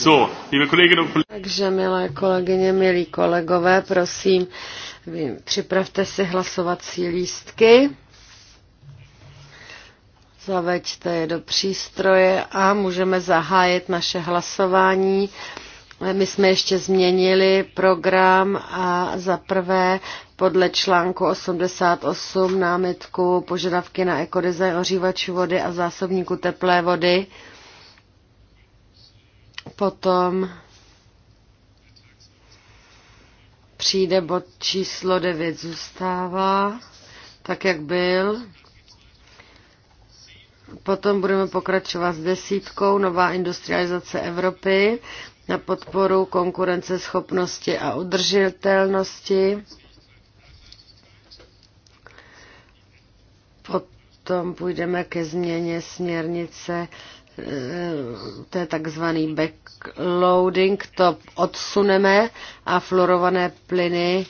So, liebe Kolleginnen und Kollegen. Takže, milé kolegyně, milí kolegové, prosím, připravte si hlasovací lístky, zaveďte je do přístroje a můžeme zahájit naše hlasování. My jsme ještě změnili program a za prvé podle článku 88 námitku požadavky na ekodesign ořívačů vody a zásobníku teplé vody Potom přijde bod číslo 9, zůstává tak, jak byl. Potom budeme pokračovat s desítkou, nová industrializace Evropy na podporu konkurenceschopnosti a udržitelnosti. Potom půjdeme ke změně směrnice to je takzvaný backloading, to odsuneme a fluorované plyny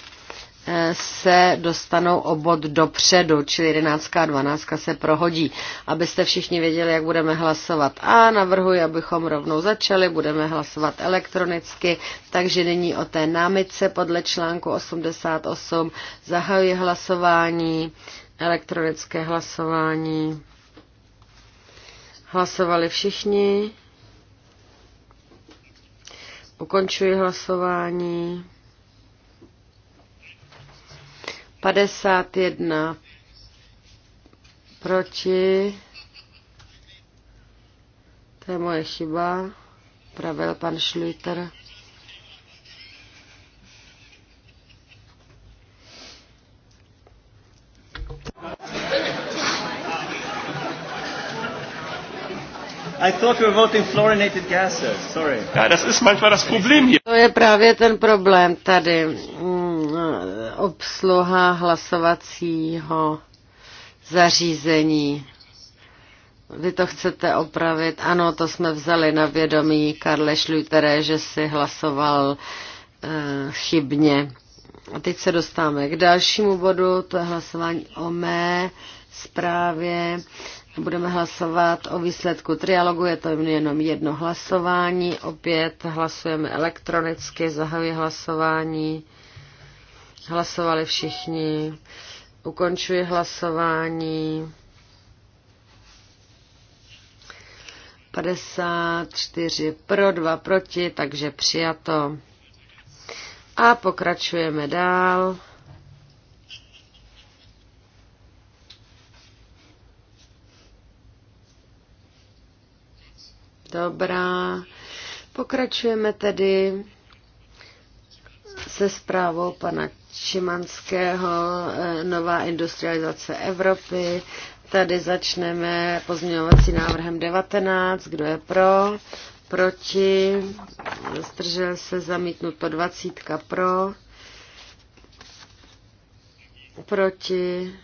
eh, se dostanou o bod dopředu, čili 11. a 12. se prohodí, abyste všichni věděli, jak budeme hlasovat. A navrhuji, abychom rovnou začali, budeme hlasovat elektronicky, takže nyní o té námitce podle článku 88 zahajuji hlasování, elektronické hlasování. Hlasovali všichni. Ukončuji hlasování. 51 proti. To je moje chyba. Pravil pan Schlüter. I thought we were voting fluorinated gases. Sorry. Ja, das ist manchmal das Problem hier. To je právě ten problém tady. Mm, obsluha hlasovacího zařízení. Vy to chcete opravit? Ano, to jsme vzali na vědomí Karle Šlutere, že si hlasoval uh, chybně. A teď se dostáváme k dalšímu bodu, to je hlasování o mé zprávě Budeme hlasovat o výsledku trialogu, je to jenom jedno hlasování. Opět hlasujeme elektronicky, zahajuji hlasování. Hlasovali všichni. Ukončuji hlasování. 54 pro, 2 proti, takže přijato. A pokračujeme dál. Dobrá. Pokračujeme tedy se zprávou pana Čimanského, eh, nová industrializace Evropy. Tady začneme pozměňovací návrhem 19. Kdo je pro? Proti? Zdržel se zamítnuto 20. Pro? Proti?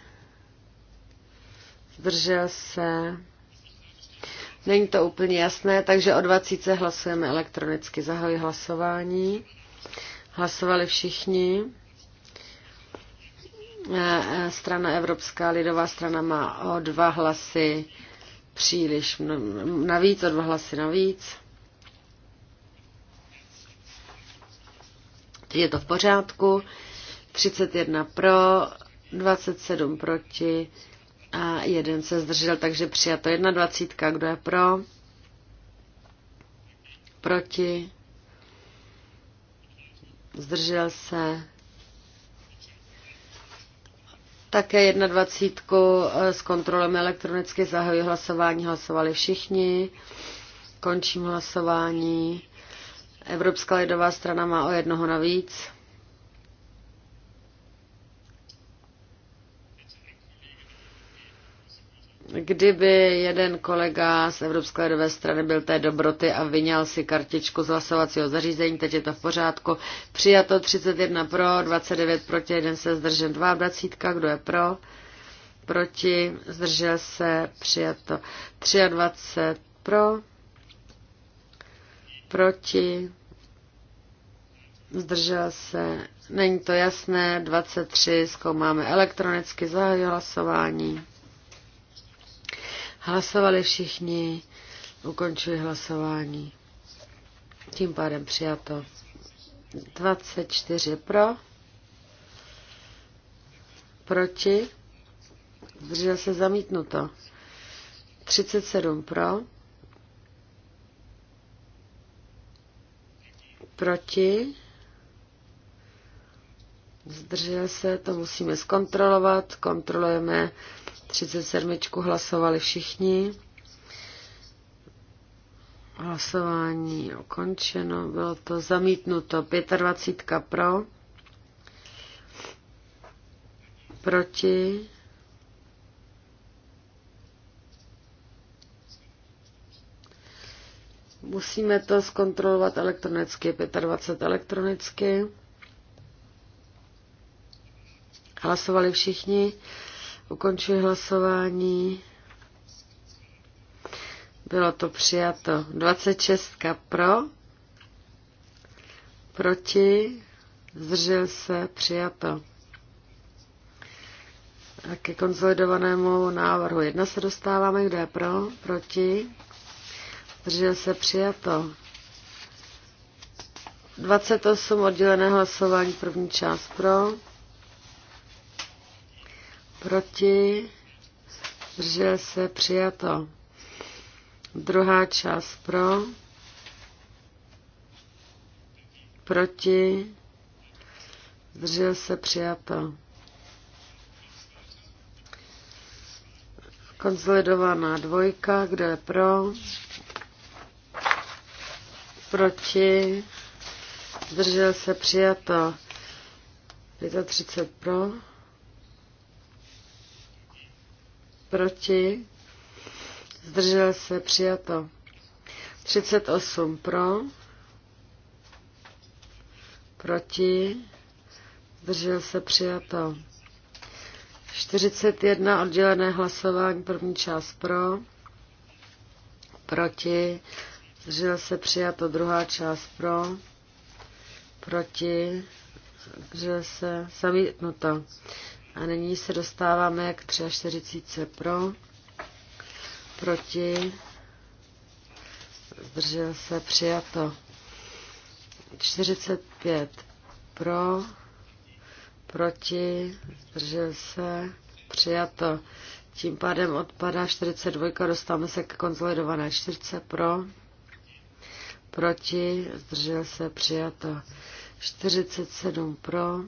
Zdržel se? Není to úplně jasné, takže o 20 hlasujeme elektronicky. Zahajuji hlasování. Hlasovali všichni. E, e, strana Evropská lidová strana má o dva hlasy příliš navíc, o dva hlasy navíc. Teď je to v pořádku. 31 pro, 27 proti, a jeden se zdržel, takže přijato 21. Kdo je pro? Proti? Zdržel se? Také 21. Eh, s kontrolem elektronicky zahajuji hlasování. Hlasovali všichni. Končím hlasování. Evropská lidová strana má o jednoho navíc. Kdyby jeden kolega z Evropské lidové strany byl té dobroty a vyňal si kartičku z hlasovacího zařízení, teď je to v pořádku. Přijato 31 pro, 29 proti, jeden se zdržen, 22, kdo je pro, proti, zdržel se, přijato 23 pro, proti, zdržel se, není to jasné, 23, zkoumáme elektronicky, zahajuji hlasování. Hlasovali všichni. Ukončuji hlasování. Tím pádem přijato. 24 pro. Proti. Zdržel se zamítnuto. 37 pro. Proti. Zdržel se, to musíme zkontrolovat. Kontrolujeme 37 hlasovali všichni. Hlasování ukončeno, bylo to zamítnuto. 25 pro, proti, Musíme to zkontrolovat elektronicky, 25 elektronicky. Hlasovali všichni. Ukončuji hlasování. Bylo to přijato. 26 pro, proti, zdržel se, přijato. A ke konsolidovanému návrhu 1 se dostáváme, Kdo je pro, proti, zdržel se, přijato. 28 oddělené hlasování, první část pro, proti, zdržel se, přijato. Druhá část pro, proti, zdržel se, přijato. Konsolidovaná dvojka, kde je pro, proti, zdržel se, přijato. 35 pro. proti, zdržel se, přijato. 38 pro, proti, zdržel se, přijato. 41 oddělené hlasování, první část pro, proti, zdržel se, přijato, druhá část pro, proti, zdržel se, zamítnuto. A nyní se dostáváme k 43 pro, proti, zdržel se, přijato. 45 pro, proti, zdržel se, přijato. Tím pádem odpadá 42, dostáváme se k konsolidované 40 pro, proti, zdržel se, přijato. 47 pro,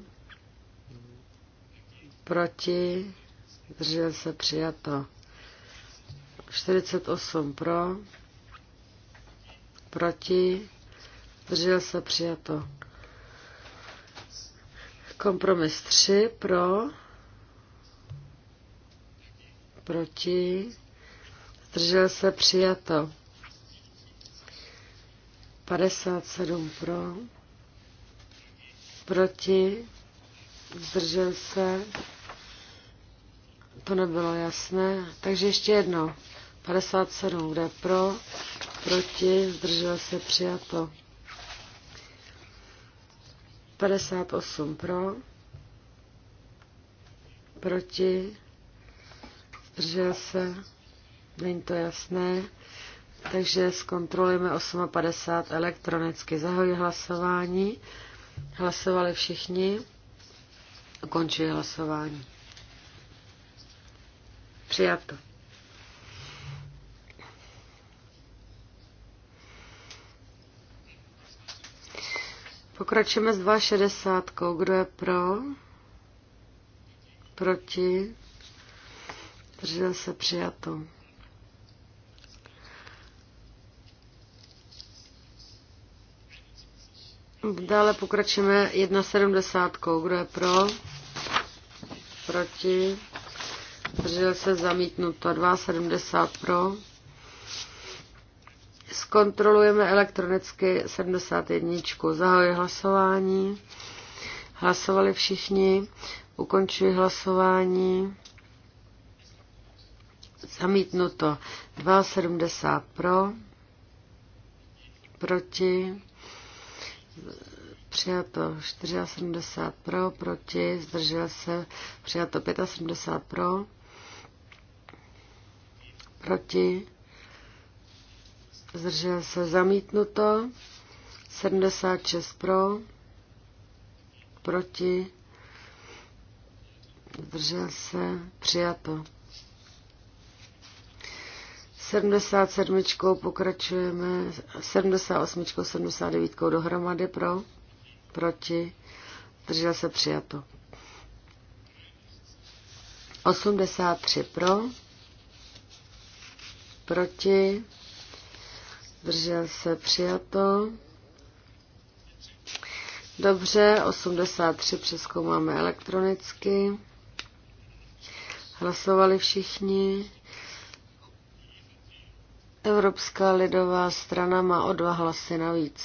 proti, zdržel se přijato. 48 pro, proti, zdržel se přijato. Kompromis 3 pro, proti, zdržel se přijato. 57 pro, proti, zdržel se to nebylo jasné. Takže ještě jedno. 57, kde pro, proti, zdržel se přijato. 58 pro, proti, zdržel se, není to jasné. Takže zkontrolujeme 58 elektronicky. Zahoji hlasování. Hlasovali všichni. Ukončuji hlasování. Přijato. Pokračujeme s 2,60. Kdo je pro? Proti? Držel se přijato. Dále pokračujeme 1,70. Kdo je pro? Proti? zdržel se zamítnuto 2,70 pro. Zkontrolujeme elektronicky 71. Zahajuji hlasování. Hlasovali všichni. Ukončuji hlasování. Zamítnuto 2,70 pro. Proti. Přijato 74 pro, proti, zdržel se, přijato 75 pro proti, zdržel se zamítnuto, 76 pro, proti, zdržel se přijato. 77. pokračujeme 78. 79. dohromady pro, proti, zdržel se přijato. 83 pro, proti, držel se přijato. Dobře, 83 přeskoumáme elektronicky. Hlasovali všichni. Evropská lidová strana má o dva hlasy navíc.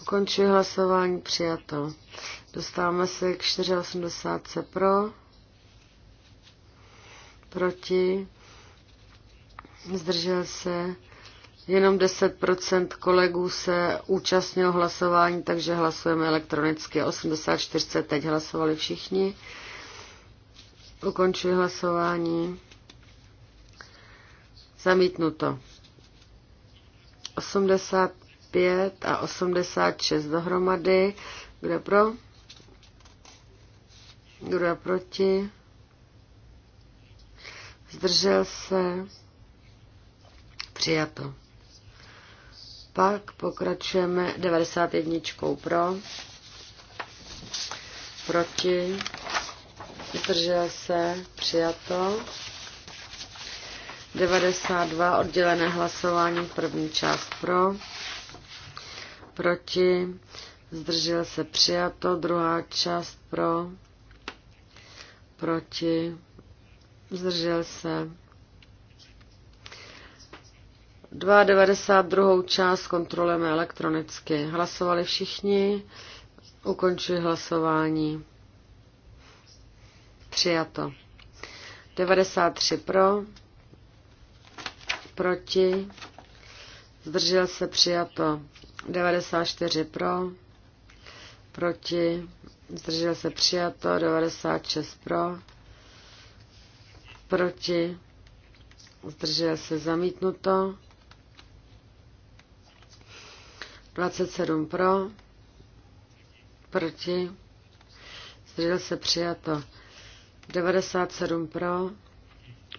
Ukončuji hlasování, přijato. Dostáváme se k 84 pro proti, zdržel se. Jenom 10% kolegů se účastnilo hlasování, takže hlasujeme elektronicky. 84 teď hlasovali všichni. Ukončuji hlasování. Zamítnuto. 85 a 86 dohromady. Kdo pro? Kdo proti? zdržel se, přijato. Pak pokračujeme 91 pro, proti, zdržel se, přijato. 92 oddělené hlasování, první část pro, proti, zdržel se přijato, druhá část pro, proti, zdržel se. 92. část kontrolujeme elektronicky. Hlasovali všichni, ukončuji hlasování. Přijato. 93 pro, proti, zdržel se přijato. 94 pro, proti, zdržel se přijato. 96 pro, proti, zdržel se zamítnuto, 27 pro, proti, zdržel se přijato, 97 pro,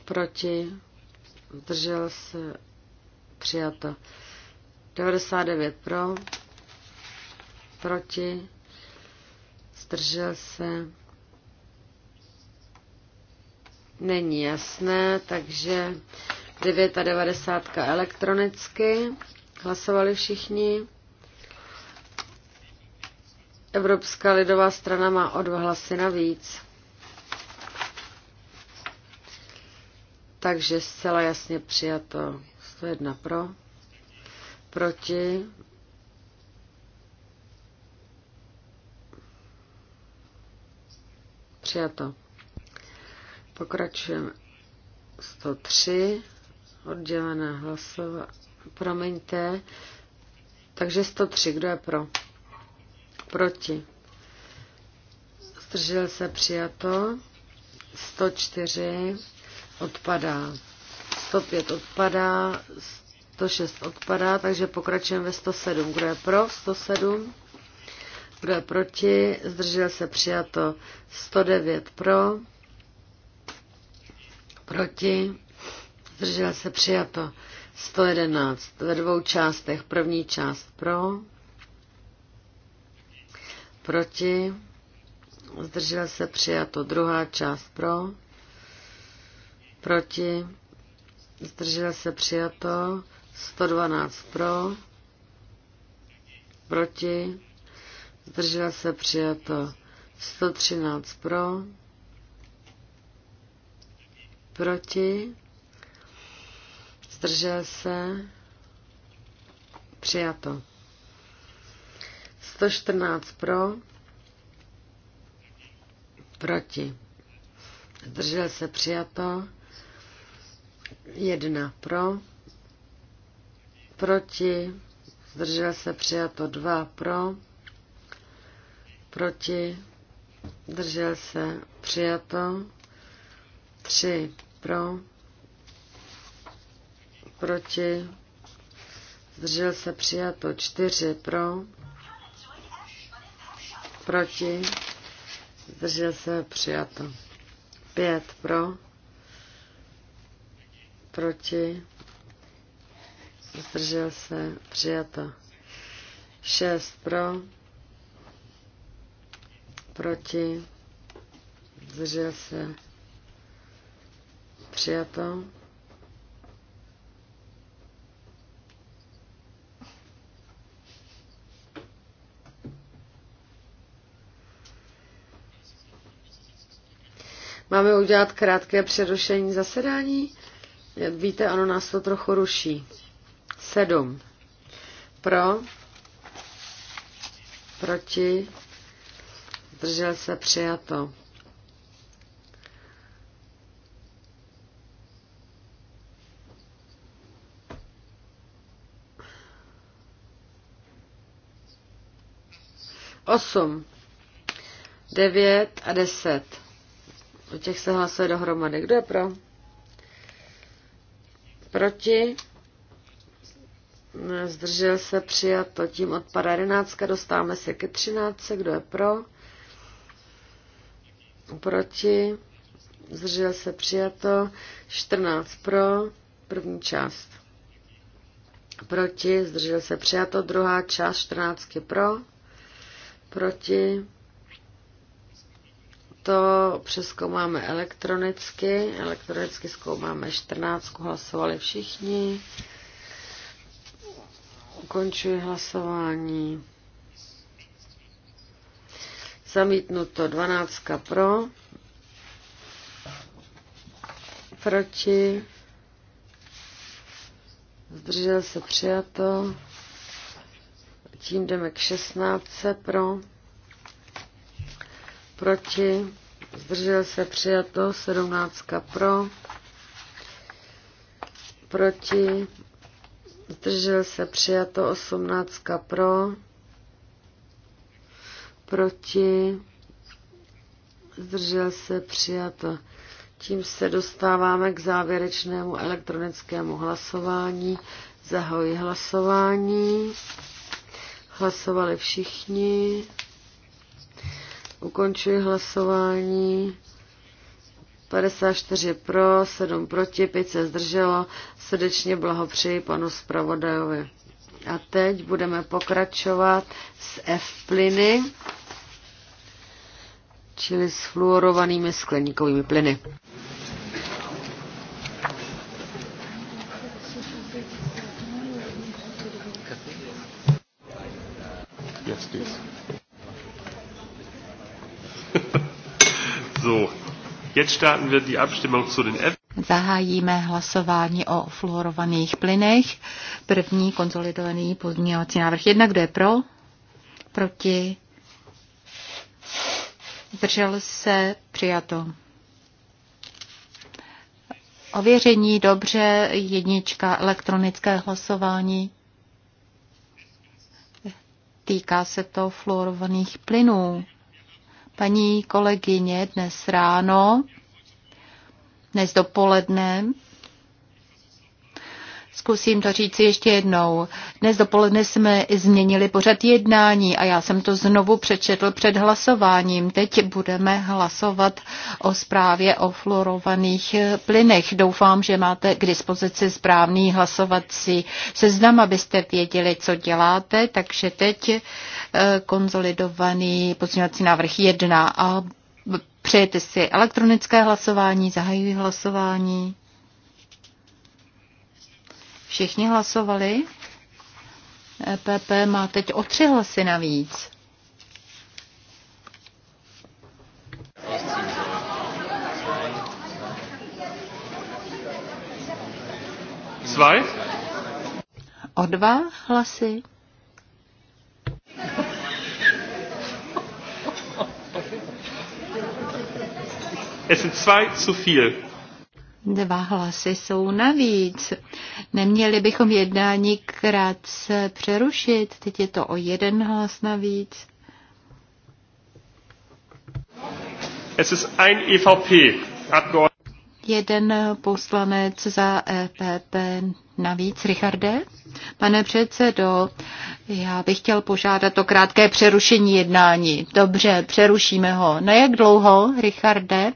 proti, zdržel se přijato, 99 pro, proti, zdržel se není jasné, takže 99 elektronicky. Hlasovali všichni. Evropská lidová strana má o dva hlasy navíc. Takže zcela jasně přijato 101 pro, proti přijato. Pokračujeme. 103 oddělené hlasování. Promiňte. Takže 103. Kdo je pro? Proti. Zdržel se přijato. 104 odpadá. 105 odpadá. 106 odpadá, takže pokračujeme ve 107. Kdo je pro? 107. Kdo je proti? Zdržel se přijato. 109 pro Proti? Zdržel se přijato. 111 ve dvou částech. První část pro. Proti? Zdržel se přijato. Druhá část pro. Proti? Zdržel se přijato. 112 pro. Proti? Zdržel se přijato. 113 pro proti, zdržel se, přijato. 114 pro, proti, zdržel se, přijato. 1 pro, proti, zdržel se, přijato. 2 pro, proti, zdržel se, přijato. 3 pro? Proti? Zdržel se přijato. čtyři pro? Proti? Zdržel se přijato. pět pro? Proti? Zdržel se přijato. šest pro? Proti? Zdržel se Přijato. Máme udělat krátké přerušení zasedání? Jak víte, ano, nás to trochu ruší. Sedm. Pro. Proti. Držel se přijato. 8, 9 a 10. O těch se hlasuje dohromady. Kdo je pro? Proti? Zdržel se přijato. Tím para 11. Dostáváme se ke 13. Kdo je pro? Proti? Zdržel se přijato. 14 pro. První část. Proti? Zdržel se přijato. Druhá část 14 pro proti. To přeskoumáme elektronicky. Elektronicky zkoumáme 14, hlasovali všichni. Ukončuji hlasování. Zamítnuto 12 pro. Proti. Zdržel se přijato. Tím jdeme k 16 pro, proti, zdržel se přijato, 17 pro, proti, zdržel se přijato, 18 pro, proti, zdržel se přijato. Tím se dostáváme k závěrečnému elektronickému hlasování. Zahoji hlasování. Hlasovali všichni. Ukončuji hlasování. 54 pro, 7 proti, 5 se zdrželo. Srdečně blahopřeji panu zpravodajovi. A teď budeme pokračovat s F-plyny, čili s fluorovanými skleníkovými plyny. Zahájíme hlasování o fluorovaných plynech. První konsolidovaný pozměňovací návrh Jedna, Kdo je pro? Proti? Zdržel se? Přijato. Ověření dobře, jednička elektronické hlasování. Týká se to fluorovaných plynů. Paní kolegyně dnes ráno, dnes dopoledne Zkusím to říct ještě jednou. Dnes dopoledne jsme změnili pořad jednání a já jsem to znovu přečetl před hlasováním. Teď budeme hlasovat o zprávě o fluorovaných plynech. Doufám, že máte k dispozici správný hlasovací seznam, abyste věděli, co děláte. Takže teď eh, konzolidovaný pozměňovací návrh 1 a přejete si elektronické hlasování, zahajují hlasování. Všichni hlasovali? EPP má teď o tři hlasy navíc. Zvaj? O dva hlasy. Es sind zwei zu viel. Dva hlasy jsou navíc. Neměli bychom jednání krátce přerušit. Teď je to o jeden hlas navíc. Es ist ein EVP. Jeden poslanec za EPP navíc, Richarde. Pane předsedo, já bych chtěl požádat o krátké přerušení jednání. Dobře, přerušíme ho. Na jak dlouho, Richarde?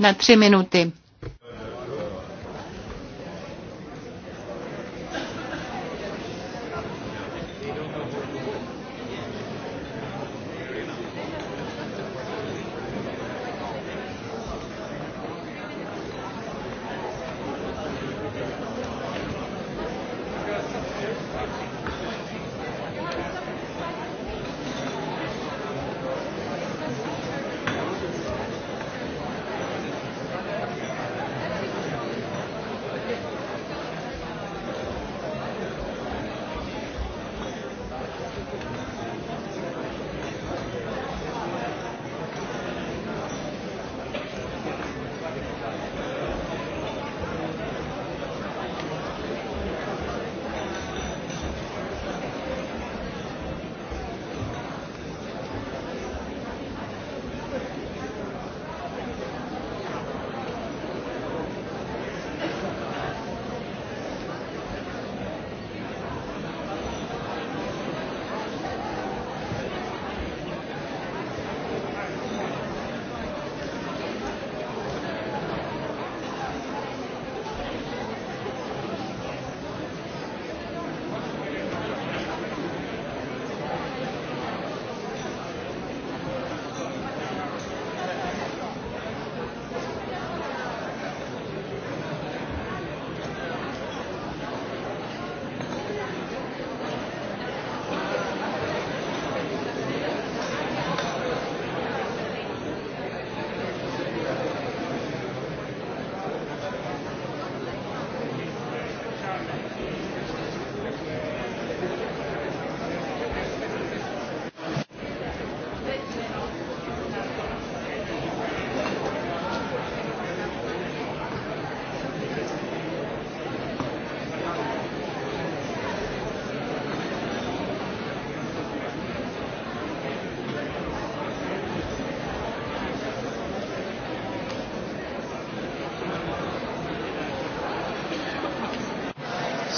Na tři minuty.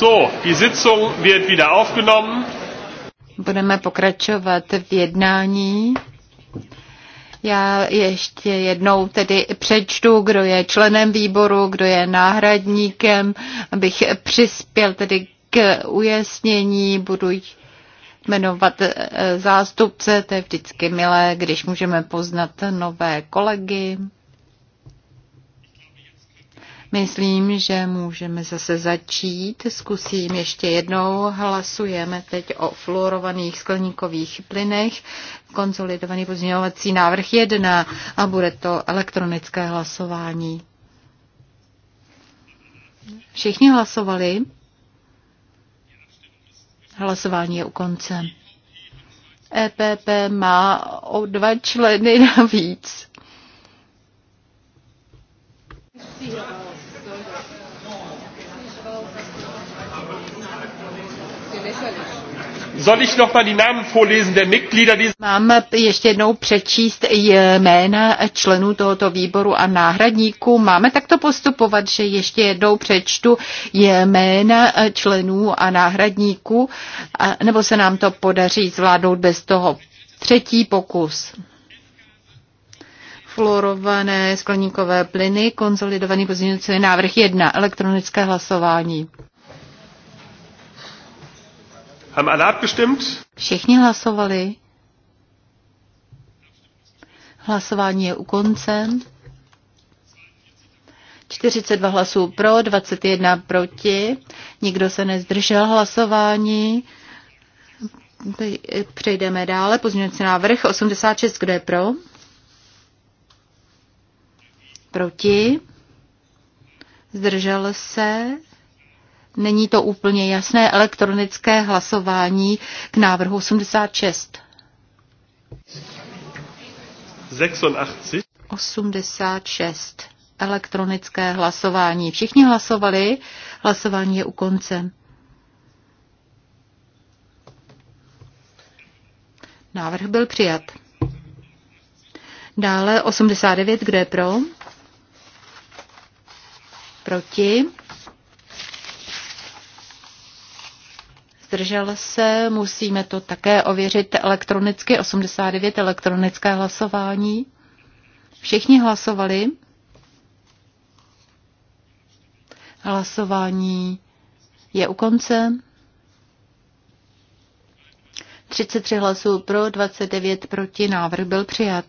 So, die Sitzung wird wieder aufgenommen. Budeme pokračovat v jednání. Já ještě jednou tedy přečtu, kdo je členem výboru, kdo je náhradníkem, abych přispěl tedy k ujasnění, budu jmenovat eh, zástupce, to je vždycky milé, když můžeme poznat nové kolegy. Myslím, že můžeme zase začít. Zkusím ještě jednou. Hlasujeme teď o fluorovaných skleníkových plynech. Konsolidovaný pozměňovací návrh 1 a bude to elektronické hlasování. Všichni hlasovali? Hlasování je u konce. EPP má o dva členy navíc. Yeah. Mám ještě jednou přečíst jména členů tohoto výboru a náhradníků. Máme takto postupovat, že ještě jednou přečtu jména členů a náhradníků, a, nebo se nám to podaří zvládnout bez toho. Třetí pokus. Fluorované skleníkové plyny, konsolidovaný pozměňovací návrh 1, elektronické hlasování. Haben alle abgestimmt? Všichni hlasovali. Hlasování je u konce. 42 hlasů pro, 21 proti. Nikdo se nezdržel hlasování. Přejdeme dále. Pozměňující návrh 86. Kdo je pro? Proti. Zdržel se. Není to úplně jasné elektronické hlasování k návrhu 86. 86. Elektronické hlasování. Všichni hlasovali. Hlasování je u konce. Návrh byl přijat. Dále 89, kdo je pro? Proti? zdržel se, musíme to také ověřit elektronicky, 89 elektronické hlasování. Všichni hlasovali. Hlasování je u konce. 33 hlasů pro, 29 proti, návrh byl přijat.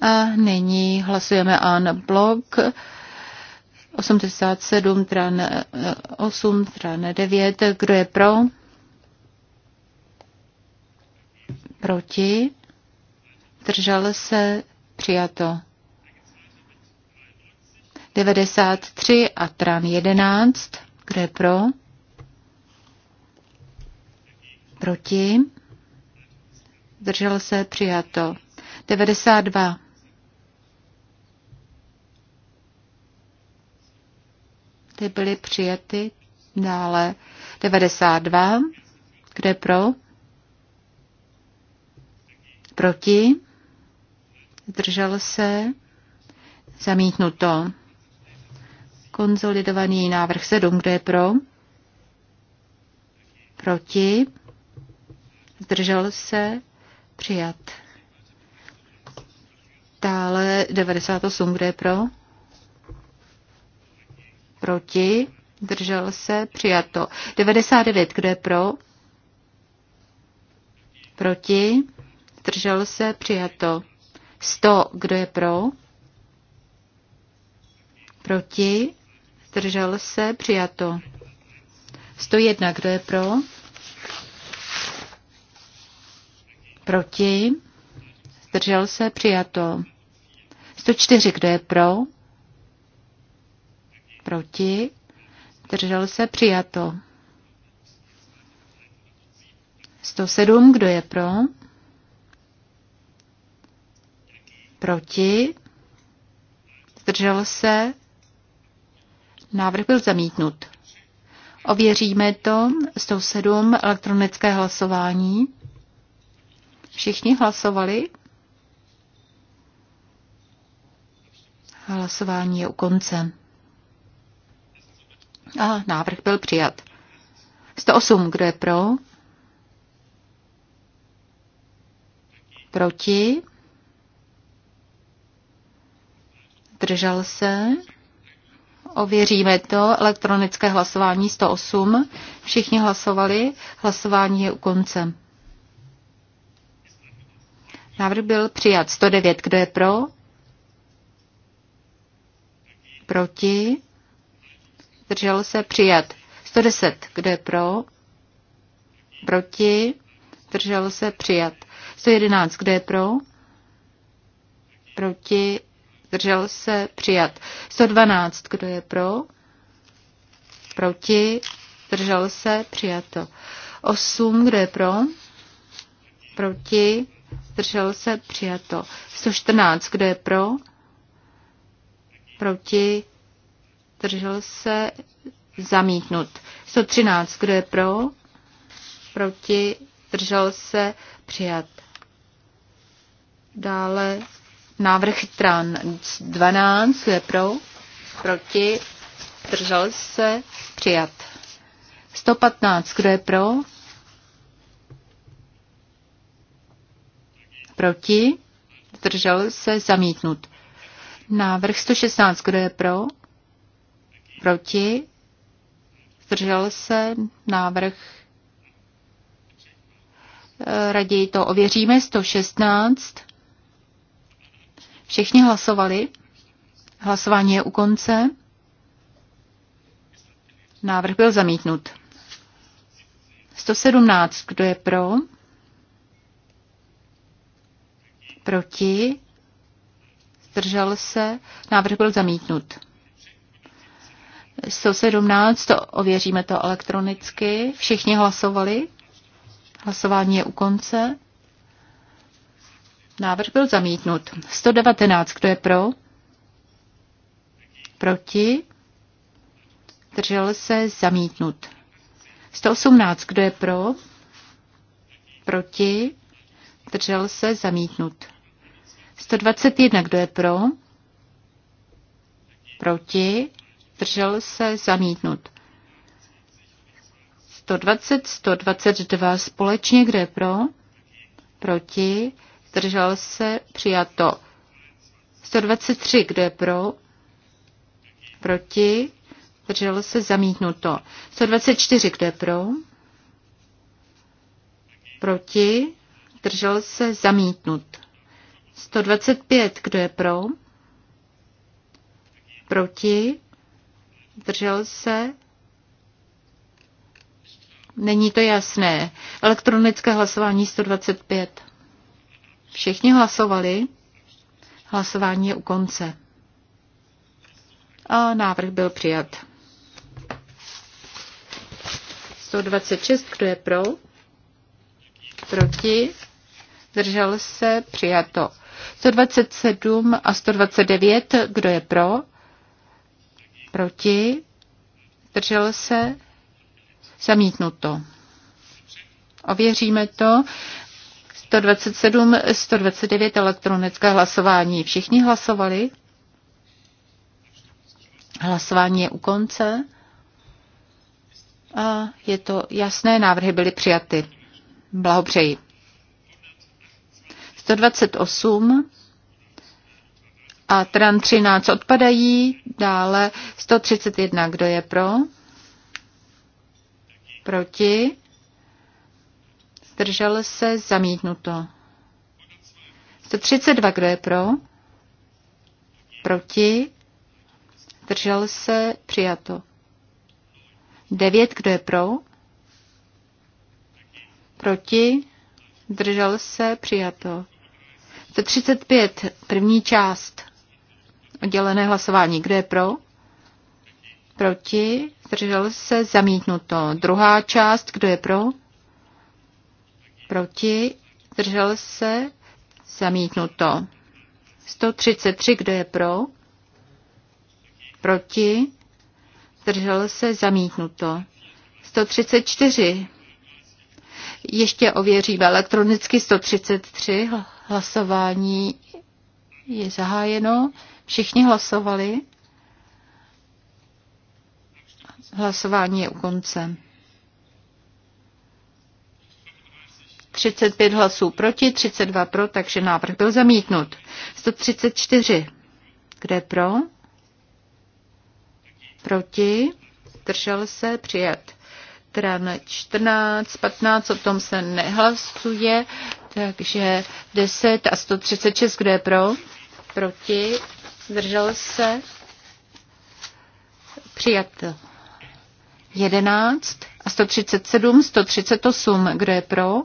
A nyní hlasujeme an blok 87, tran 8, eh, tran 9. Kdo je pro? Proti? Držel se? Přijato. 93 a tran 11. Kdo je pro? Proti? Držel se? Přijato. 92. ty byly přijety dále 92, kde pro, proti, zdržel se, zamítnuto. Konzolidovaný návrh 7, kde je pro, proti, zdržel se, přijat. Dále 98, kde je pro, Proti? Držel se? Přijato. 99. Kdo je pro? Proti? Držel se? Přijato. 100. Kdo je pro? Proti? držel se? Přijato. 101. Kdo je pro? Proti? držel se? Přijato. 104. Kdo je pro? Proti? Zdržel se? Přijato. 107. Kdo je pro? Proti? Zdržel se? Návrh byl zamítnut. Ověříme to. 107. Elektronické hlasování. Všichni hlasovali? Hlasování je u konce. A návrh byl přijat. 108, kdo je pro? Proti? Držel se? Ověříme to. Elektronické hlasování 108. Všichni hlasovali. Hlasování je u konce. Návrh byl přijat. 109. Kdo je pro? Proti? zdržel se, přijat. 110, kdo je pro, proti, zdržel se, přijat. 111, kdo je pro, proti, zdržel se, přijat. 112, kdo je pro, proti, zdržel se, přijato. 8, kdo je pro, proti, zdržel se, přijato. 114, kdo je pro, proti, zdržel se, zamítnut. 113, kdo je pro, proti, zdržel se, přijat. Dále návrh stran 12, kdo je pro, proti, zdržel se, přijat. 115, kdo je pro? Proti? Zdržel se, zamítnut. Návrh 116, kdo je pro? Proti? Zdržel se návrh. E, raději to ověříme. 116. Všichni hlasovali. Hlasování je u konce. Návrh byl zamítnut. 117. Kdo je pro? Proti? Zdržel se? Návrh byl zamítnut. 117, to ověříme to elektronicky. Všichni hlasovali. Hlasování je u konce. Návrh byl zamítnut. 119, kdo je pro? Proti? Držel se zamítnut. 118, kdo je pro? Proti? Držel se zamítnut. 121, kdo je pro? Proti? zdržel se, zamítnut. 120, 122 společně, kde pro, proti, zdržel se, přijato. 123, kde pro, proti, zdržel se, zamítnuto. 124, kde pro, proti, zdržel se, zamítnut. 125, kdo je pro, proti, Zdržel se? Není to jasné. Elektronické hlasování 125. Všichni hlasovali. Hlasování je u konce. A návrh byl přijat. 126, kdo je pro? Proti? Držel se? Přijato. 127 a 129, kdo je pro? Proti? Zdržel se? Zamítnuto. Ověříme to. 127, 129 elektronické hlasování. Všichni hlasovali? Hlasování je u konce. A je to jasné, návrhy byly přijaty. Blahopřeji. 128 a tran 13 odpadají, dále 131, kdo je pro? Proti? Zdržel se, zamítnuto. 132, kdo je pro? Proti? Zdržel se, přijato. 9, kdo je pro? Proti? Držel se, přijato. 135, první část. Oddělené hlasování. Kdo je pro? Proti? Zdržel se? Zamítnuto. Druhá část. Kdo je pro? Proti? Zdržel se? Zamítnuto. 133. Kdo je pro? Proti? Zdržel se? Zamítnuto. 134. Ještě ověříme elektronicky 133. Hlasování je zahájeno. Všichni hlasovali. Hlasování je u konce. 35 hlasů proti, 32 pro, takže návrh byl zamítnut. 134. Kde pro? Proti. Držel se přijat. Tran 14, 15, o tom se nehlasuje, takže 10 a 136, kde pro? Proti zdržel se, přijat 11 a 137, 138, kdo je pro,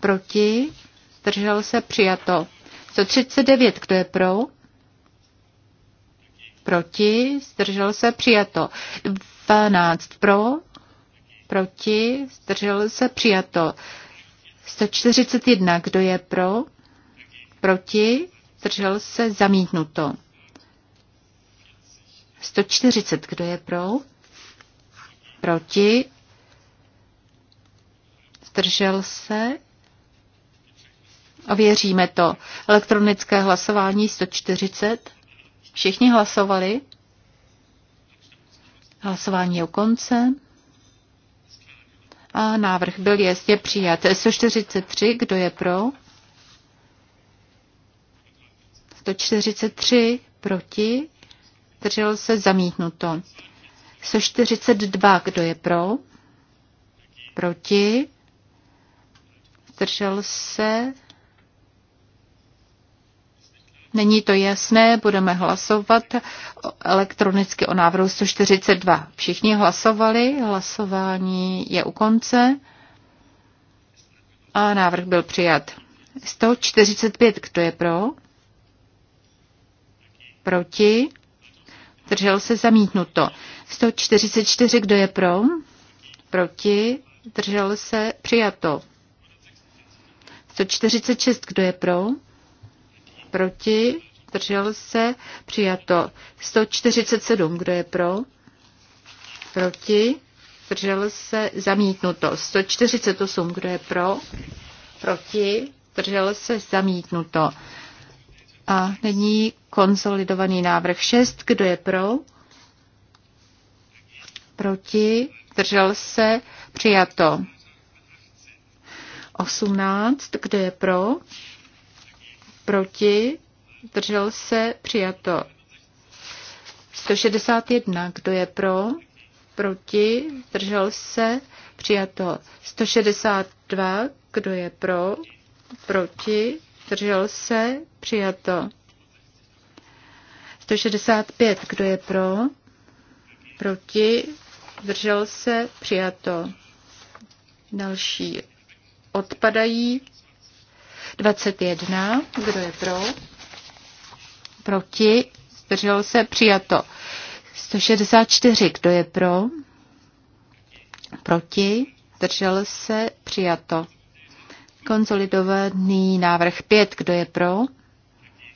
proti, zdržel se, přijato 139, kdo je pro, proti, zdržel se, přijato 12 pro, proti, zdržel se, přijato 141, kdo je pro, proti, zdržel se, zamítnuto. 140, kdo je pro? Proti? Zdržel se? Ověříme to. Elektronické hlasování 140. Všichni hlasovali? Hlasování je u konce. A návrh byl jasně přijat. 143, kdo je pro? 143 proti, držel se zamítnuto. 142, kdo je pro, proti, držel se, není to jasné, budeme hlasovat elektronicky o návrhu 142. Všichni hlasovali, hlasování je u konce a návrh byl přijat. 145, kdo je pro? proti, zdržel se zamítnuto. 144, kdo je pro, proti, zdržel se přijato. 146, kdo je pro, proti, zdržel se přijato. 147, kdo je pro, proti, zdržel se zamítnuto. 148, kdo je pro, proti, zdržel se zamítnuto. A nyní konsolidovaný návrh 6. Kdo je pro? Proti? Držel se? Přijato. 18. Kdo je pro? Proti? Držel se? Přijato. 161. Kdo je pro? Proti? Držel se? Přijato. 162. Kdo je pro? Proti? zdržel se, přijato. 165, kdo je pro, proti, zdržel se, přijato. Další odpadají. 21, kdo je pro, proti, zdržel se, přijato. 164, kdo je pro, proti, zdržel se, přijato. Konsolidovaný návrh 5. Kdo je pro?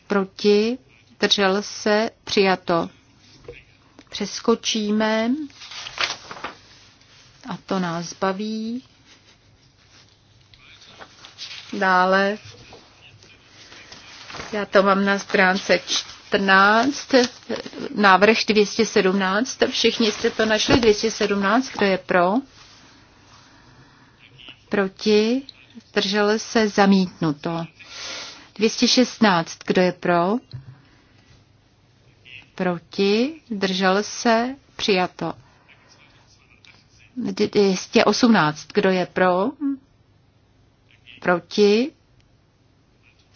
Proti? Držel se? Přijato. Přeskočíme. A to nás baví. Dále. Já to mám na stránce 14, návrh 217. Všichni jste to našli. 217, kdo je pro? Proti? zdržel se zamítnuto. 216, kdo je pro? Proti, zdržel se přijato. 218, kdo je pro? Proti,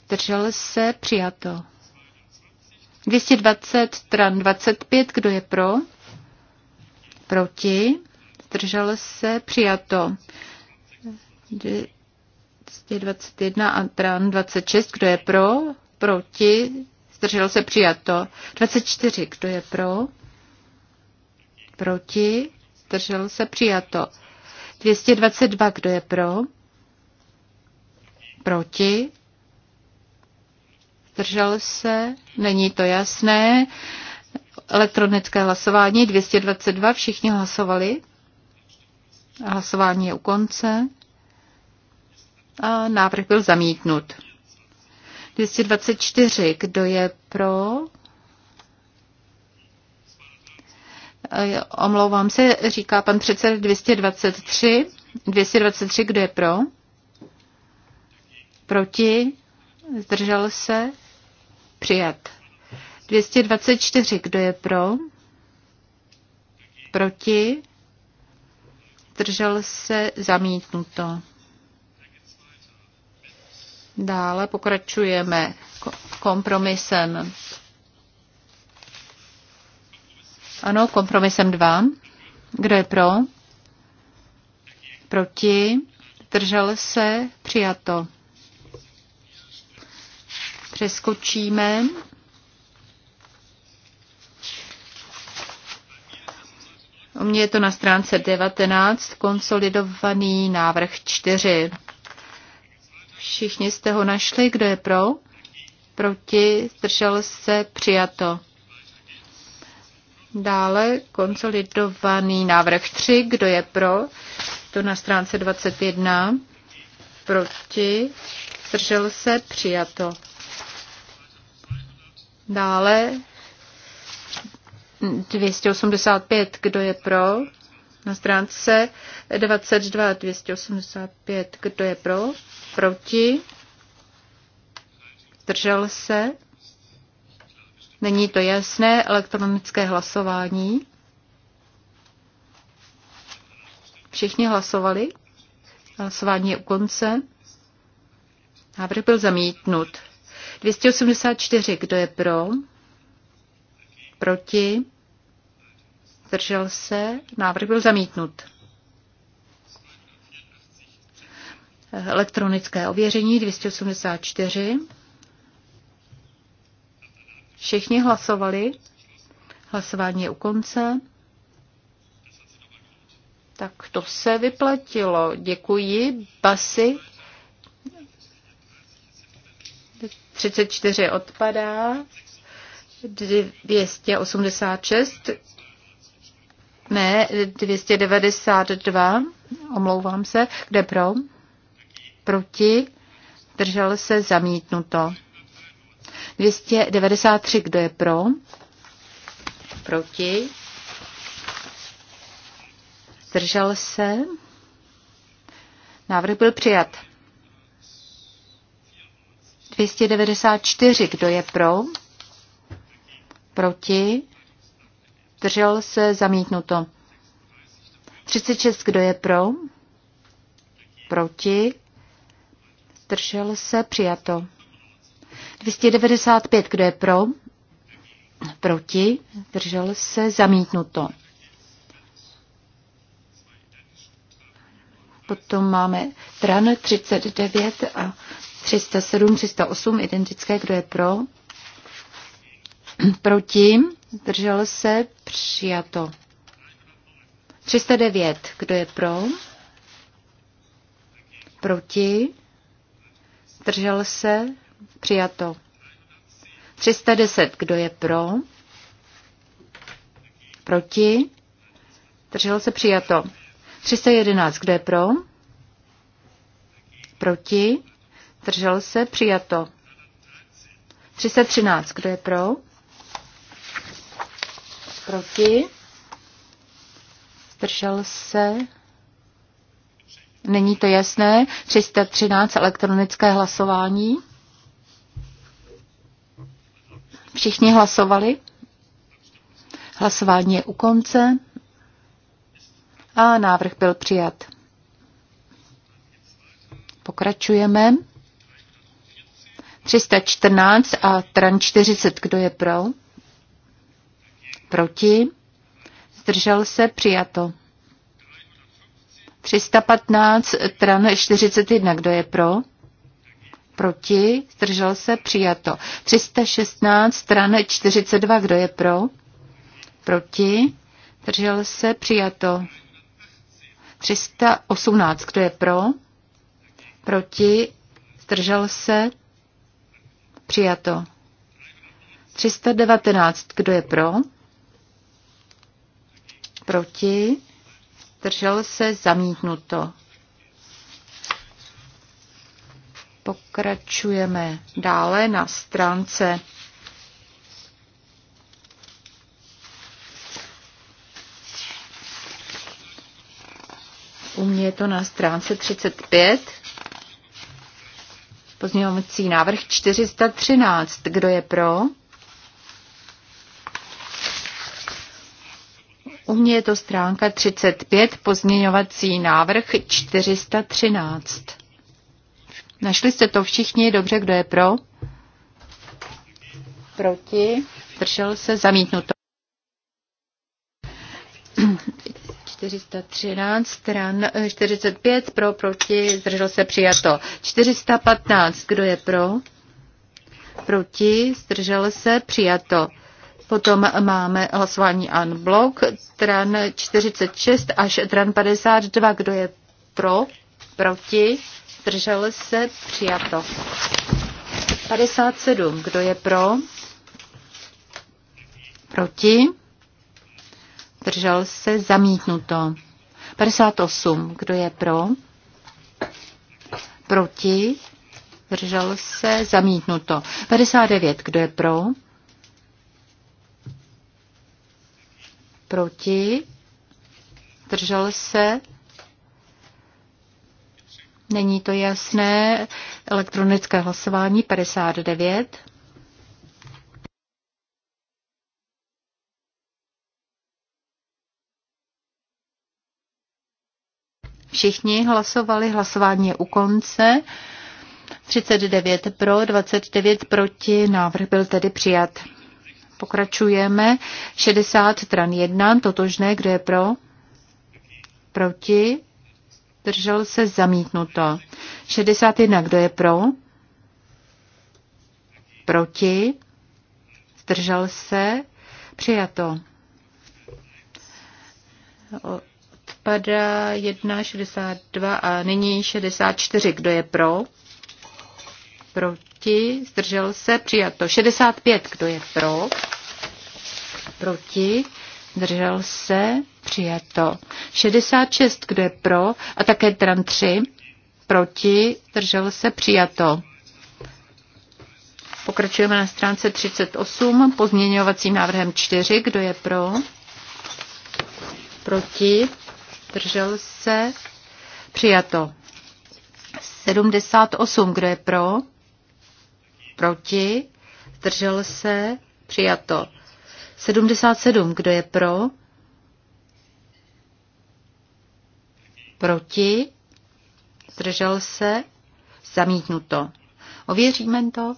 zdržel se přijato. 220, tran 25, kdo je pro? Proti, zdržel se přijato. 21 a tran 26. Kdo je pro? Proti? Zdržel se přijato. 24. Kdo je pro? Proti? Zdržel se přijato. 222. Kdo je pro? Proti? Zdržel se? Není to jasné. Elektronické hlasování 222. Všichni hlasovali. Hlasování je u konce a návrh byl zamítnut. 224. Kdo je pro? Eh, omlouvám se, říká pan předseda 223. 223, kdo je pro? Proti? Zdržel se? Přijat. 224, kdo je pro? Proti? Zdržel se? Zamítnuto. Dále pokračujeme kompromisem. Ano, kompromisem 2. Kdo je pro? Proti? Držel se? Přijato. Přeskočíme. U mě je to na stránce 19, konsolidovaný návrh 4. Všichni jste ho našli, kdo je pro? Proti, zdržel se, přijato. Dále konsolidovaný návrh 3, kdo je pro? To na stránce 21. Proti, zdržel se, přijato. Dále 285, kdo je pro? Na stránce 22 285, kdo je pro? Proti? Zdržel se? Není to jasné elektronické hlasování. Všichni hlasovali. Hlasování je u konce. Návrh byl zamítnut. 284. Kdo je pro? Proti? Držel se? Návrh byl zamítnut. Elektronické ověření 284. Všichni hlasovali. Hlasování je u konce. Tak to se vyplatilo. Děkuji. Basy 34 odpadá. 286. Ne, 292. Omlouvám se. Kde pro? Proti? Držel se zamítnuto. 293, kdo je pro? Proti? Držel se? Návrh byl přijat. 294, kdo je pro? Proti? Držel se? Zamítnuto. 36, kdo je pro? Proti? zdržel se, přijato. 295, kdo je pro, proti, zdržel se, zamítnuto. Potom máme TRAN 39 a 307, 308, identické, kdo je pro, proti, zdržel se, přijato. 309, kdo je pro? Proti? Zdržel se? Přijato. 310. Kdo je pro? Proti? Zdržel se? Přijato. 311. Kdo je pro? Proti? Zdržel se? Přijato. 313. Kdo je pro? Proti? Zdržel se? Není to jasné? 313 elektronické hlasování. Všichni hlasovali? Hlasování je u konce a návrh byl přijat. Pokračujeme. 314 a tran 40, kdo je pro? Proti? Zdržel se? Přijato. 315, tran 41, kdo je pro? Proti, zdržel se, přijato. 316, stran 42, kdo je pro? Proti, zdržel se, přijato. 318, kdo je pro? Proti, zdržel se, přijato. 319, kdo je pro? Proti, zdržel se, zamítnuto. Pokračujeme dále na stránce mě je to na stránce 35. Pozměňovací návrh 413. Kdo je pro? U mě je to stránka 35, pozměňovací návrh 413. Našli jste to všichni, dobře, kdo je pro? Proti? Držel se zamítnuto. 413, stran 45, pro, proti, zdržel se přijato. 415, kdo je pro? Proti, zdržel se přijato. Potom máme hlasování unblock, tran 46 až tran 52. Kdo je pro, proti, držel se, přijato. 57. Kdo je pro, proti, držel se, zamítnuto. 58. Kdo je pro, proti, držel se, zamítnuto. 59. Kdo je pro, proti, držel se, není to jasné, elektronické hlasování 59. Všichni hlasovali, hlasování je u konce. 39 pro, 29 proti, návrh byl tedy přijat. Pokračujeme. 60 stran 1, totožné, kdo je pro? Proti? Držel se zamítnuto. 61, kdo je pro? Proti? Zdržel se? Přijato. Odpada 1, 62 a nyní 64. Kdo je pro? Proti? Zdržel se? Přijato. 65. Kdo je pro? proti, držel se, přijato. 66, kdo je pro a také tram 3, proti, držel se, přijato. Pokračujeme na stránce 38 pozměňovacím návrhem 4. Kdo je pro? Proti? Držel se? Přijato. 78. Kdo je pro? Proti? Držel se? Přijato. 77. Kdo je pro? Proti? Zdržel se? Zamítnuto. Ověříme to?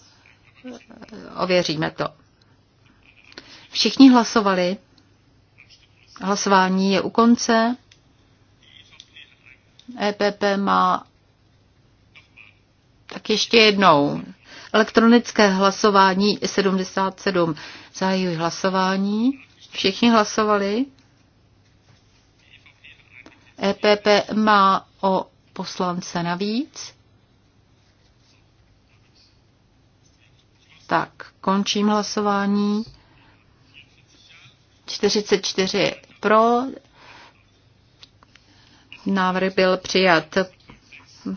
Ověříme to. Všichni hlasovali. Hlasování je u konce. EPP má tak ještě jednou. Elektronické hlasování 77. Zahajuji hlasování. Všichni hlasovali. EPP má o poslance navíc. Tak, končím hlasování. 44 pro. Návrh byl přijat.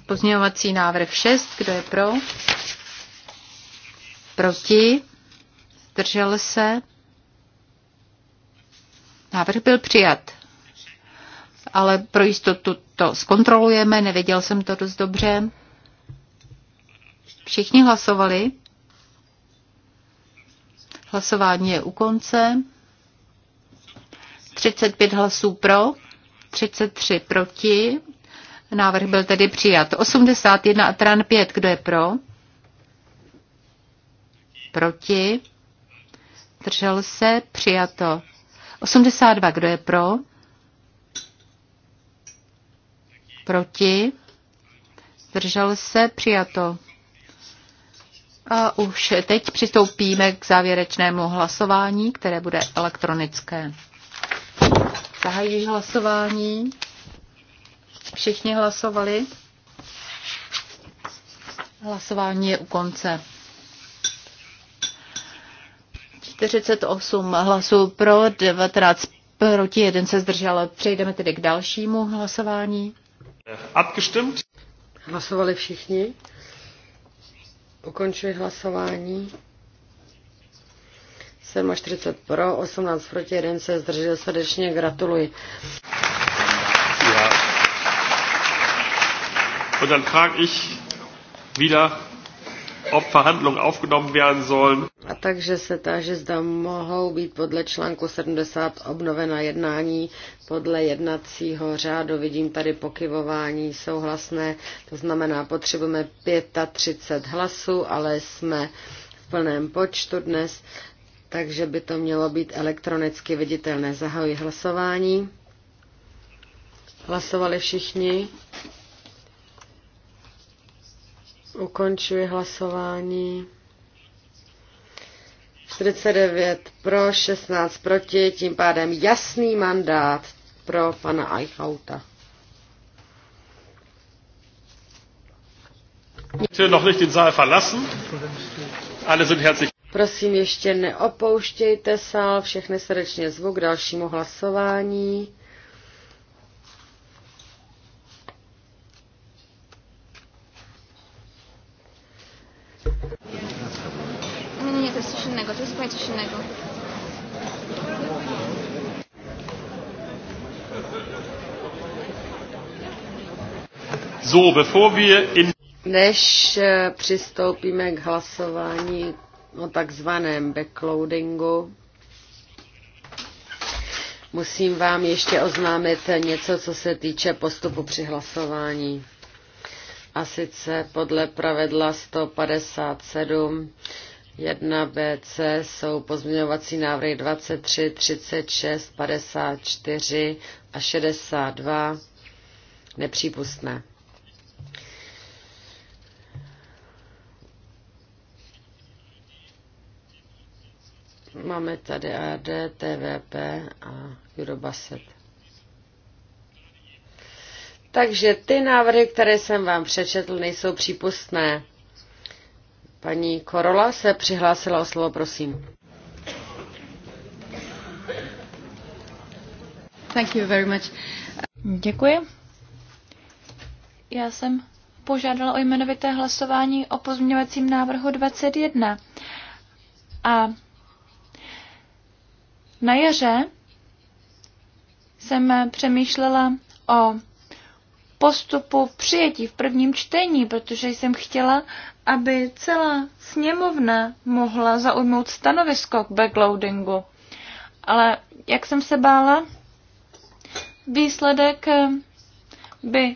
Pozměňovací návrh 6. Kdo je pro? Proti? Zdržel se? Návrh byl přijat. Ale pro jistotu to zkontrolujeme, nevěděl jsem to dost dobře. Všichni hlasovali. Hlasování je u konce. 35 hlasů pro, 33 proti. Návrh byl tedy přijat. 81 a tran 5, kdo je pro? proti, držel se, přijato. 82, kdo je pro, proti, držel se, přijato. A už teď přistoupíme k závěrečnému hlasování, které bude elektronické. Zahájí hlasování. Všichni hlasovali. Hlasování je u konce. 48 hlasů pro, 19 proti, jeden se zdržel. Přejdeme tedy k dalšímu hlasování. Abgestimmt. Hlasovali všichni. Ukončuji hlasování. 47 pro, 18 proti, jeden se zdržel. Srdečně gratuluji. Ja. Und dann frage ich wieder ob Verhandlungen aufgenommen werden sollen. A takže se táže, zda mohou být podle článku 70 obnovena jednání podle jednacího řádu. Vidím tady pokyvování souhlasné, to znamená, potřebujeme 35 hlasů, ale jsme v plném počtu dnes, takže by to mělo být elektronicky viditelné. Zahajuji hlasování. Hlasovali všichni. Ukončuji hlasování. 49 pro, 16 proti, tím pádem jasný mandát pro pana Eichauta. Noch nicht den Saal verlassen. Alle sind herzlich. Prosím, ještě neopouštějte sál, všechny srdečně zvuk dalšímu hlasování. innego, to jest zupełnie coś innego. So, bevor wir in Než eh, přistoupíme k hlasování o takzvaném backloadingu, musím vám ještě oznámit něco, co se týče postupu při hlasování. A sice podle pravidla 157 1BC jsou pozměňovací návrhy 23, 36, 54 a 62 nepřípustné. Máme tady AD, TVP a Eurobasset. Takže ty návrhy, které jsem vám přečetl, nejsou přípustné. Paní Korola se přihlásila o slovo, prosím. Thank you very much. Děkuji. Já jsem požádala o jmenovité hlasování o pozměňovacím návrhu 21. A na jaře jsem přemýšlela o postupu přijetí v prvním čtení, protože jsem chtěla, aby celá sněmovna mohla zaujmout stanovisko k backloadingu. Ale jak jsem se bála, výsledek eh, by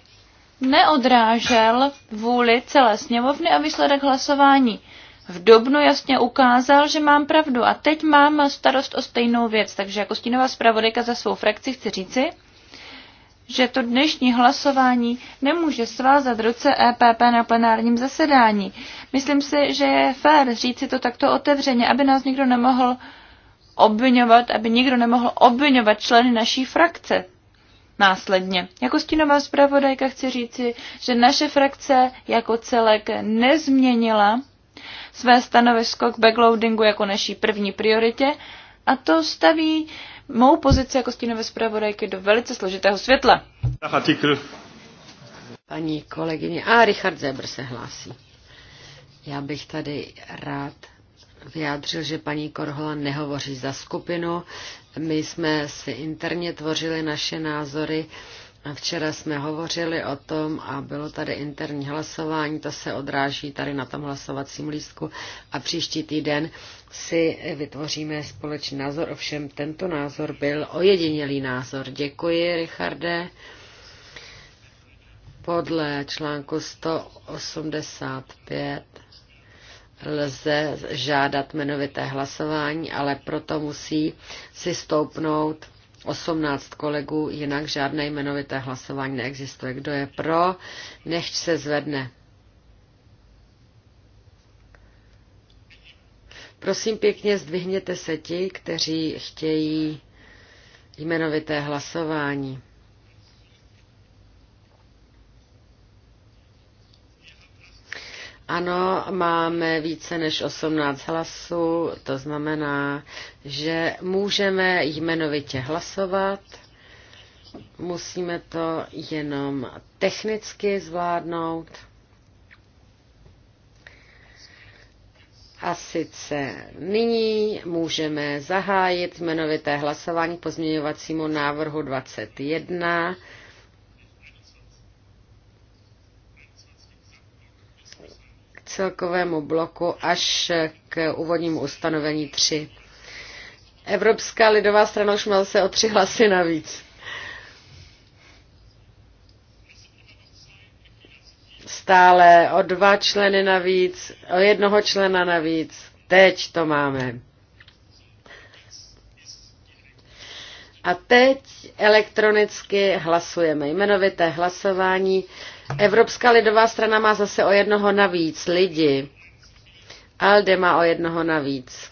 neodrážel vůli celé sněmovny a výsledek hlasování v Dobnu jasně ukázal, že mám pravdu a teď mám starost o stejnou věc, takže jako stínová zpravodajka za svou frakci chci říci, že to dnešní hlasování nemůže svázat ruce EPP na plenárním zasedání. Myslím si, že je fér říci to takto otevřeně, aby nás nikdo nemohl obvinovat, aby nikdo nemohl obvinovat členy naší frakce. Následně. Jako stínová zpravodajka chci říci, že naše frakce jako celek nezměnila své stanovisko k backloadingu jako naší první prioritě a to staví mou pozici jako stínové zpravodajky do velice složitého světla. Paní kolegyně, a Richard Zebr se hlásí. Já bych tady rád vyjádřil, že paní Korhola nehovoří za skupinu. My jsme si interně tvořili naše názory. Včera jsme hovořili o tom a bylo tady interní hlasování, to se odráží tady na tom hlasovacím lístku a příští týden si vytvoříme společný názor, ovšem tento názor byl ojedinělý názor. Děkuji, Richarde. Podle článku 185 lze žádat jmenovité hlasování, ale proto musí si stoupnout 18 kolegů, jinak žádné jmenovité hlasování neexistuje. Kdo je pro, nechť se zvedne. Prosím pěkně, zdvihněte se ti, kteří chtějí jmenovité hlasování. Ano, máme více než 18 hlasů, to znamená, že můžeme jmenovitě hlasovat. Musíme to jenom technicky zvládnout. A sice nyní můžeme zahájit jmenovité hlasování k pozměňovacímu návrhu 21. K celkovému bloku až k úvodnímu ustanovení 3. Evropská lidová strana už měla se o tři hlasy navíc. stále o dva členy navíc, o jednoho člena navíc. Teď to máme. A teď elektronicky hlasujeme. Jmenovité hlasování. Evropská lidová strana má zase o jednoho navíc lidi. Alde má o jednoho navíc.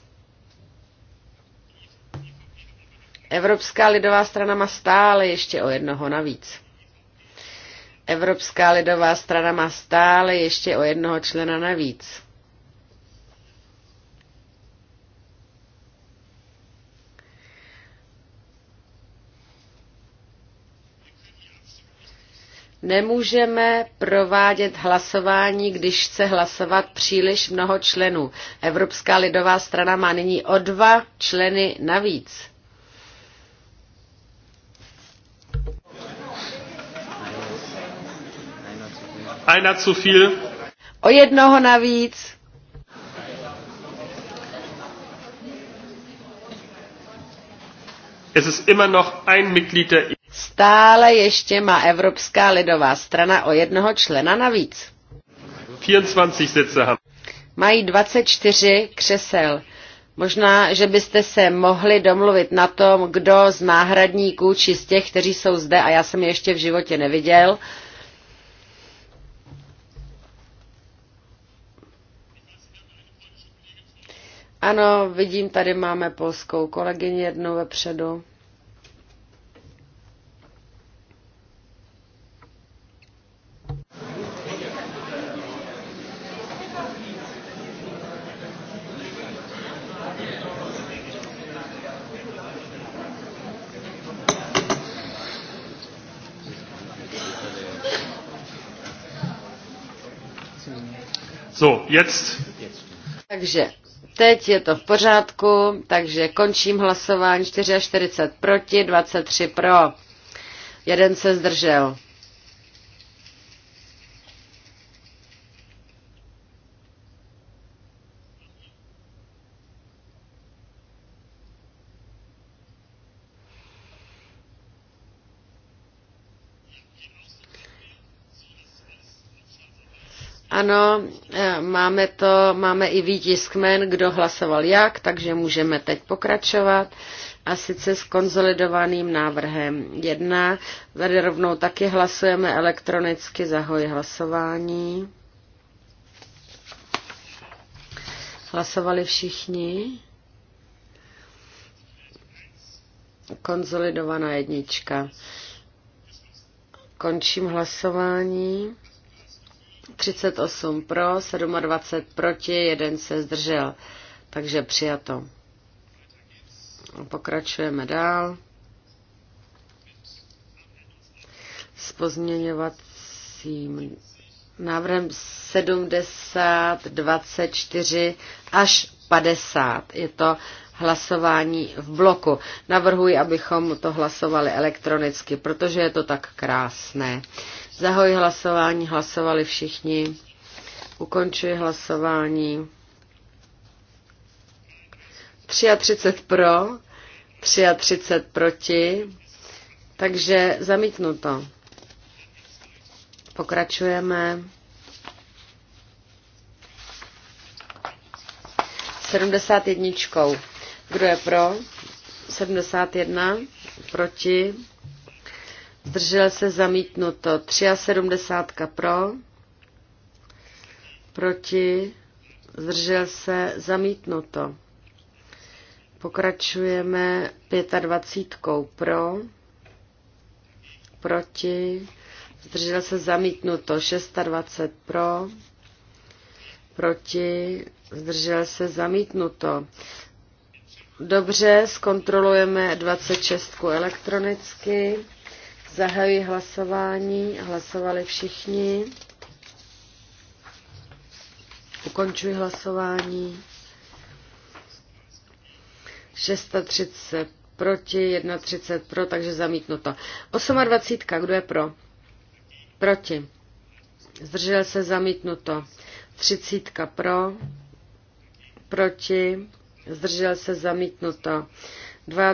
Evropská lidová strana má stále ještě o jednoho navíc. Evropská lidová strana má stále ještě o jednoho člena navíc. Nemůžeme provádět hlasování, když chce hlasovat příliš mnoho členů. Evropská lidová strana má nyní o dva členy navíc. Einer zu viel. O jednoho navíc. Es ist immer noch ein Mitglied der e Stále ještě má Evropská lidová strana o jednoho člena navíc. 24 Sitze haben. Mají 24 křesel. Možná, že byste se mohli domluvit na tom, kdo z náhradníků či z těch, kteří jsou zde, a já jsem je ještě v životě neviděl, Ano, vidím, tady máme polskou kolegyni jednou vepředu. So, jetzt. Takže Teď je to v pořádku, takže končím hlasování 44 proti, 23 pro. Jeden se zdržel. Ano, eh, máme to, máme i výtisk men, kdo hlasoval jak, takže můžeme teď pokračovat a sice s konzolidovaným návrhem 1. Tady rovnou taky hlasujeme elektronicky, zahoj hlasování. Hlasovali všichni? Konzolidovaná jednička. Končím hlasování. 38 pro, 27 proti, jeden se zdržel. Takže přijato. Pokračujeme dál. S pozměňovacím návrhem 70, 24 až 50. Je to hlasování v bloku. Navrhuji, abychom to hlasovali elektronicky, protože je to tak krásné. Zahoj hlasování, hlasovali všichni. Ukončuji hlasování. 33 pro, 33 proti, takže zamítnuto. Pokračujeme. 71. Kdo je pro? 71. Proti? zdržel se zamítnuto 73 pro, proti, zdržel se zamítnuto. Pokračujeme 25 pro, proti, zdržel se zamítnuto 26 pro, proti, zdržel se zamítnuto. Dobře, zkontrolujeme 26 elektronicky. Zahajuji hlasování. Hlasovali všichni. Ukončuji hlasování. 630 proti, 31 pro, takže zamítnuto. 28, kdo je pro? Proti. Zdržel se zamítnuto. 30 pro, proti, zdržel se zamítnuto.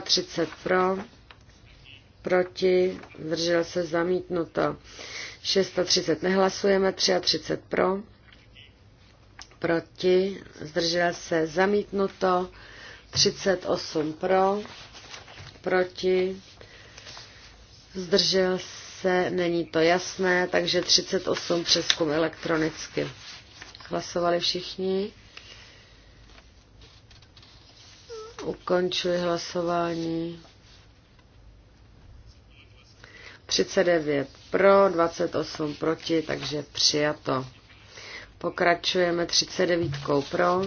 32 pro, proti, zdržel se zamítnuto. 630 nehlasujeme, 33 pro, proti, zdržel se zamítnuto, 38 pro, proti, zdržel se, není to jasné, takže 38 přeskum elektronicky. Hlasovali všichni. Ukončuji hlasování. 39 pro, 28 proti, takže přijato. Pokračujeme 39 pro,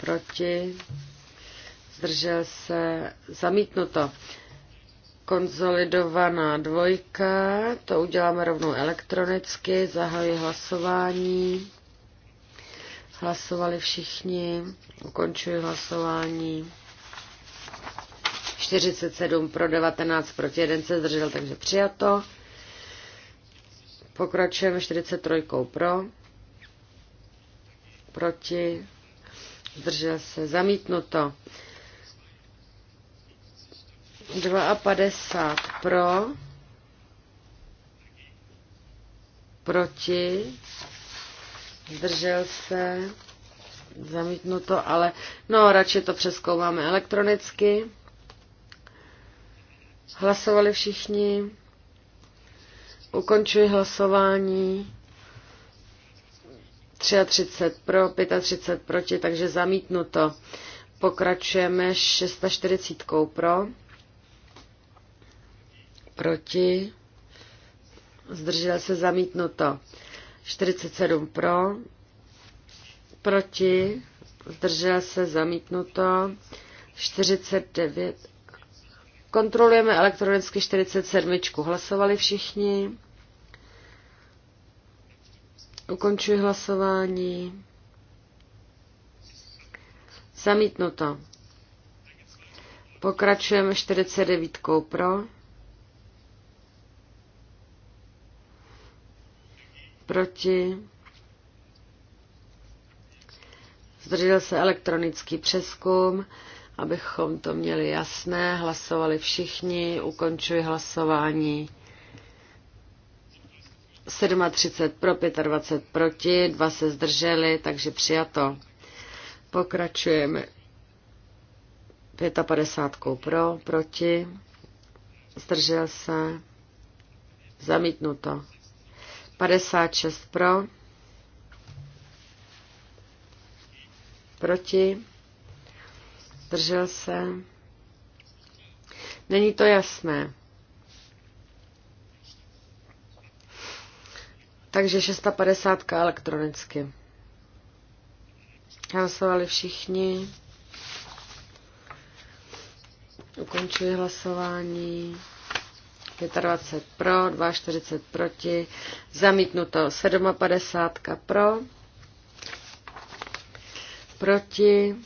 proti, zdržel se, zamítnuto. Konzolidovaná dvojka, to uděláme rovnou elektronicky, zahajuji hlasování. Hlasovali všichni, ukončuji hlasování. 47 pro 19 proti 1 se zdržel, takže přijato. Pokračujeme 43 pro, proti, zdržel se, zamítnuto. 52 pro, proti, zdržel se, zamítnuto, ale no radši to přeskoumáme elektronicky. Hlasovali všichni. Ukončuji hlasování. 33 pro, 35 proti, takže zamítnuto. Pokračujeme 640 pro, proti, zdržel se zamítnuto. 47 pro, proti, zdržel se zamítnuto. 49 Kontrolujeme elektronicky 47. Hlasovali všichni. Ukončuji hlasování. Zamítnuto. Pokračujeme 49 pro. Proti. Zdržel se elektronický přeskum abychom to měli jasné. Hlasovali všichni, ukončuji hlasování. 37 pro, 25 proti, dva se zdrželi, takže přijato. Pokračujeme. 55 pro, proti, zdržel se, zamítnuto. 56 pro, proti, Zdržel se? Není to jasné. Takže 650 elektronicky. Hlasovali všichni. Ukončuji hlasování. 25 pro, 240 proti. Zamítnuto 57 pro. Proti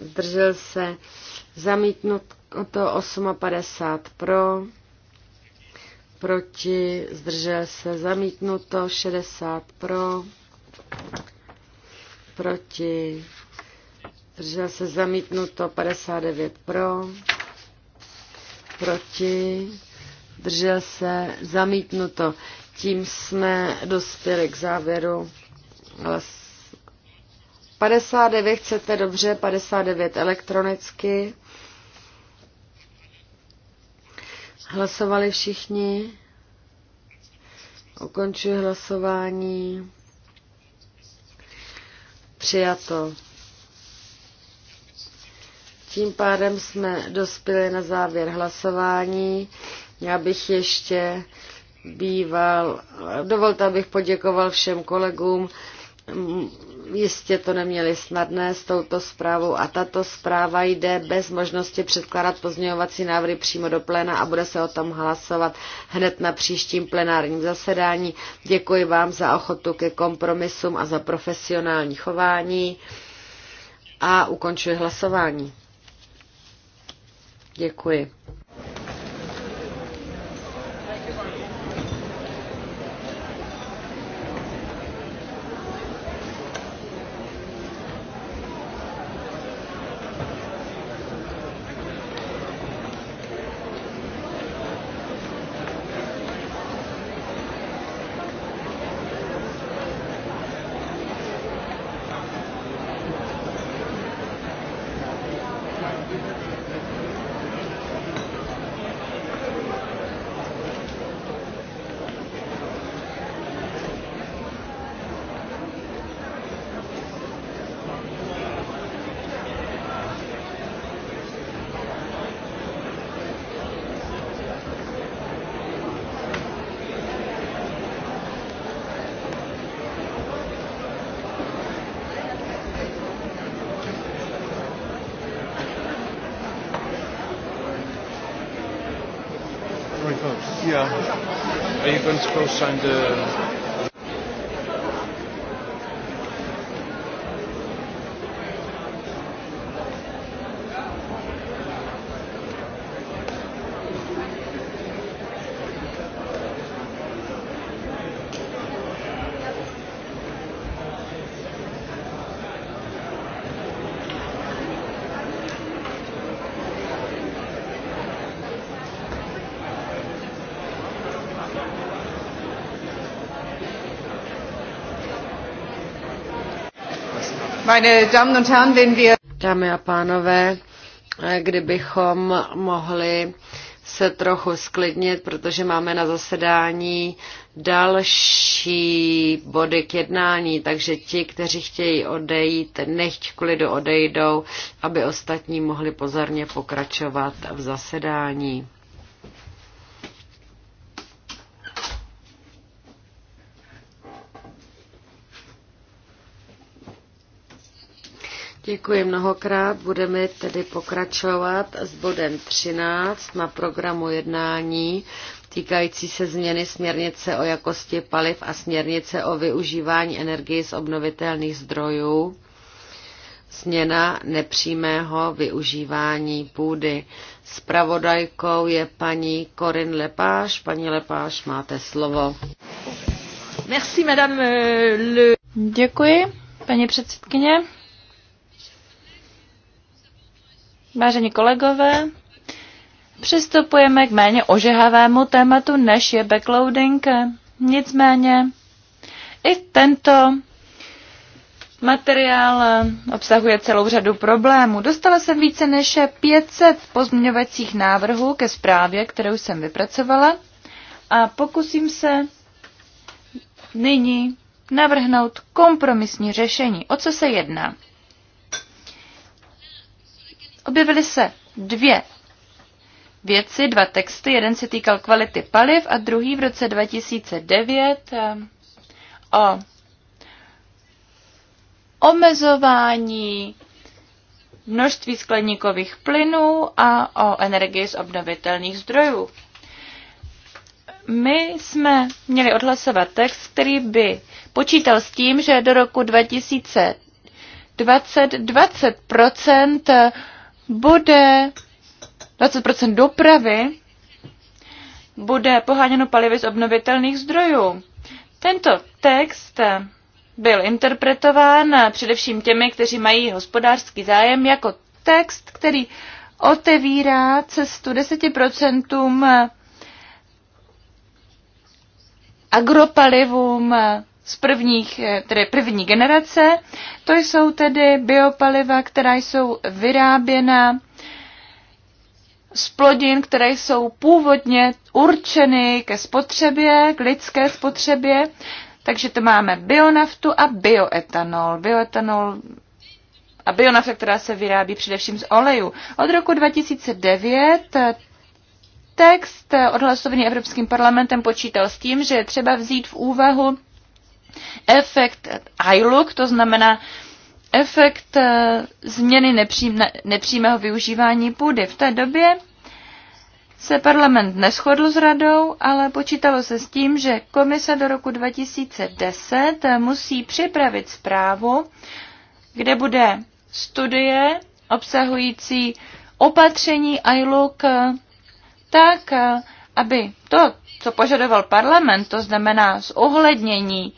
zdržel se, zamítnut to 58 pro, proti, zdržel se, zamítnut to 60 pro, proti, zdržel se, zamítnut to 59 pro, proti, zdržel se, zamítnut to Tím jsme dospěli k závěru hlas 59 chcete dobře, 59 elektronicky. Hlasovali všichni. Ukončuji hlasování. Přijato. Tím pádem jsme dospěli na závěr hlasování. Já bych ještě býval, dovolte, abych poděkoval všem kolegům, jistě to neměli snadné s touto zprávou a tato zpráva jde bez možnosti předkládat pozměňovací návrhy přímo do pléna a bude se o tom hlasovat hned na příštím plenárním zasedání. Děkuji vám za ochotu ke kompromisům a za profesionální chování a ukončuji hlasování. Děkuji. zijn Meine Damen und Herren, wenn wir... Dámy a pánové, kdybychom mohli se trochu sklidnit, protože máme na zasedání další body k jednání, takže ti, kteří chtějí odejít, nechť klidu odejdou, aby ostatní mohli pozorně pokračovat v zasedání. Děkuji mnohokrát. Budeme tedy pokračovat s bodem 13 na programu jednání týkající se změny směrnice o jakosti paliv a směrnice o využívání energie z obnovitelných zdrojů, změna nepřímého využívání půdy. Spravodajkou je paní Corinne Lepáš. Paní Lepáš, máte slovo. Merci, madame euh, le... Děkuji, paní předsedkyně. Vážení kolegové, přistupujeme k méně ožehavému tématu, než je backloading. Nicméně i tento Materiál obsahuje celou řadu problémů. Dostala jsem více než 500 pozměňovacích návrhů ke zprávě, kterou jsem vypracovala a pokusím se nyní navrhnout kompromisní řešení. O co se jedná? Objevily se dvě věci, dva texty. Jeden se týkal kvality paliv a druhý v roce 2009 ehm, o omezování množství skleníkových plynů a o energii z obnovitelných zdrojů. My jsme měli odhlasovat text, který by počítal s tím, že do roku 2020 20 bude 20% dopravy bude poháněno palivy z obnovitelných zdrojů. Tento text byl interpretován především těmi, kteří mají hospodářský zájem, jako text, který otevírá cestu 10% agropalivům z prvních, eh, tedy první generace. To jsou tedy biopaliva, která jsou vyráběna z plodin, které jsou původně určeny ke spotřebě, k lidské spotřebě. Takže to máme bionaftu a bioetanol. Bioetanol a bionafta, která se vyrábí především z oleju. Od roku 2009 eh, text odhlasovaný Evropským parlamentem počítal s tím, že je třeba vzít v úvahu efekt ILUK, to znamená efekt eh, změny nepřímého využívání půdy. V té době se parlament neschodl s radou, ale počítalo se s tím, že komise do roku 2010 eh, musí připravit zprávu, kde bude studie obsahující opatření ILUK eh, tak, aby to, co požadoval parlament, to znamená zohlednění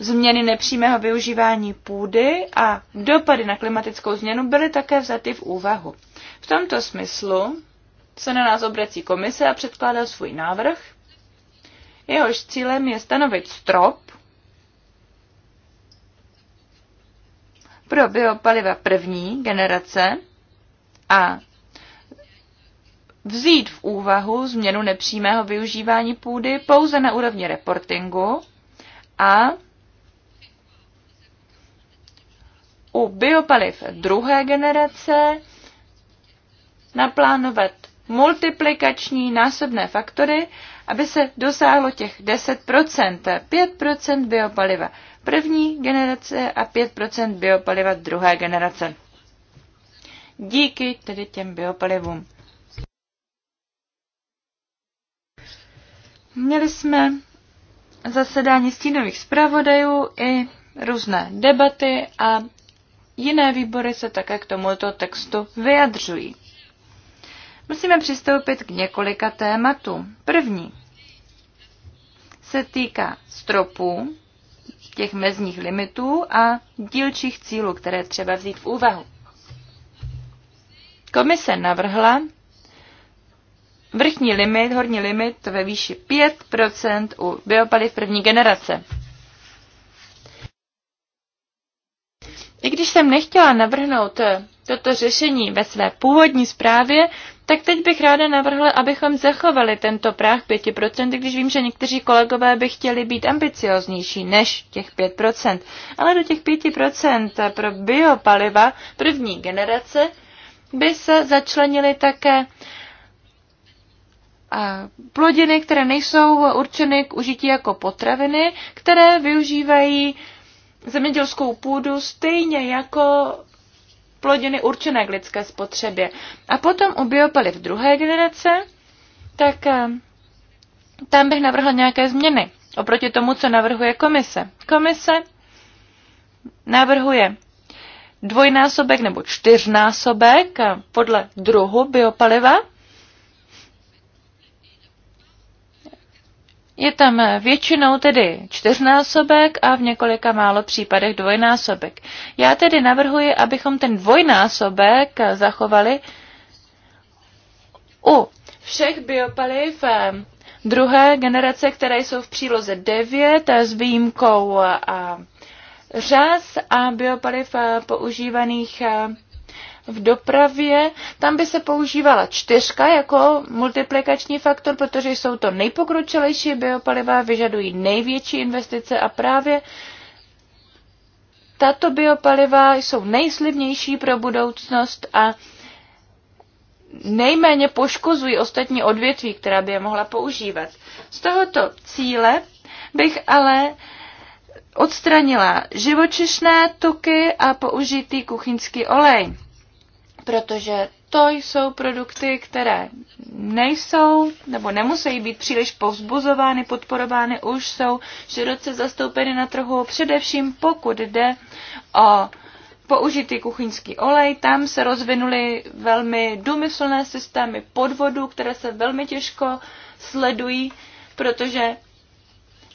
změny nepřímého využívání půdy a dopady na klimatickou změnu byly také vzaty v úvahu. V tomto smyslu se na nás obrací komise a předkládá svůj návrh. Jehož cílem je stanovit strop pro biopaliva první generace a vzít v úvahu změnu nepřímého využívání půdy pouze na úrovni reportingu a u biopaliv druhé generace naplánovat multiplikační násobné faktory, aby se dosáhlo těch 10%, 5% biopaliva první generace a 5% biopaliva druhé generace. Díky tedy těm biopalivům. Měli jsme zasedání stínových zpravodajů i různé debaty a jiné výbory se také k tomuto textu vyjadřují. Musíme přistoupit k několika tématům. První se týká stropů, těch mezních limitů a dílčích cílů, které třeba vzít v úvahu. Komise navrhla vrchní limit, horní limit ve výši 5 u biopaliv první generace. I když jsem nechtěla navrhnout eh, toto řešení ve své původní zprávě, tak teď bych ráda navrhla, abychom zachovali tento práh 5%, když vím, že někteří kolegové by chtěli být ambicioznější než těch 5%. Ale do těch 5% pro biopaliva první generace by se začlenily také eh, plodiny, které nejsou určeny k užití jako potraviny, které využívají zemědělskou půdu stejně jako plodiny určené k lidské spotřebě. A potom u biopaliv druhé generace, tak eh, tam bych navrhl nějaké změny oproti tomu, co navrhuje komise. Komise navrhuje dvojnásobek nebo čtyřnásobek eh, podle druhu biopaliva Je tam většinou tedy čtyřnásobek a v několika málo případech dvojnásobek. Já tedy navrhuji, abychom ten dvojnásobek zachovali u všech biopaliv eh, druhé generace, které jsou v příloze 9 eh, s výjimkou eh, a řas a biopaliv používaných v dopravě, tam by se používala čtyřka jako multiplikační faktor, protože jsou to nejpokročilejší biopaliva, vyžadují největší investice a právě tato biopaliva jsou nejslibnější pro budoucnost a nejméně poškozují ostatní odvětví, která by je mohla používat. Z tohoto cíle bych ale odstranila živočišné tuky a použitý kuchyňský olej protože to jsou produkty, které nejsou nebo nemusí být příliš povzbuzovány, podporovány, už jsou široce zastoupeny na trhu, především pokud jde o použitý kuchyňský olej. Tam se rozvinuly velmi důmyslné systémy podvodů, které se velmi těžko sledují, protože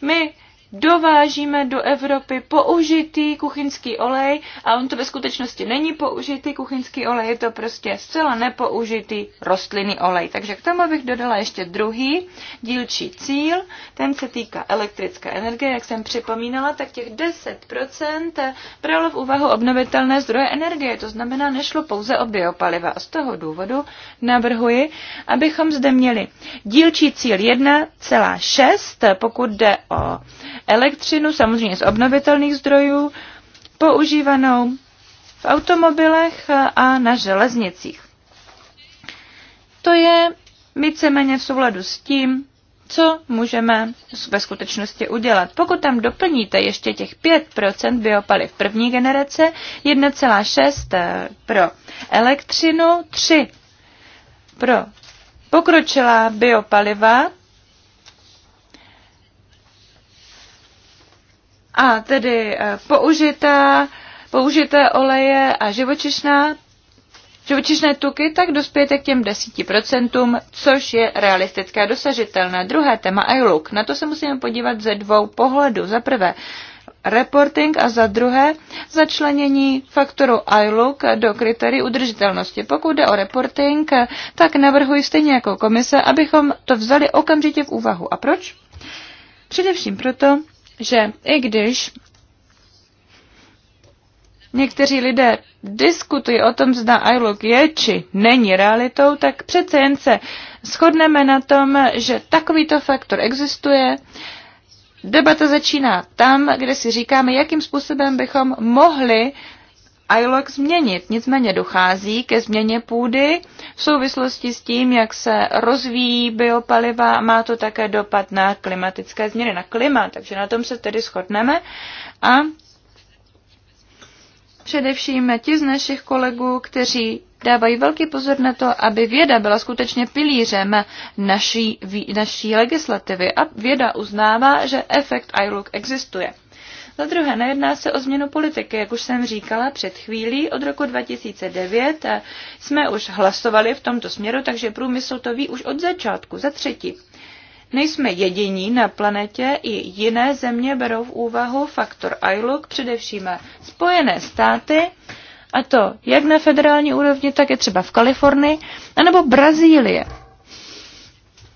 my dovážíme do Evropy použitý kuchyňský olej a on to ve skutečnosti není použitý kuchyňský olej, je to prostě zcela nepoužitý rostlinný olej. Takže k tomu bych dodala ještě druhý dílčí cíl, ten se týká elektrické energie, jak jsem připomínala, tak těch 10% bralo v úvahu obnovitelné zdroje energie, to znamená nešlo pouze o biopaliva a z toho důvodu navrhuji, abychom zde měli dílčí cíl 1,6, pokud jde o elektřinu, samozřejmě z obnovitelných zdrojů, používanou v automobilech a na železnicích. To je víceméně v souladu s tím, co můžeme ve skutečnosti udělat. Pokud tam doplníte ještě těch 5% biopaliv první generace, 1,6 pro elektřinu, 3 pro pokročilá biopaliva, a tedy eh, použité, použité oleje a živočišná, živočišné tuky, tak dospějete k těm 10%, což je realistické a dosažitelné. Druhé téma look. Na to se musíme podívat ze dvou pohledů. Za prvé, reporting a za druhé začlenění faktoru iLook do kritérií udržitelnosti. Pokud jde o reporting, tak navrhuji stejně jako komise, abychom to vzali okamžitě v úvahu. A proč? Především proto, že i když někteří lidé diskutují o tom, zda iLook je či není realitou, tak přece jen se shodneme na tom, že takovýto faktor existuje. Debata začíná tam, kde si říkáme, jakým způsobem bychom mohli uh, ILOC změnit. Nicméně dochází ke změně půdy v souvislosti s tím, jak se rozvíjí biopaliva. Má to také dopad na klimatické změny, na klima, takže na tom se tedy shodneme. A především ti z našich kolegů, kteří dávají velký pozor na to, aby věda byla skutečně pilířem naší, naší legislativy a věda uznává, že efekt ILUC existuje. Za druhé, nejedná se o změnu politiky, jak už jsem říkala před chvílí, od roku 2009 eh, jsme už hlasovali v tomto směru, takže průmysl to ví už od začátku. Za třetí, Nejsme jediní na planetě, i jiné země berou v úvahu faktor ILUC, především Spojené státy, a to jak na federální úrovni, tak je třeba v Kalifornii, anebo Brazílie.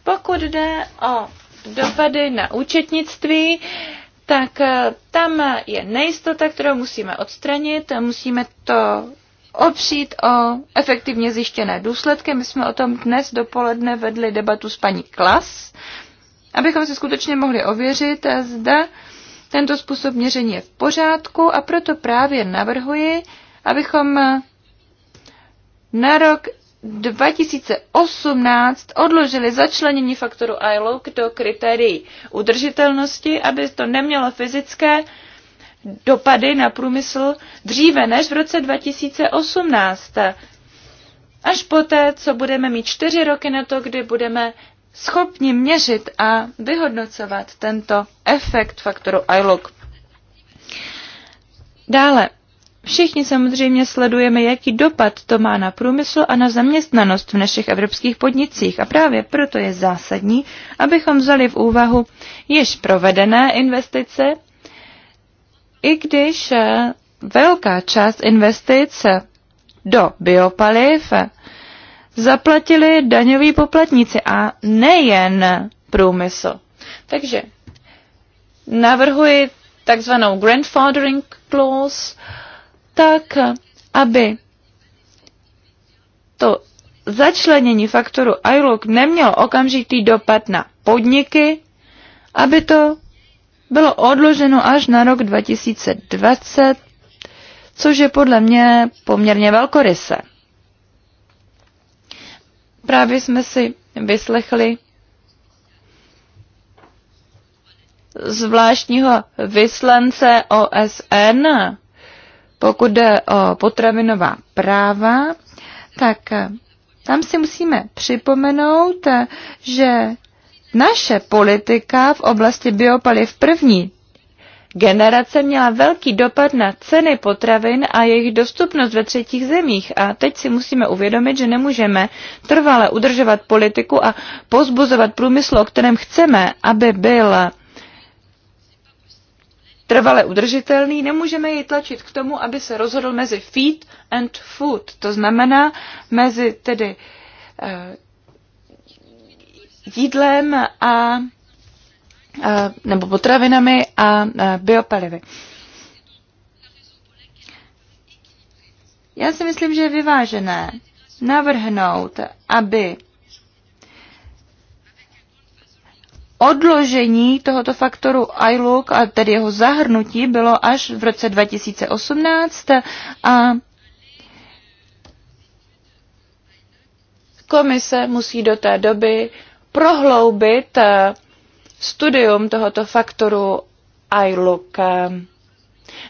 Pokud jde o dopady na účetnictví, tak eh, tam je nejistota, kterou musíme odstranit, musíme to opřít o efektivně zjištěné důsledky. My jsme o tom dnes dopoledne vedli debatu s paní Klas, abychom si skutečně mohli ověřit, eh, zda tento způsob měření je v pořádku a proto právě navrhuji, abychom eh, na rok 2018 odložili začlenění faktoru ILOC do kritérií udržitelnosti, aby to nemělo fyzické dopady na průmysl dříve než v roce 2018. Až poté, co budeme mít čtyři roky na to, kdy budeme schopni měřit a vyhodnocovat tento efekt faktoru ILOC. Dále, Všichni samozřejmě sledujeme, jaký dopad to má na průmysl a na zaměstnanost v našich evropských podnicích a právě proto je zásadní, abychom vzali v úvahu již provedené investice, i když eh, velká část investic do biopaliv zaplatili daňoví poplatníci a nejen průmysl. Takže navrhuji takzvanou grandfathering clause, tak, aby to začlenění faktoru iLook nemělo okamžitý dopad na podniky, aby to bylo odloženo až na rok 2020, což je podle mě poměrně velkoryse. Právě jsme si vyslechli zvláštního vyslance OSN pokud jde o potravinová práva, tak eh, tam si musíme připomenout, eh, že naše politika v oblasti biopaliv první generace měla velký dopad na ceny potravin a jejich dostupnost ve třetích zemích. A teď si musíme uvědomit, že nemůžeme trvale udržovat politiku a pozbuzovat průmysl, o kterém chceme, aby byl trvale udržitelný, nemůžeme jej tlačit k tomu, aby se rozhodl mezi feed and food. To znamená mezi tedy eh, jídlem a eh, nebo potravinami a eh, biopalivy. Já si myslím, že je vyvážené navrhnout, aby odložení tohoto faktoru iLook, a tedy jeho zahrnutí, bylo až v roce 2018 a komise musí do té doby prohloubit eh, studium tohoto faktoru iLook.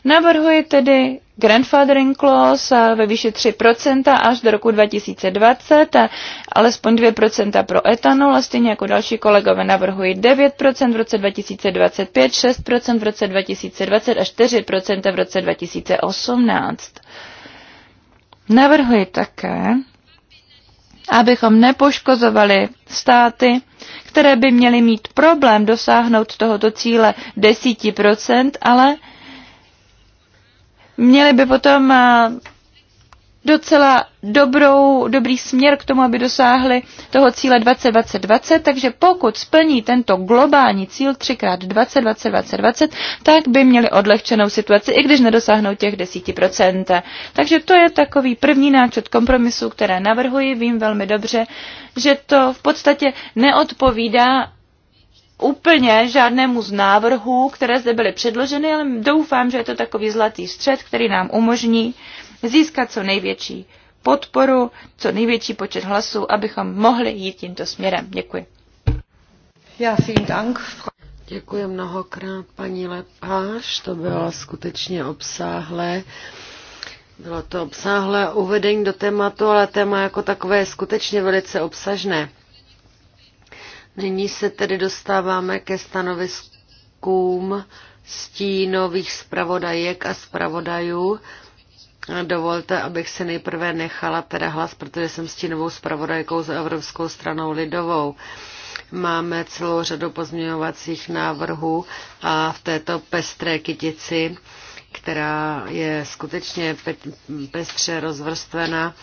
Navrhuji tedy grandfathering clause eh, ve výši 3% až do roku 2020, a eh, alespoň 2% pro etanol a stejně jako další kolegové navrhuji 9% v roce 2025, 6% v roce 2020 a 4% v roce 2018. Navrhuji také, abychom nepoškozovali státy, které by měly mít problém dosáhnout tohoto cíle 10%, ale měli by potom eh, docela dobrou, dobrý směr k tomu, aby dosáhli toho cíle 2020, takže pokud splní tento globální cíl 3x20, 20, 20, 20, tak by měli odlehčenou situaci, i když nedosáhnou těch 10%. Takže to je takový první náčet kompromisu, které navrhuji, vím velmi dobře, že to v podstatě neodpovídá úplně žádnému z návrhů, které zde byly předloženy, ale doufám, že je to takový zlatý střed, který nám umožní získat co největší podporu, co největší počet hlasů, abychom mohli jít tímto směrem. Děkuji. Já si Dank. Děkuji mnohokrát, paní Lepáš, to bylo skutečně obsáhlé. Bylo to obsáhlé uvedení do tématu, ale téma jako takové je skutečně velice obsažné. Nyní se tedy dostáváme ke stanoviskům stínových zpravodajek a zpravodajů. Dovolte, abych se nejprve nechala teda hlas, protože jsem stínovou zpravodajkou za Evropskou stranou lidovou. Máme celou řadu pozměňovacích návrhů a v této pestré kytici která je skutečně pestře rozvrstvena,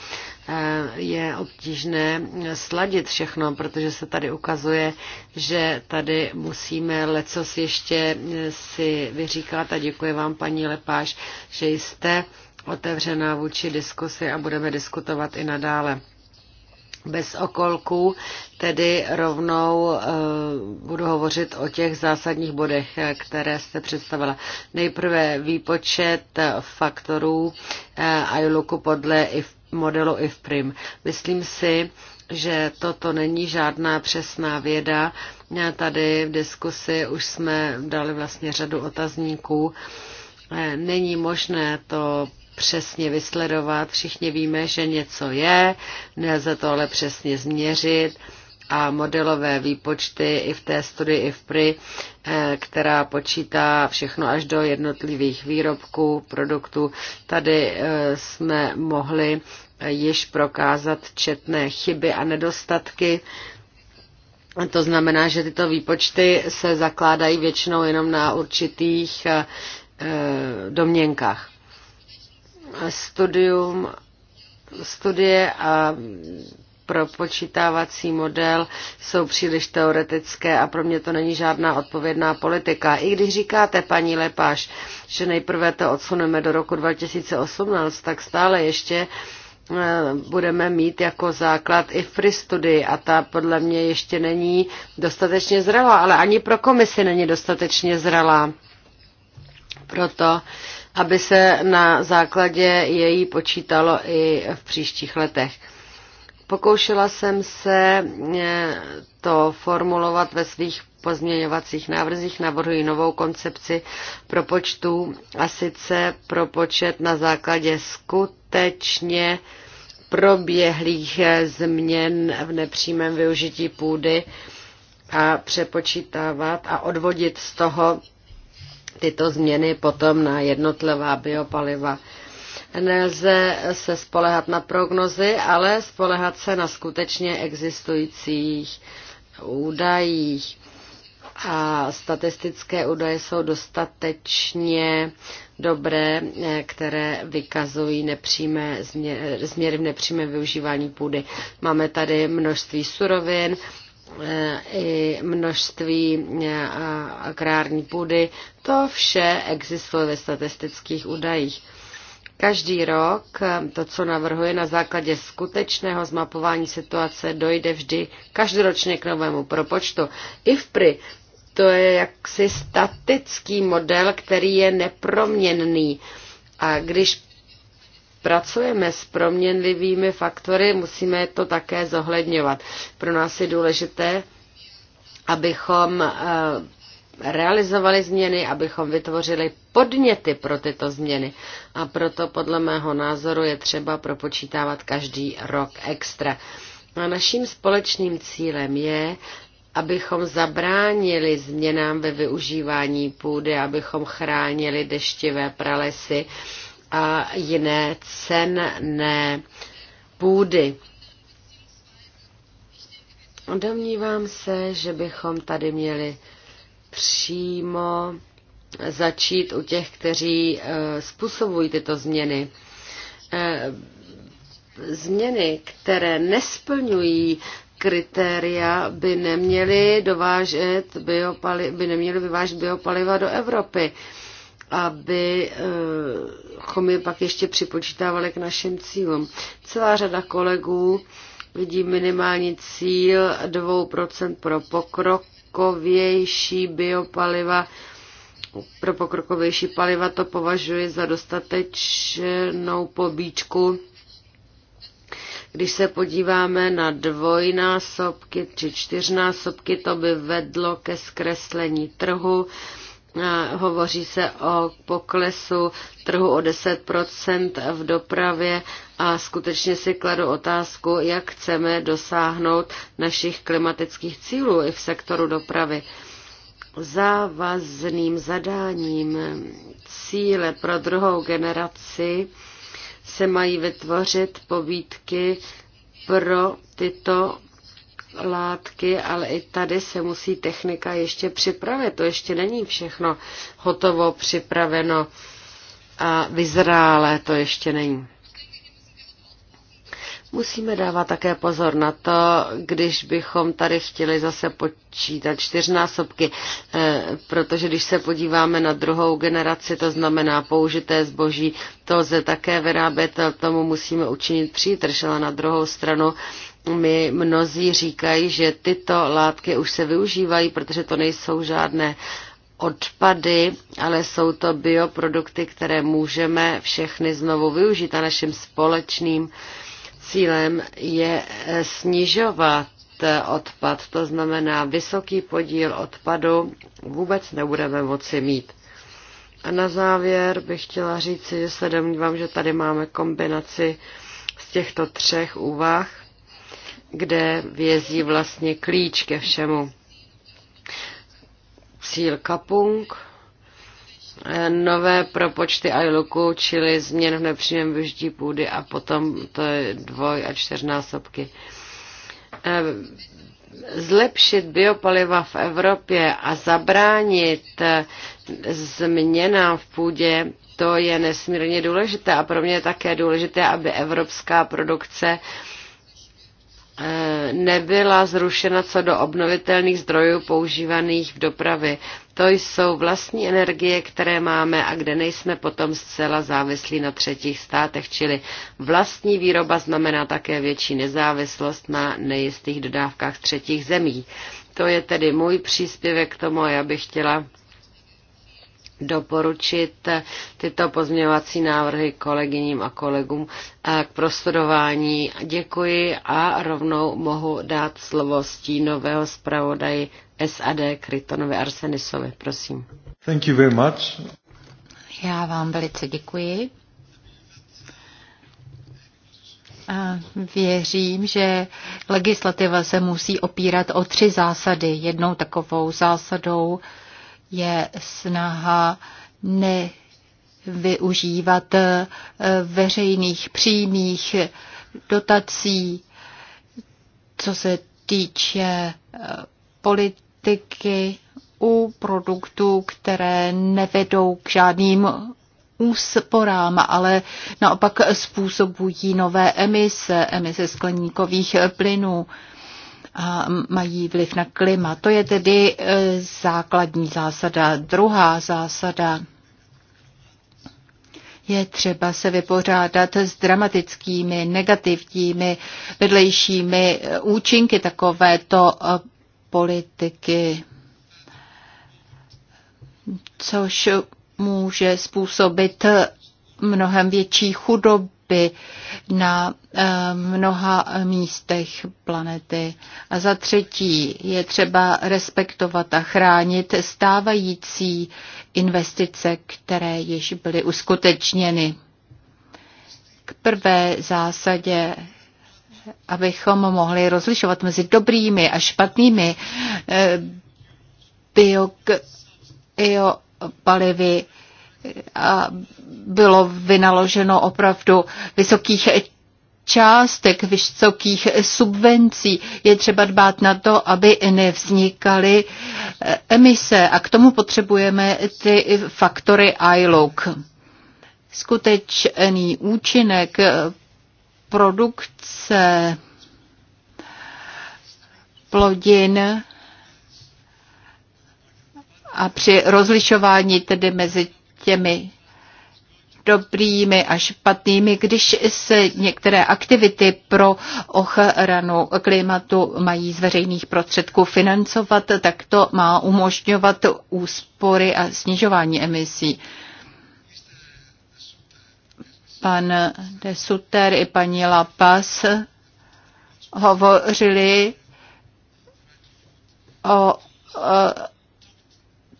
eh, je obtížné sladit všechno, protože se tady ukazuje, že tady musíme lecos ještě eh, si vyříkat a děkuji vám, paní Lepáš, že jste otevřená vůči diskusi a budeme diskutovat i nadále bez okolků, tedy rovnou e, budu hovořit o těch zásadních bodech, eh, které jste představila. Nejprve výpočet eh, faktorů uh, ILUKu podle IF, modelu IFPRIM. Myslím si, že toto není žádná přesná věda. Tady v diskusi už jsme dali vlastně řadu otazníků. Není možné to přesně vysledovat. Všichni víme, že něco je, nelze to ale přesně změřit a modelové výpočty i v té studii IFPRI, eh, která počítá všechno až do jednotlivých výrobků, produktů. Tady eh, jsme mohli již prokázat četné chyby a nedostatky. To znamená, že tyto výpočty se zakládají většinou jenom na určitých eh, domněnkách studium, studie a propočítávací model jsou příliš teoretické a pro mě to není žádná odpovědná politika. I když říkáte, paní Lepáš, že nejprve to odsuneme do roku 2018, tak stále ještě eh, budeme mít jako základ i free studii a ta podle mě ještě není dostatečně zrela, ale ani pro komisi není dostatečně zrela. Proto aby se na základě její počítalo i v příštích letech. Pokoušela jsem se eh, to formulovat ve svých pozměňovacích návrzích. Navrhuji novou koncepci počtu a sice propočet na základě skutečně proběhlých eh, změn v nepřímém využití půdy a přepočítávat a odvodit z toho tyto změny potom na jednotlivá biopaliva. Nelze se spolehat na prognozy, ale spolehat se na skutečně existujících údajích. A statistické údaje jsou dostatečně dobré, které vykazují nepřímé změry v nepřímém využívání půdy. Máme tady množství surovin, i množství e, agrární půdy. To vše existuje ve statistických údajích. Každý rok e, to, co navrhuje na základě skutečného zmapování situace, dojde vždy každoročně k novému propočtu. IFPRI to je jaksi statický model, který je neproměnný. A když pracujeme s proměnlivými faktory, musíme to také zohledňovat. Pro nás je důležité, abychom eh, realizovali změny, abychom vytvořili podněty pro tyto změny. A proto podle mého názoru je třeba propočítávat každý rok extra. A naším společným cílem je, abychom zabránili změnám ve využívání půdy, abychom chránili deštivé pralesy, a jiné cenné půdy. Domnívám se, že bychom tady měli přímo začít u těch, kteří eh, způsobují tyto změny. Eh, změny, které nesplňují kritéria, by neměly, dovážet biopali- by neměly vyvážet biopaliva do Evropy abychom je pak ještě připočítávali k našim cílům. Celá řada kolegů vidí minimální cíl 2% pro pokrokovější biopaliva. Pro pokrokovější paliva to považuji za dostatečnou pobíčku. Když se podíváme na dvojnásobky či čtyřnásobky, to by vedlo ke zkreslení trhu. Hovoří se o poklesu trhu o 10% v dopravě a skutečně si kladu otázku, jak chceme dosáhnout našich klimatických cílů i v sektoru dopravy. Závazným zadáním cíle pro druhou generaci se mají vytvořit povídky pro tyto látky, ale i tady se musí technika ještě připravit. To ještě není všechno hotovo, připraveno a vyzrále to ještě není. Musíme dávat také pozor na to, když bychom tady chtěli zase počítat čtyřnásobky, eh, protože když se podíváme na druhou generaci, to znamená použité zboží, to lze také vyrábět, tomu musíme učinit přítrž, ale na druhou stranu mi mnozí říkají, že tyto látky už se využívají, protože to nejsou žádné odpady, ale jsou to bioprodukty, které můžeme všechny znovu využít a naším společným cílem je eh, snižovat eh, odpad. To znamená, vysoký podíl odpadu vůbec nebudeme moci mít. A na závěr bych chtěla říct, že se domnívám, že tady máme kombinaci z těchto třech úvah kde vězí vlastně klíč ke všemu. Cíl Kapung, nové propočty ILUKu, čili změn v nepřímém využití půdy a potom to je dvoj a čtyřnásobky. Eh, zlepšit biopaliva v Evropě a zabránit eh, změnám v půdě, to je nesmírně důležité a pro mě je také důležité, aby evropská produkce uh, nebyla zrušena co do obnovitelných zdrojů používaných v dopravě. To jsou vlastní energie, které máme a kde nejsme potom zcela závislí na třetích státech, čili vlastní výroba znamená také větší nezávislost na nejistých dodávkách třetích zemí. To je tedy můj příspěvek k tomu a já bych chtěla doporučit tyto pozměňovací návrhy kolegyním a kolegům eh, k prostudování. Děkuji a rovnou mohu dát slovo stínového zpravodaji SAD Krytonovi Arsenisovi. Prosím. Thank you very much. Já vám velice děkuji. A věřím, že legislativa se musí opírat o tři zásady. Jednou takovou zásadou je snaha nevyužívat eh, veřejných přímých dotací, co se týče eh, politiky u produktů, které nevedou k žádným úsporám, ale naopak způsobují nové emise, emise skleníkových plynů a mají vliv na klima. To je tedy e, základní zásada. Druhá zásada je třeba se vypořádat s dramatickými, negativními, vedlejšími e, účinky takovéto e, politiky, což může způsobit mnohem větší chudobu chřipy na eh, mnoha místech planety. A za třetí je třeba respektovat a chránit stávající investice, které již byly uskutečněny. K prvé zásadě abychom mohli rozlišovat mezi dobrými a špatnými biopalivy, eh, bio a bylo vynaloženo opravdu vysokých částek, vysokých subvencí. Je třeba dbát na to, aby nevznikaly eh, emise a k tomu potřebujeme ty faktory ILOC. Skutečný účinek eh, produkce plodin a při rozlišování tedy mezi těmi dobrými a špatnými, když se některé aktivity pro ochranu klimatu mají z veřejných prostředků financovat, tak to má umožňovat úspory a snižování emisí. Pan de Suter i paní Lapas hovořili o, o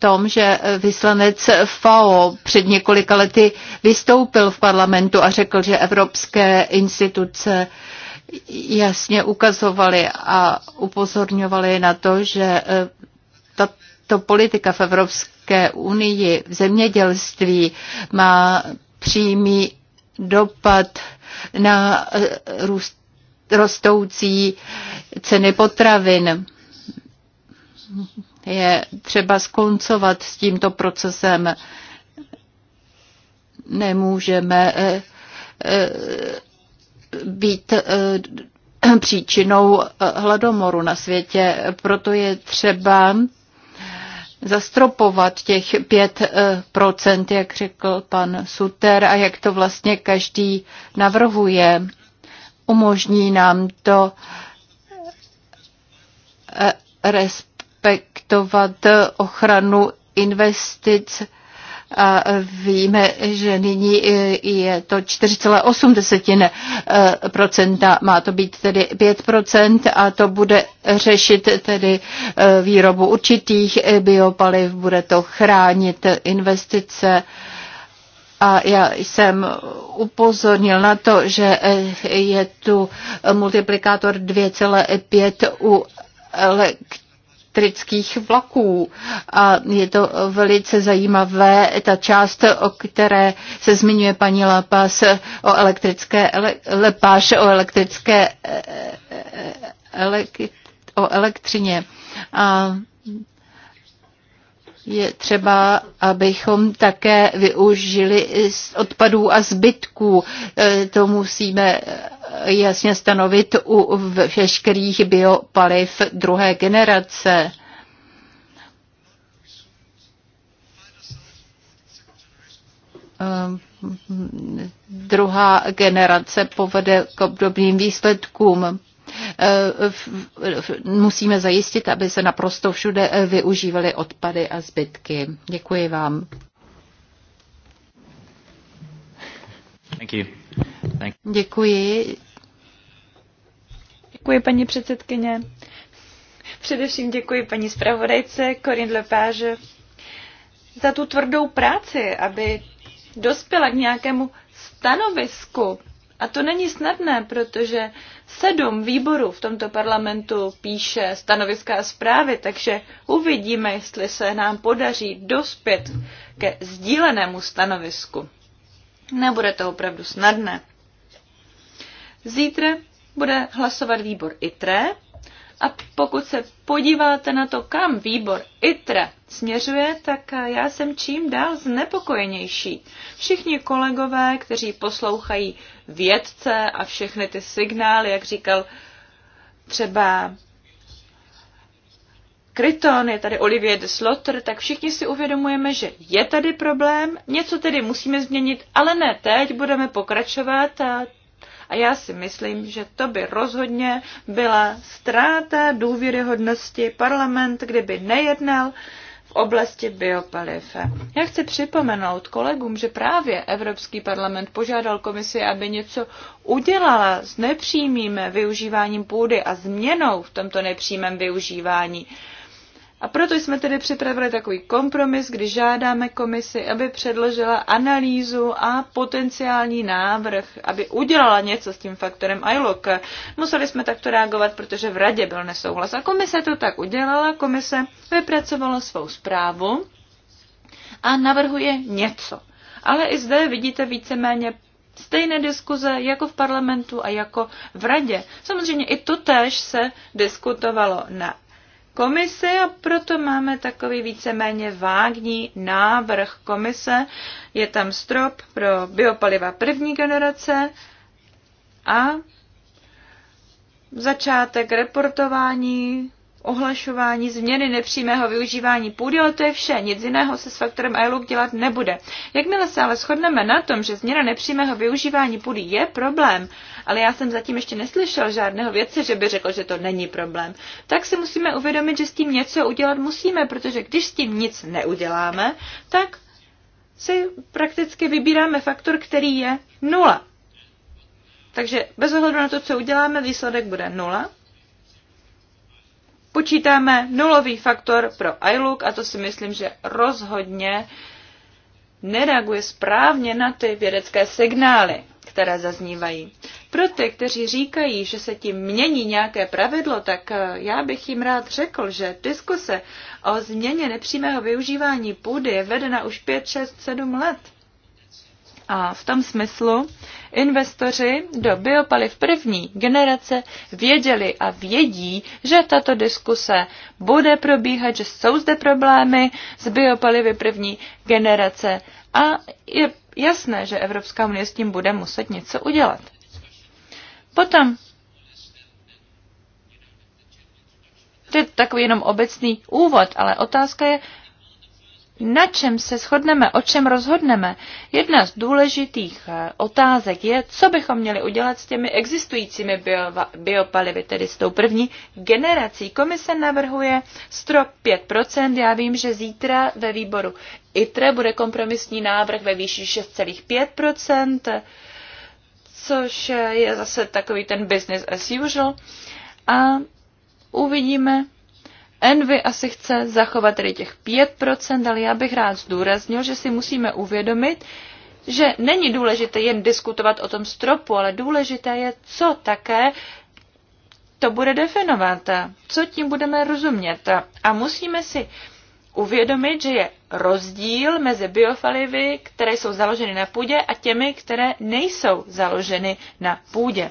tom, že vyslanec FAO před několika lety vystoupil v parlamentu a řekl, že evropské instituce jasně ukazovaly a upozorňovaly na to, že e, tato politika v Evropské unii v zemědělství má přímý dopad na e, růst, rostoucí ceny potravin je třeba skoncovat s tímto procesem. Nemůžeme eh, eh, být eh, příčinou hladomoru na světě. Proto je třeba zastropovat těch 5%, jak řekl pan Suter, a jak to vlastně každý navrhuje. Umožní nám to respekt respektovat ochranu investic. A víme, že nyní je to 4,8%, má to být tedy 5% a to bude řešit tedy eh, výrobu určitých eh, biopaliv, bude to chránit investice. A já jsem upozornil na to, že eh, je tu multiplikátor 2,5 u elektrických vlaků. A je to velice zajímavé, ta část, o které se zmiňuje paní Lapás o elektrické, Lepáš o elektrické, e, e, e, elek, o elektřině. A je třeba, abychom také využili odpadů a zbytků. E, to musíme e, jasně stanovit u veškerých biopaliv druhé generace. E, druhá generace povede k obdobným výsledkům. Eh, musíme zajistit, aby se naprosto všude eh, využívaly odpady a zbytky. Děkuji vám. Thank you. Thank you. Děkuji. Děkuji, paní předsedkyně. Především děkuji paní zpravodajce Corinne Lepage za tu tvrdou práci, aby dospěla k nějakému stanovisku. A to není snadné, protože Sedm výborů v tomto parlamentu píše stanoviska a zprávy, takže uvidíme, jestli se nám podaří dospět ke sdílenému stanovisku. Nebude to opravdu snadné. Zítra bude hlasovat výbor ITRE a pokud se podíváte na to, kam výbor ITRE směřuje, tak já jsem čím dál znepokojenější. Všichni kolegové, kteří poslouchají vědce a všechny ty signály, jak říkal třeba Kryton, je tady Olivier de Slotter, tak všichni si uvědomujeme, že je tady problém, něco tedy musíme změnit, ale ne teď, budeme pokračovat a a já si myslím, že to by rozhodně byla ztráta důvěryhodnosti parlament, kdyby nejednal oblasti biopaliv. Já chci připomenout kolegům, že právě Evropský parlament požádal komisi, aby něco udělala s nepřímým využíváním půdy a změnou v tomto nepřímém využívání. A proto jsme tedy připravili takový kompromis, kdy žádáme komisi, aby předložila analýzu a potenciální návrh, aby udělala něco s tím faktorem ILOC. Museli jsme takto reagovat, protože v radě byl nesouhlas. A komise to tak udělala, komise vypracovala svou zprávu a navrhuje něco. Ale i zde vidíte víceméně stejné diskuze jako v parlamentu a jako v radě. Samozřejmě i to též se diskutovalo na komise a proto máme takový víceméně vágní návrh komise. Je tam strop pro biopaliva první generace a začátek reportování ohlašování změny nepřímého využívání půdy, ale to je vše. Nic jiného se s faktorem ILUK dělat nebude. Jakmile se ale shodneme na tom, že změna nepřímého využívání půdy je problém, ale já jsem zatím ještě neslyšel žádného vědce, že by řekl, že to není problém, tak si musíme uvědomit, že s tím něco udělat musíme, protože když s tím nic neuděláme, tak si prakticky vybíráme faktor, který je nula. Takže bez ohledu na to, co uděláme, výsledek bude nula počítáme nulový faktor pro iLook a to si myslím, že rozhodně nereaguje správně na ty vědecké signály, které zaznívají. Pro ty, kteří říkají, že se tím mění nějaké pravidlo, tak eh, já bych jim rád řekl, že diskuse o změně nepřímého využívání půdy je vedena už 5, 6, 7 let. A v tom smyslu investoři do biopaliv první generace věděli a vědí, že tato diskuse bude probíhat, že jsou zde problémy s biopalivy první generace a je jasné, že Evropská unie s tím bude muset něco udělat. Potom to je takový jenom obecný úvod, ale otázka je, na čem se shodneme, o čem rozhodneme, jedna z důležitých eh, otázek je, co bychom měli udělat s těmi existujícími bio, biopalivy, tedy s tou první generací. Komise navrhuje strop 5%. Já vím, že zítra ve výboru ITRE bude kompromisní návrh ve výši 6,5%, což eh, je zase takový ten business as usual. A uvidíme, Envy asi chce zachovat tedy těch 5%, ale já bych rád zdůraznil, že si musíme uvědomit, že není důležité jen diskutovat o tom stropu, ale důležité je, co také to bude definovat, co tím budeme rozumět. A musíme si uvědomit, že je rozdíl mezi biofalivy, které jsou založeny na půdě a těmi, které nejsou založeny na půdě.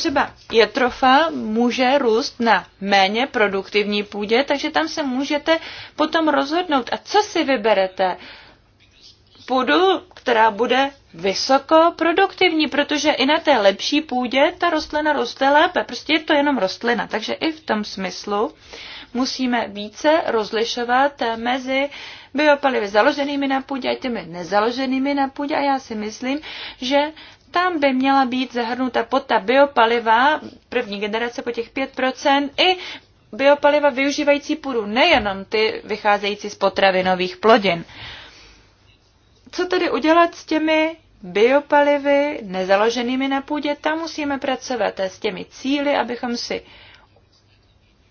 Třeba jetrofa může růst na méně produktivní půdě, takže tam se můžete potom rozhodnout. A co si vyberete? Půdu, která bude vysoko produktivní, protože i na té lepší půdě ta rostlina roste lépe. Prostě je to jenom rostlina. Takže i v tom smyslu musíme více rozlišovat mezi biopalivy založenými na půdě a těmi nezaloženými na půdě. A já si myslím, že tam by měla být zahrnuta pod ta biopaliva první generace po těch 5% i biopaliva využívající půdu, nejenom ty vycházející z potravinových plodin. Co tedy udělat s těmi biopalivy nezaloženými na půdě? Tam musíme pracovat s těmi cíly, abychom si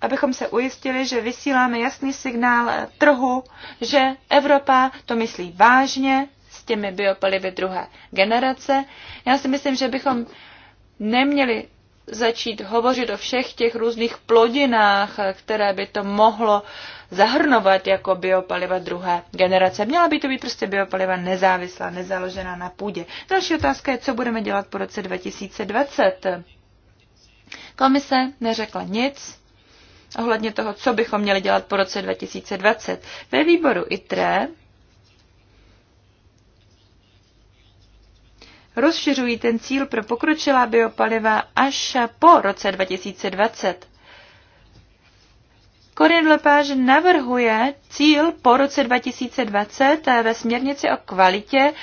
abychom se ujistili, že vysíláme jasný signál trhu, že Evropa to myslí vážně těmi biopalivy druhé generace. Já si myslím, že bychom neměli začít hovořit o všech těch různých plodinách, které by to mohlo zahrnovat jako biopaliva druhé generace. Měla by to být prostě biopaliva nezávislá, nezaložená na půdě. Další otázka je, co budeme dělat po roce 2020. Komise neřekla nic ohledně toho, co bychom měli dělat po roce 2020. Ve výboru ITRE rozšiřují ten cíl pro pokročilá biopaliva až po roce 2020. Corinne Lepage navrhuje cíl po roce 2020 ve směrnici o kvalitě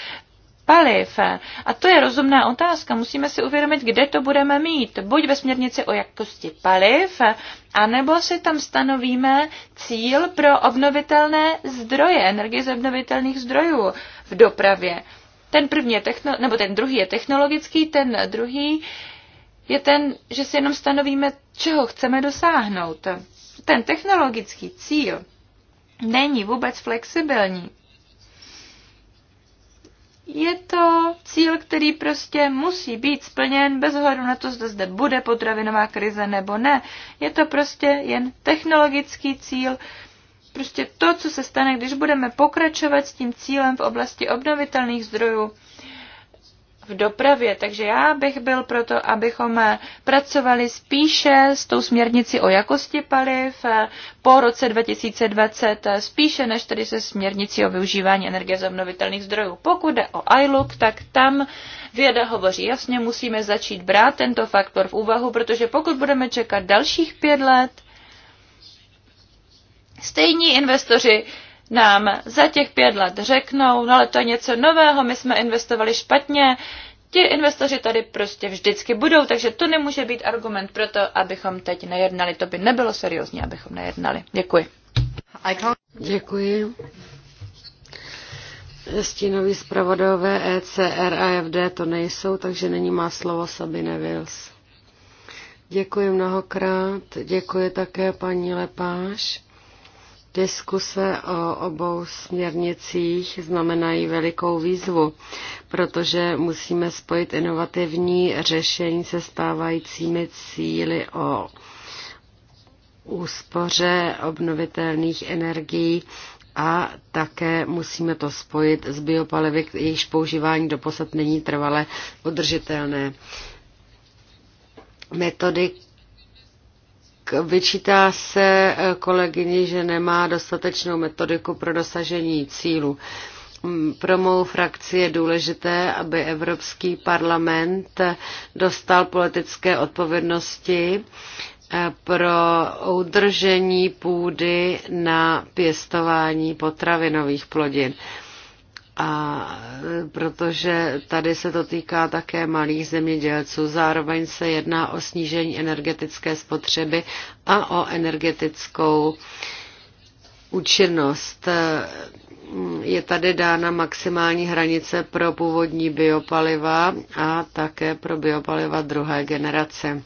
paliv. A to je rozumná otázka. Musíme si uvědomit, kde to budeme mít. Buď ve směrnici o jakosti paliv, anebo si tam stanovíme cíl pro obnovitelné zdroje, energie z obnovitelných zdrojů v dopravě. Ten první je techno, nebo ten druhý je technologický, ten druhý je ten, že si jenom stanovíme, čeho chceme dosáhnout. Ten technologický cíl není vůbec flexibilní. Je to cíl, který prostě musí být splněn bez ohledu na to, zda zde bude potravinová krize nebo ne. Je to prostě jen technologický cíl, prostě to, co se stane, když budeme pokračovat s tím cílem v oblasti obnovitelných zdrojů v dopravě. Takže já bych byl proto, abychom pracovali spíše s tou směrnici o jakosti paliv po roce 2020, spíše než tedy se směrnicí o využívání energie z obnovitelných zdrojů. Pokud jde o iLook, tak tam věda hovoří jasně, musíme začít brát tento faktor v úvahu, protože pokud budeme čekat dalších pět let, Stejní investoři nám za těch pět let řeknou, no ale to je něco nového, my jsme investovali špatně, ti investoři tady prostě vždycky budou, takže to nemůže být argument pro to, abychom teď nejednali. To by nebylo seriózní, abychom nejednali. Děkuji. Děkuji. Stínoví zpravodajové ECR a FD to nejsou, takže není má slovo Sabine Wills. Děkuji mnohokrát, děkuji také paní Lepáš Diskuse o obou směrnicích znamenají velikou výzvu, protože musíme spojit inovativní řešení se stávajícími cíly o úspoře obnovitelných energií a také musíme to spojit s biopalivy, jejichž používání doposud není trvale udržitelné. Metody vyčítá se eh, kolegyni, že nemá dostatečnou metodiku pro dosažení cílu. Mm, pro mou frakci je důležité, aby Evropský parlament dostal politické odpovědnosti eh, pro udržení půdy na pěstování potravinových plodin a e, protože tady se to týká také malých zemědělců. Zároveň se jedná o snížení energetické spotřeby a o energetickou účinnost. E, je tady dána maximální hranice pro původní biopaliva a také pro biopaliva druhé generace.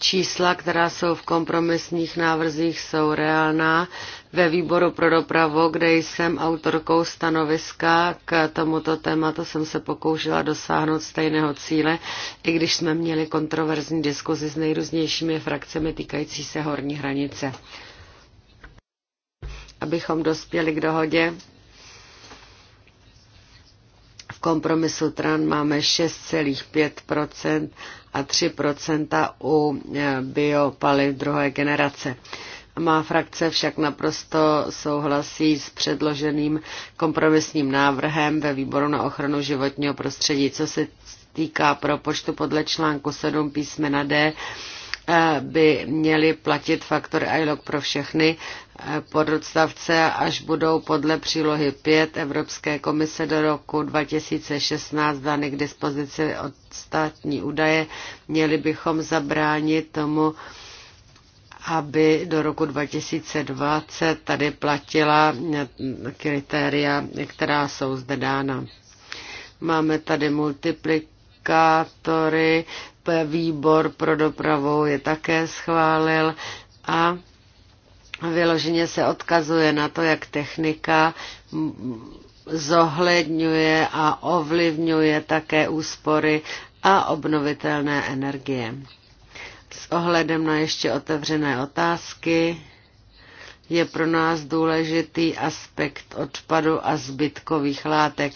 Čísla, která jsou v kompromisních návrzích, jsou reálná. Ve výboru pro dopravu, kde jsem autorkou stanoviska k tomuto tématu, jsem se pokoušela dosáhnout stejného cíle, i když jsme měli kontroverzní diskuzi s nejrůznějšími frakcemi týkající se horní hranice. Abychom dospěli k dohodě, v kompromisu TRAN máme 6,5 a 3 u eh, biopaliv druhé generace. Má frakce však naprosto souhlasí s předloženým kompromisním návrhem ve výboru na ochranu životního prostředí. Co se týká propočtu podle článku 7 písmena D, eh, by měly platit faktor ILOC pro všechny pododstavce, až budou podle přílohy 5 Evropské komise do roku 2016 dány k dispozici od státní údaje, měli bychom zabránit tomu, aby do roku 2020 tady platila kritéria, která jsou zde dána. Máme tady multiplikátory, výbor pro dopravu je také schválil a vyloženě se odkazuje na to, jak technika zohledňuje a ovlivňuje také úspory a obnovitelné energie. S ohledem na ještě otevřené otázky je pro nás důležitý aspekt odpadu a zbytkových látek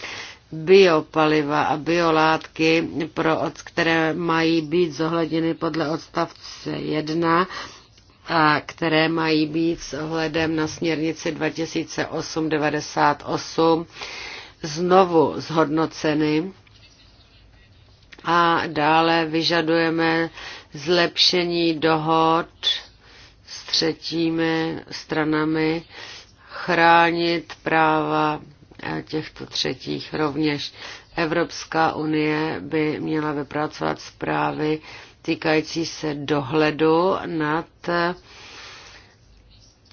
biopaliva a biolátky, pro, které mají být zohledněny podle odstavce 1, a které mají být s ohledem na směrnici 2008-98 znovu zhodnoceny a dále vyžadujeme zlepšení dohod s třetími stranami, chránit práva těchto třetích rovněž. Evropská unie by měla vypracovat zprávy týkající se dohledu nad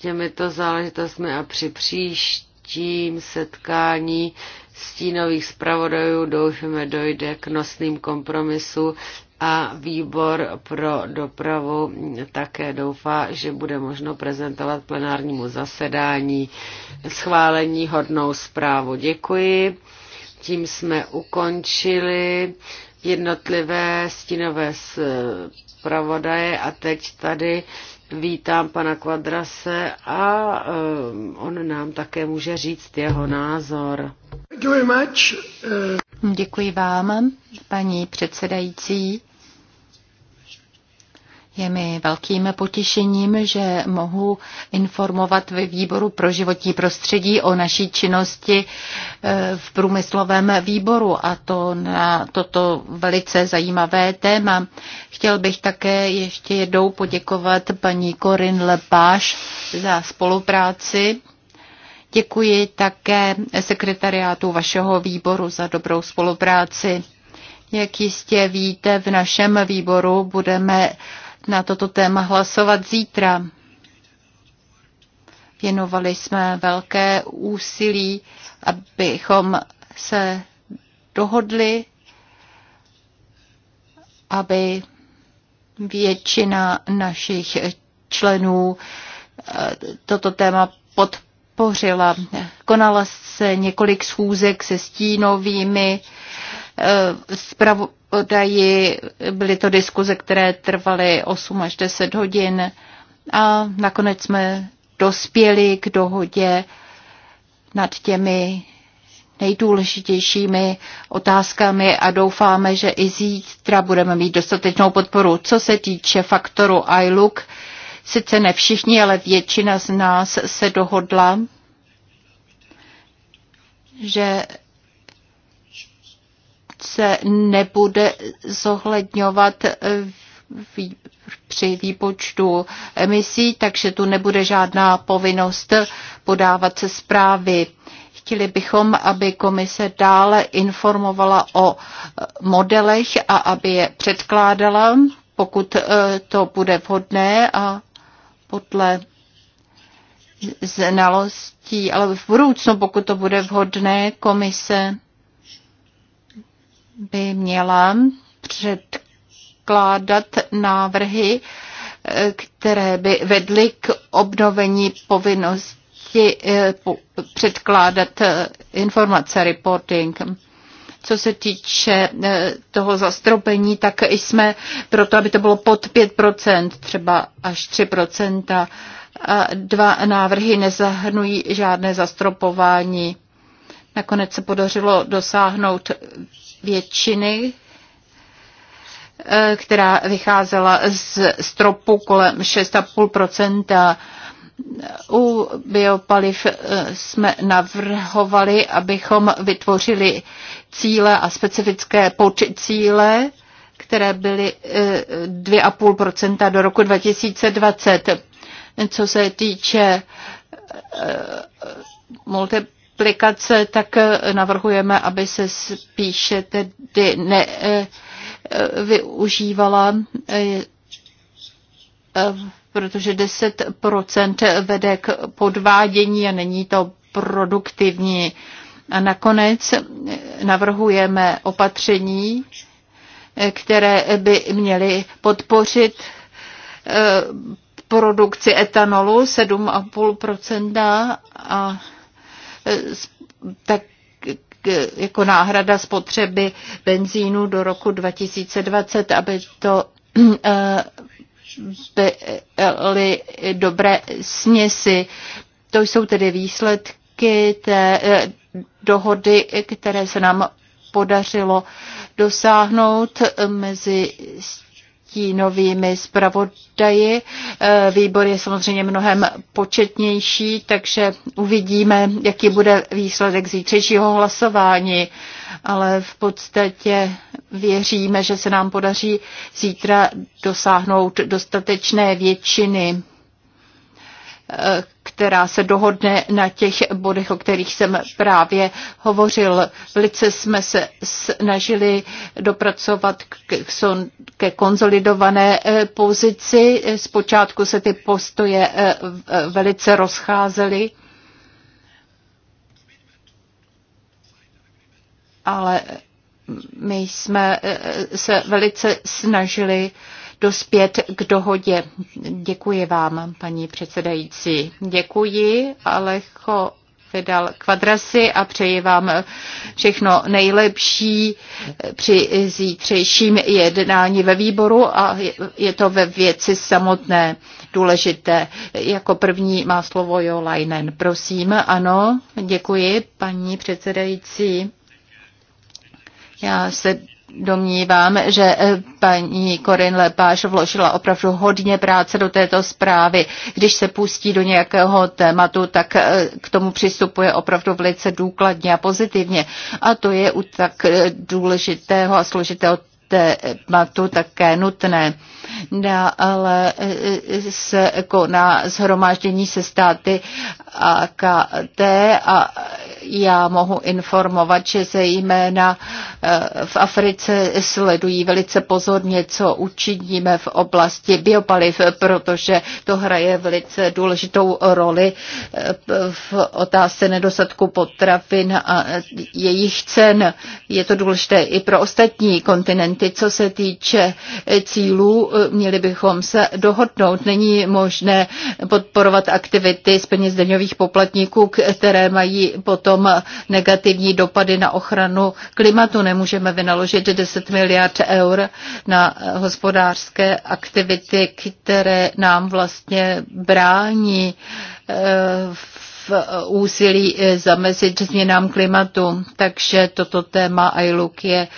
těmito záležitostmi a při příštím setkání stínových zpravodajů doufíme dojde k nosným kompromisu a výbor pro dopravu také doufá, že bude možno prezentovat plenárnímu zasedání schválení hodnou zprávu. Děkuji. Tím jsme ukončili jednotlivé stínové zpravodaje a teď tady vítám pana Kvadrase a eh, on nám také může říct jeho názor. Eh, Děkuji vám, paní předsedající. Je mi velkým potěšením, že mohu informovat ve výboru pro životní prostředí o naší činnosti e, v průmyslovém výboru a to na toto velice zajímavé téma. Chtěl bych také ještě jednou poděkovat paní Korin Lepáš za spolupráci. Děkuji také sekretariátu vašeho výboru za dobrou spolupráci. Jak jistě víte, v našem výboru budeme na toto téma hlasovat zítra. Věnovali jsme velké úsilí, abychom se dohodli, aby většina našich členů eh, toto téma podpořila. Konala se několik schůzek se stínovými, spravo, eh, zpravodaji. Byly to diskuze, které trvaly 8 až 10 hodin a nakonec jsme dospěli k dohodě nad těmi nejdůležitějšími otázkami a doufáme, že i zítra budeme mít dostatečnou podporu. Co se týče faktoru iLook, sice ne všichni, ale většina z nás se dohodla, že se nebude zohledňovat při výpočtu emisí, takže tu nebude žádná povinnost podávat se zprávy. Chtěli bychom, aby komise dále informovala o modelech a aby je předkládala, pokud eh, to bude vhodné a podle znalostí, ale v budoucnu, pokud to bude vhodné, komise by měla předkládat návrhy, které by vedly k obnovení povinnosti eh, předkládat eh, informace, reporting. Co se týče eh, toho zastropení, tak jsme proto, aby to bylo pod 5%, třeba až 3%. A dva návrhy nezahrnují žádné zastropování. Nakonec se podařilo dosáhnout většiny, eh, která vycházela z stropu kolem 6,5 u biopaliv eh, jsme navrhovali, abychom vytvořili cíle a specifické podcíle, které byly 2,5 eh, do roku 2020. Co se týče multi aplikace, tak eh, navrhujeme, aby se spíše tedy ne, eh, využívala eh, protože 10% vede k podvádění a není to produktivní. A nakonec navrhujeme opatření, které by měly podpořit produkci etanolu 7,5% a tak jako náhrada spotřeby benzínu do roku 2020, aby to eh, byly dobré směsi. To jsou tedy výsledky té eh, dohody, které se nám podařilo dosáhnout mezi stínovými zpravodaji. E, výbor je samozřejmě mnohem početnější, takže uvidíme, jaký bude výsledek zítřejšího hlasování. Ale v podstatě věříme, že se nám podaří zítra dosáhnout dostatečné většiny e, která se dohodne na těch bodech, o kterých jsem právě hovořil. Velice jsme se snažili dopracovat ke konzolidované eh, pozici. Zpočátku se ty postoje eh, eh, velice rozcházely. Ale mm, my jsme se velice snažili uh, dospět k dohodě. Děkuji vám, paní předsedající. Děkuji, Alecho vydal kvadrasy a přeji vám všechno nejlepší při zítřejším jednání ve výboru a je to ve věci samotné důležité. Jako první má slovo Jo Leinen. Prosím, ano, děkuji, paní předsedající. Já se domnívám, že eh, paní Corinne Lepáš vložila opravdu hodně práce do této zprávy. Když se pustí do nějakého tématu, tak eh, k tomu přistupuje opravdu velice důkladně a pozitivně. A to je u tak eh, důležitého a složitého to také nutné. No, ale e, e, se koná zhromáždění se státy AKT a já mohu informovat, že zejména e, v Africe sledují velice pozorně, co učiníme v oblasti biopaliv, protože to hraje velice důležitou roli v otázce nedostatku potravin a jejich cen. Je to důležité i pro ostatní kontinenty Teď, co se týče eh, cílů, eh, měli bychom se dohodnout. Není možné podporovat aktivity z peněz daňových poplatníků, které mají potom eh, negativní dopady na ochranu klimatu. Nemůžeme vynaložit 10 miliard eur na hospodářské aktivity, které nám vlastně brání v úsilí zamezit změnám klimatu. Takže toto téma ILUK je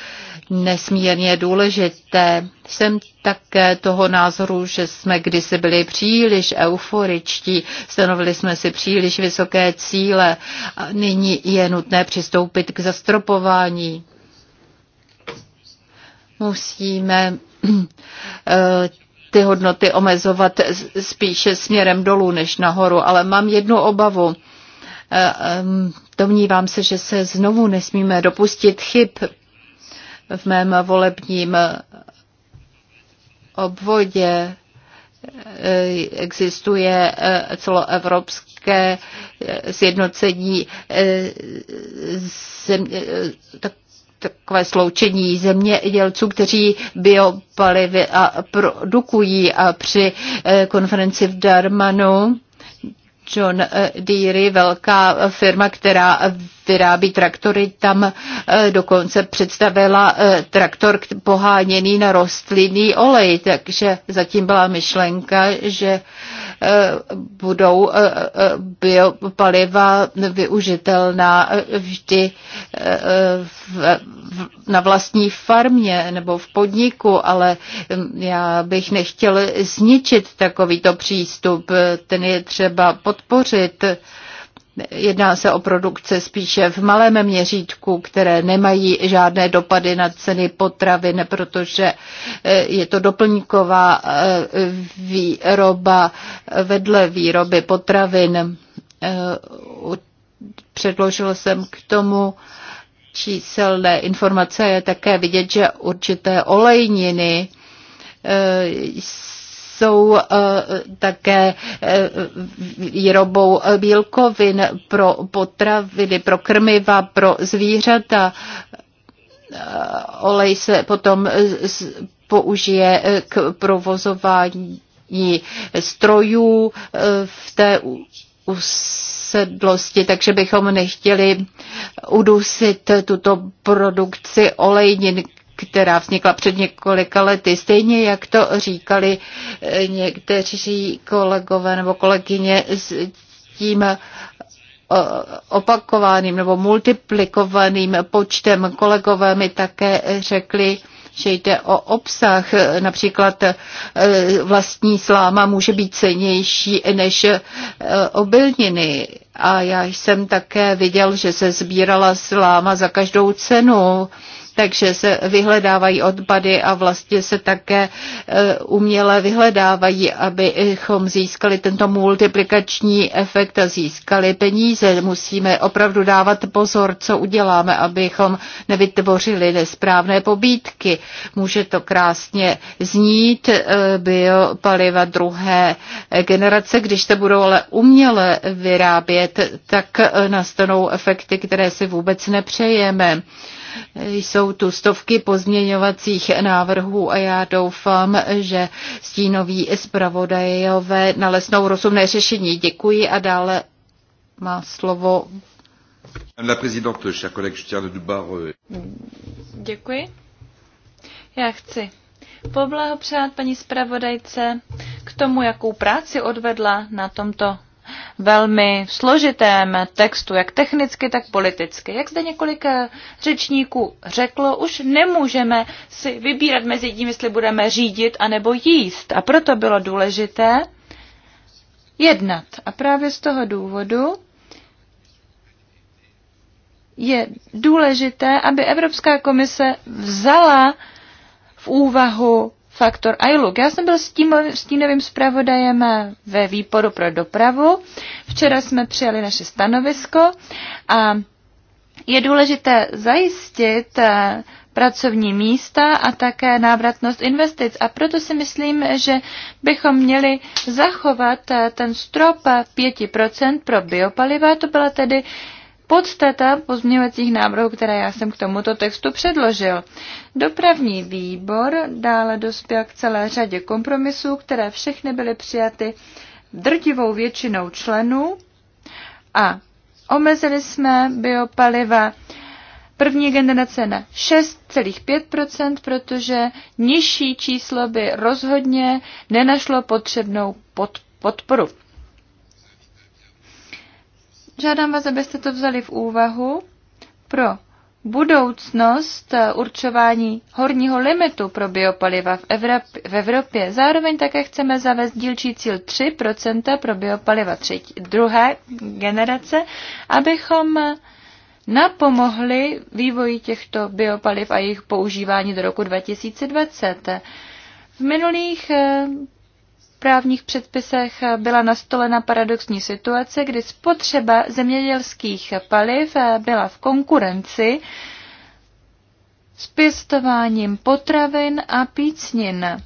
nesmírně důležité. Jsem také toho názoru, že jsme kdysi byli příliš euforičtí, stanovili jsme si příliš vysoké cíle a nyní je nutné přistoupit k zastropování. Musíme eh, ty hodnoty omezovat spíše směrem dolů než nahoru, ale mám jednu obavu. Eh, eh, domnívám se, že se znovu nesmíme dopustit chyb v mém volebním obvodě eh, existuje eh, celoevropské eh, sjednocení země, takové sloučení zemědělců, kteří biopalivy a produkují a při konferenci v Darmanu John Deere, velká firma, která vyrábí traktory, tam eh, dokonce představila eh, traktor poháněný na rostlinný olej, takže zatím byla myšlenka, že budou eh, eh, biopaliva využitelná vždy eh, na vlastní farmě nebo v podniku, ale hm, já bych nechtěl zničit takovýto přístup. Ten je třeba podpořit. Jedná se o produkce spíše v malém měřítku, které nemají žádné dopady na ceny potravin, protože eh, je to doplňková eh, výroba vedle výroby potravin. Eh, předložil jsem k tomu číselné informace. Je také vidět, že určité olejniny jsou eh, také eh, výrobou eh, bílkovin pro potraviny, pro krmiva, pro zvířata. Olej se potom použije k provozování strojů v té usedlosti, takže bychom nechtěli udusit tuto produkci olejnin, která vznikla před několika lety. Stejně jak to říkali eh, někteří kolegové nebo kolegyně s tím eh, opakovaným nebo multiplikovaným počtem. Kolegové mi také řekli, že jde o obsah. Například eh, vlastní sláma může být cenější než obilniny. A já jsem také viděl, že se sbírala sláma za každou cenu takže se vyhledávají odpady a vlastně se také e, uměle vyhledávají, abychom získali tento multiplikační efekt a získali peníze. Musíme opravdu dávat pozor, co uděláme, abychom nevytvořili nesprávné pobídky. Může to krásně znít e, biopaliva druhé generace, když se budou ale uměle vyrábět, tak e, nastanou efekty, které si vůbec nepřejeme. Jsou tu stovky pozměňovacích návrhů a já doufám, že stínoví zpravodajové nalesnou rozumné řešení. Děkuji a dále má slovo. Euh, Děkuji. Já chci poblahopřát paní zpravodajce k tomu, jakou práci odvedla na tomto velmi složitém textu, jak technicky, tak politicky. Jak zde několik eh, řečníků řeklo, už nemůžeme si vybírat mezi tím, jestli budeme řídit anebo jíst. A proto bylo důležité jednat. A právě z toho důvodu je důležité, aby Evropská komise vzala v úvahu faktor ILUK. Já jsem byl s stínovým zpravodajem ve výboru pro dopravu. Včera jsme přijali naše stanovisko a je důležité zajistit eh, pracovní místa a také návratnost investic. A proto si myslím, že bychom měli zachovat eh, ten strop 5% eh, pro biopaliva. To byla tedy podstata pozměňovacích návrhů, které já jsem k tomuto textu předložil. Dopravní výbor dále dospěl k celé řadě kompromisů, které všechny byly přijaty drtivou většinou členů a omezili jsme biopaliva první generace na 6,5%, protože nižší číslo by rozhodně nenašlo potřebnou podporu. Žádám vás, abyste to vzali v úvahu pro budoucnost eh, určování horního limitu pro biopaliva v Evropě. V Evropě. Zároveň také chceme zavést dílčí cíl 3% pro biopaliva třetí, druhé generace, abychom eh, napomohli vývoji těchto biopaliv a jejich používání do roku 2020. V minulých eh, právních předpisech byla nastolena paradoxní situace, kdy spotřeba zemědělských paliv byla v konkurenci s pěstováním potravin a pícnin.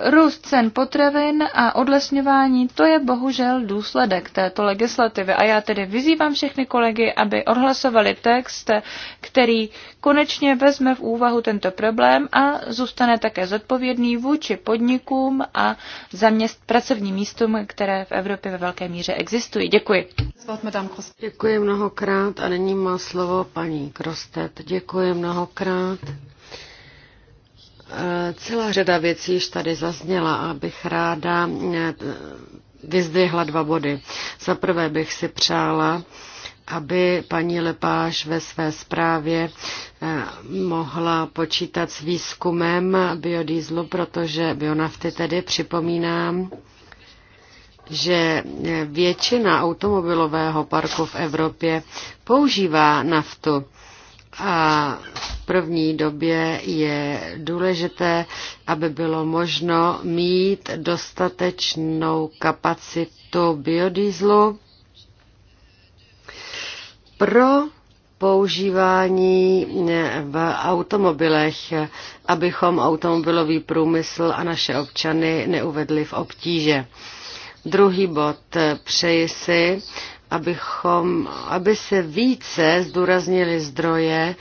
Růst cen potravin a odlesňování, to je bohužel důsledek této legislativy. A já tedy vyzývám všechny kolegy, aby odhlasovali text, který konečně vezme v úvahu tento problém a zůstane také zodpovědný vůči podnikům a zaměst pracovním místům, které v Evropě ve velké míře existují. Děkuji. Děkuji mnohokrát a nyní má slovo paní Krostet. Děkuji mnohokrát. Celá řada věcí již tady zazněla a bych ráda eh, vyzdvihla dva body. Za prvé bych si přála, aby paní Lepáš ve své zprávě eh, mohla počítat s výzkumem biodýzlu, protože bionafty tedy připomínám, že většina automobilového parku v Evropě používá naftu. A v první době je důležité, aby bylo možno mít dostatečnou kapacitu biodýzlu pro používání eh, v automobilech, abychom automobilový průmysl a naše občany neuvedli v obtíže. Druhý bod. Eh, přeji si, abychom, aby se více zdůraznili zdroje,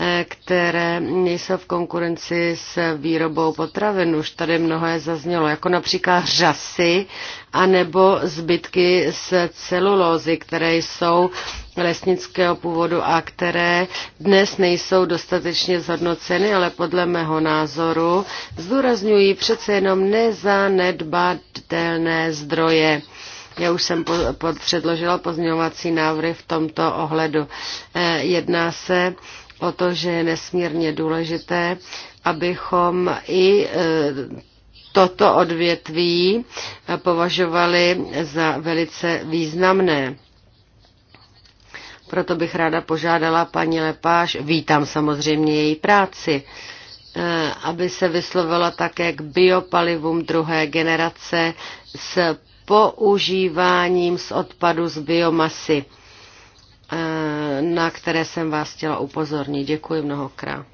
eh, které nejsou v konkurenci s výrobou potravin. Už tady mnohé zaznělo, jako například řasy anebo zbytky z celulózy, které jsou lesnického původu a které dnes nejsou dostatečně zhodnoceny, ale podle mého názoru zdůrazňují přece jenom nezanedbatelné zdroje já už jsem předložila pozměňovací návrhy v tomto ohledu. Eh, jedná se o to, že je nesmírně důležité, abychom i eh, toto odvětví považovali za velice významné. Proto bych ráda požádala paní Lepáš, vítám samozřejmě její práci, eh, aby se vyslovila také k biopalivům druhé generace s používáním z odpadu z biomasy, eh, na které jsem vás chtěla upozornit. Děkuji mnohokrát.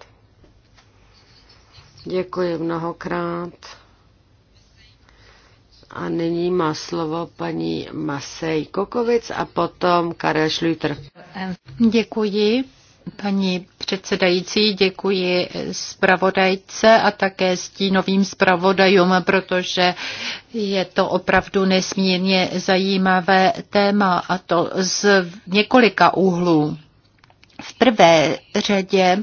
Děkuji mnohokrát. A nyní má slovo paní Masej Kokovic a potom Karel Šlüter. Děkuji. Paní předsedající, děkuji zpravodajce a také stínovým zpravodajům, protože je to opravdu nesmírně zajímavé téma a to z několika úhlů. V prvé řadě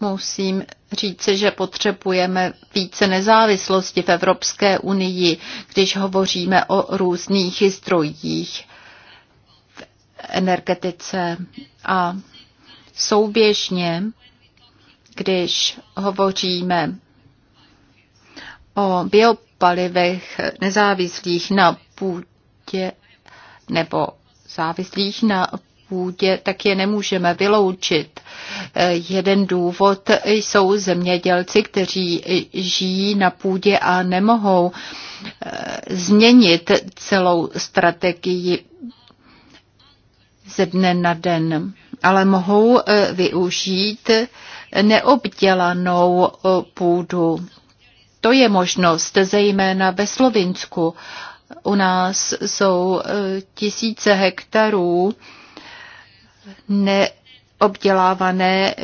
musím říci, že potřebujeme více nezávislosti v Evropské unii, když hovoříme o různých zdrojích energetice a souběžně, když hovoříme o biopalivech nezávislých na půdě nebo závislých na půdě, tak je nemůžeme vyloučit. Jeden důvod jsou zemědělci, kteří žijí na půdě a nemohou eh, změnit celou strategii ze dne na den, ale mohou eh, využít neobdělanou eh, půdu. To je možnost, zejména ve Slovinsku. U nás jsou eh, tisíce hektarů neobdělávané,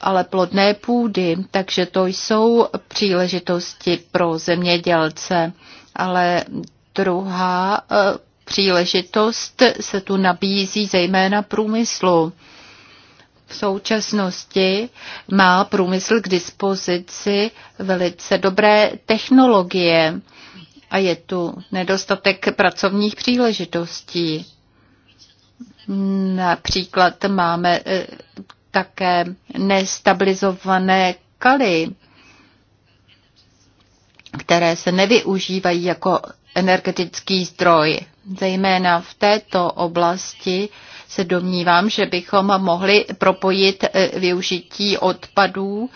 ale plodné půdy, takže to jsou příležitosti pro zemědělce. Ale druhá příležitost se tu nabízí zejména průmyslu. V současnosti má průmysl k dispozici velice dobré technologie a je tu nedostatek pracovních příležitostí. Například máme eh, také nestabilizované kaly, které se nevyužívají jako energetický zdroj. Zejména v této oblasti se domnívám, že bychom mohli propojit eh, využití odpadů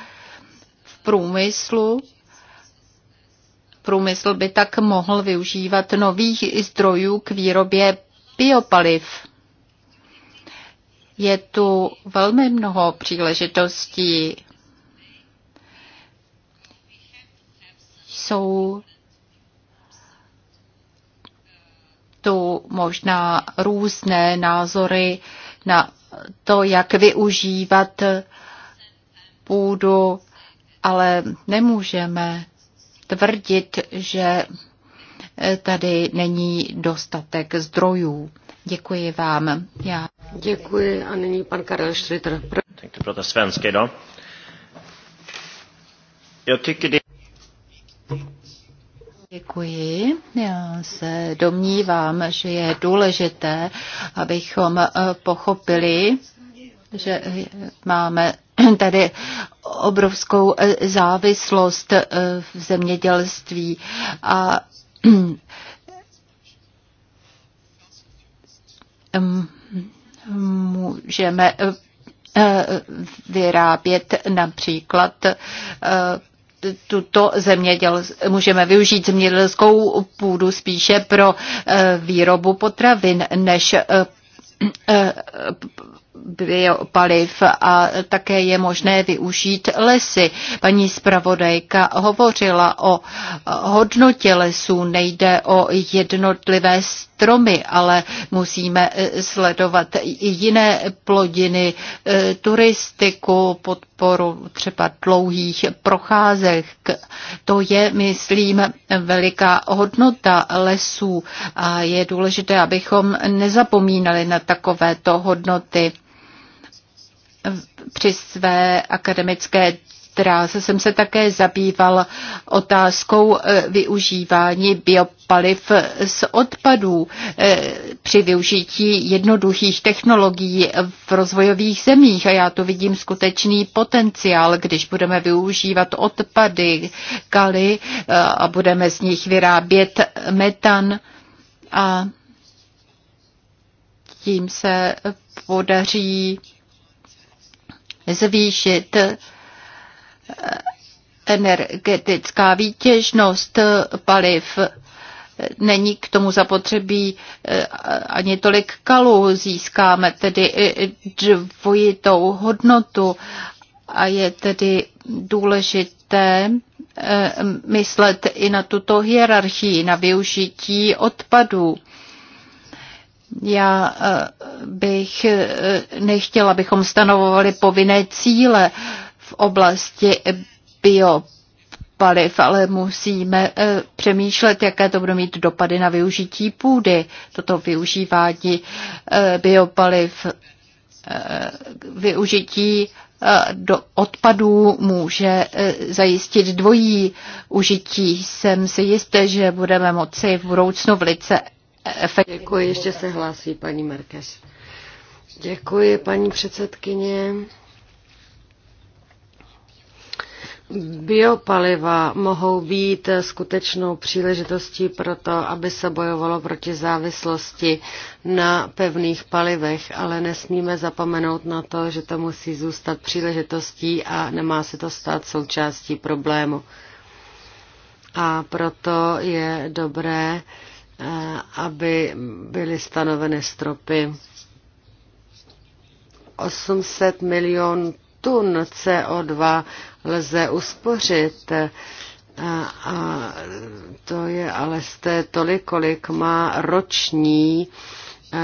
v průmyslu. Průmysl by tak mohl využívat nových zdrojů k výrobě biopaliv. Je tu velmi mnoho příležitostí. Jsou tu možná různé názory na to, jak využívat půdu, ale nemůžeme tvrdit, že tady není dostatek zdrojů. Děkuji vám. Já. Děkuji a nyní pan Karel Štritr. Tänkte prata svenska jo? No. Jag tycker Děkuji. Já se domnívám, že je důležité, abychom eh, pochopili, že eh, máme tady obrovskou eh, závislost v zemědělství a můžeme vyrábět například tuto zeměděl, můžeme využít zemědělskou půdu spíše pro eh, výrobu potravin než eh, eh, biopaliv a také je možné využít lesy. Paní zpravodajka hovořila o hodnotě lesů, nejde o jednotlivé stromy, ale musíme sledovat i jiné plodiny, e, turistiku, podporu třeba dlouhých procházek. To je, myslím, veliká hodnota lesů a je důležité, abychom nezapomínali na takovéto hodnoty při své akademické dráze jsem se také zabýval otázkou eh, využívání biopaliv z odpadů eh, při využití jednoduchých technologií v rozvojových zemích. A já tu vidím skutečný potenciál, když budeme využívat odpady, kaly eh, a budeme z nich vyrábět metan. A tím se podaří zvýšit eh, energetická výtěžnost paliv. Není k tomu zapotřebí eh, ani tolik kalů, získáme tedy dvojitou hodnotu a je tedy důležité eh, myslet i na tuto hierarchii, na využití odpadů. Já eh, bych eh, nechtěla, abychom stanovovali povinné cíle v oblasti biopaliv, ale musíme eh, přemýšlet, jaké to bude mít dopady na využití půdy, toto využívání biopaliv, využití do odpadů může zajistit dvojí užití. Jsem si jisté, že budeme moci v budoucnu velice Děkuji, ještě se hlásí paní Markeš. Děkuji, paní předsedkyně. Biopaliva mohou být skutečnou příležitostí pro to, aby se bojovalo proti závislosti na pevných palivech, ale nesmíme zapomenout na to, že to musí zůstat příležitostí a nemá se to stát součástí problému. A proto je dobré, Eh, aby byly stanoveny stropy 800 milion tun CO2 lze uspořit. Eh, a, to je ale z té tolik, kolik má roční eh,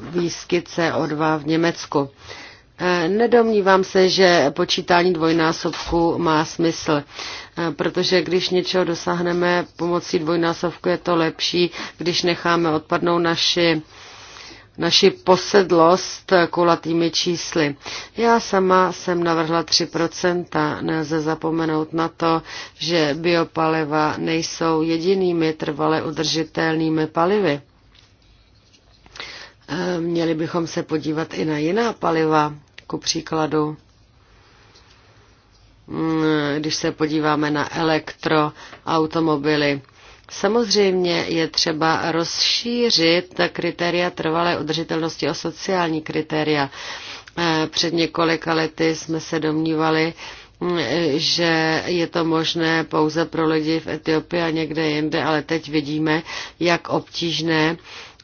výskyt CO2 v Německu. E, nedomnívám se, že počítání dvojnásobku má smysl, e, protože když něčeho dosáhneme pomocí dvojnásobku, je to lepší, když necháme odpadnout naši naši posedlost kulatými čísly. Já sama jsem navrhla 3%. Nelze zapomenout na to, že biopaliva nejsou jedinými trvale udržitelnými palivy. E, měli bychom se podívat i na jiná paliva ku příkladu, mm, když se podíváme na elektroautomobily. Samozřejmě je třeba rozšířit kritéria trvalé udržitelnosti o sociální kritéria. Eh, před několika lety jsme se domnívali, mm, že je to možné pouze pro lidi v Etiopii a někde jinde, ale teď vidíme, jak obtížné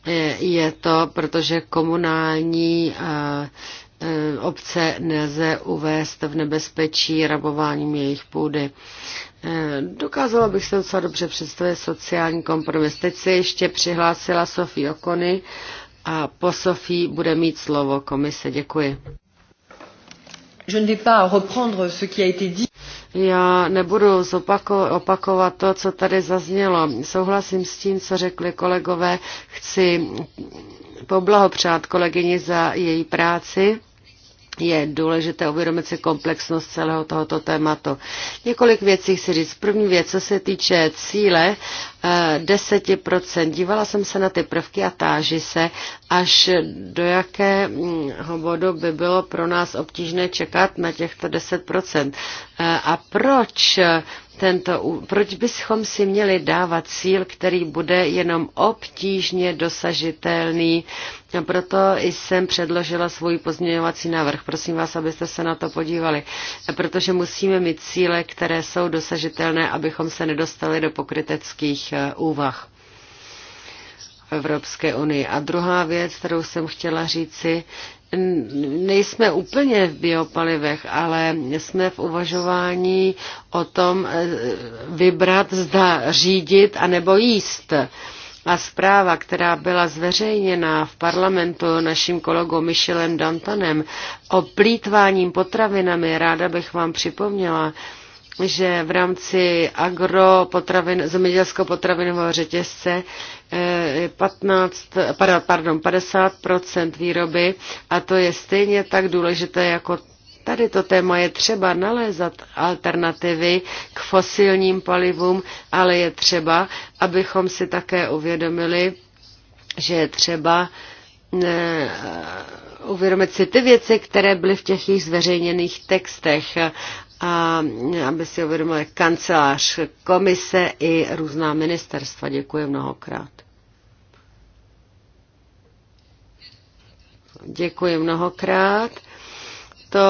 eh, je to, protože komunální eh, Eh, obce nelze uvést v nebezpečí rabováním jejich půdy. Eh, dokázala bych se docela dobře představit sociální kompromis. Teď se ještě přihlásila Sofie Okony a po Sofii bude mít slovo komise. Děkuji. Já nebudu zopako, opakovat to, co tady zaznělo. Souhlasím s tím, co řekli kolegové. Chci poblahopřát kolegyni za její práci je důležité uvědomit si komplexnost celého tohoto tématu. Několik věcí chci říct. První věc, co se týče cíle 10%. Eh, Dívala jsem se na ty prvky a táži se, až do jakého bodu by bylo pro nás obtížné čekat na těchto 10%. Eh, a proč tento, proč bychom si měli dávat cíl, který bude jenom obtížně dosažitelný. A proto jsem předložila svůj pozměňovací návrh. Prosím vás, abyste se na to podívali. Protože musíme mít cíle, které jsou dosažitelné, abychom se nedostali do pokryteckých eh, úvah. Evropské unii. A druhá věc, kterou jsem chtěla říci, nejsme úplně v biopalivech, ale jsme v uvažování o tom e, vybrat, zda řídit anebo jíst. A zpráva, která byla zveřejněna v parlamentu naším kolegou Michelem Dantanem o plítváním potravinami, ráda bych vám připomněla, že v rámci agro potravin, zemědělského potravinového řetězce 15, eh, pardon, 50 výroby a to je stejně tak důležité jako Tady to téma je třeba nalézat alternativy k fosilním palivům, ale je třeba, abychom si také uvědomili, že je třeba ne, eh, uvědomit si ty věci, které byly v těch jejich zveřejněných textech a aby si uvědomili kancelář komise i různá ministerstva. Děkuji mnohokrát. Děkuji mnohokrát. To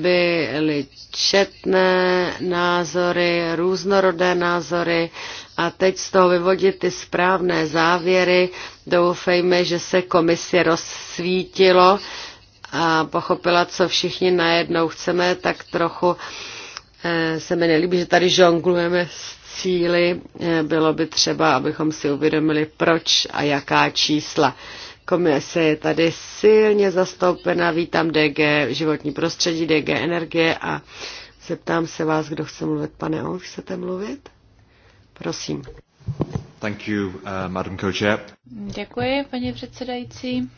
byly četné názory, různorodé názory a teď z toho vyvodit ty správné závěry. Doufejme, že se komisi rozsvítilo a pochopila, co všichni najednou chceme, tak trochu eh, se mi nelíbí, že tady žonglujeme s cíly. Eh, bylo by třeba, abychom si uvědomili, proč a jaká čísla. Komise je tady silně zastoupena. Vítám DG životní prostředí, DG energie a zeptám se vás, kdo chce mluvit. Pane On, chcete mluvit? Prosím. Thank you, uh, Madam Děkuji, paní předsedající.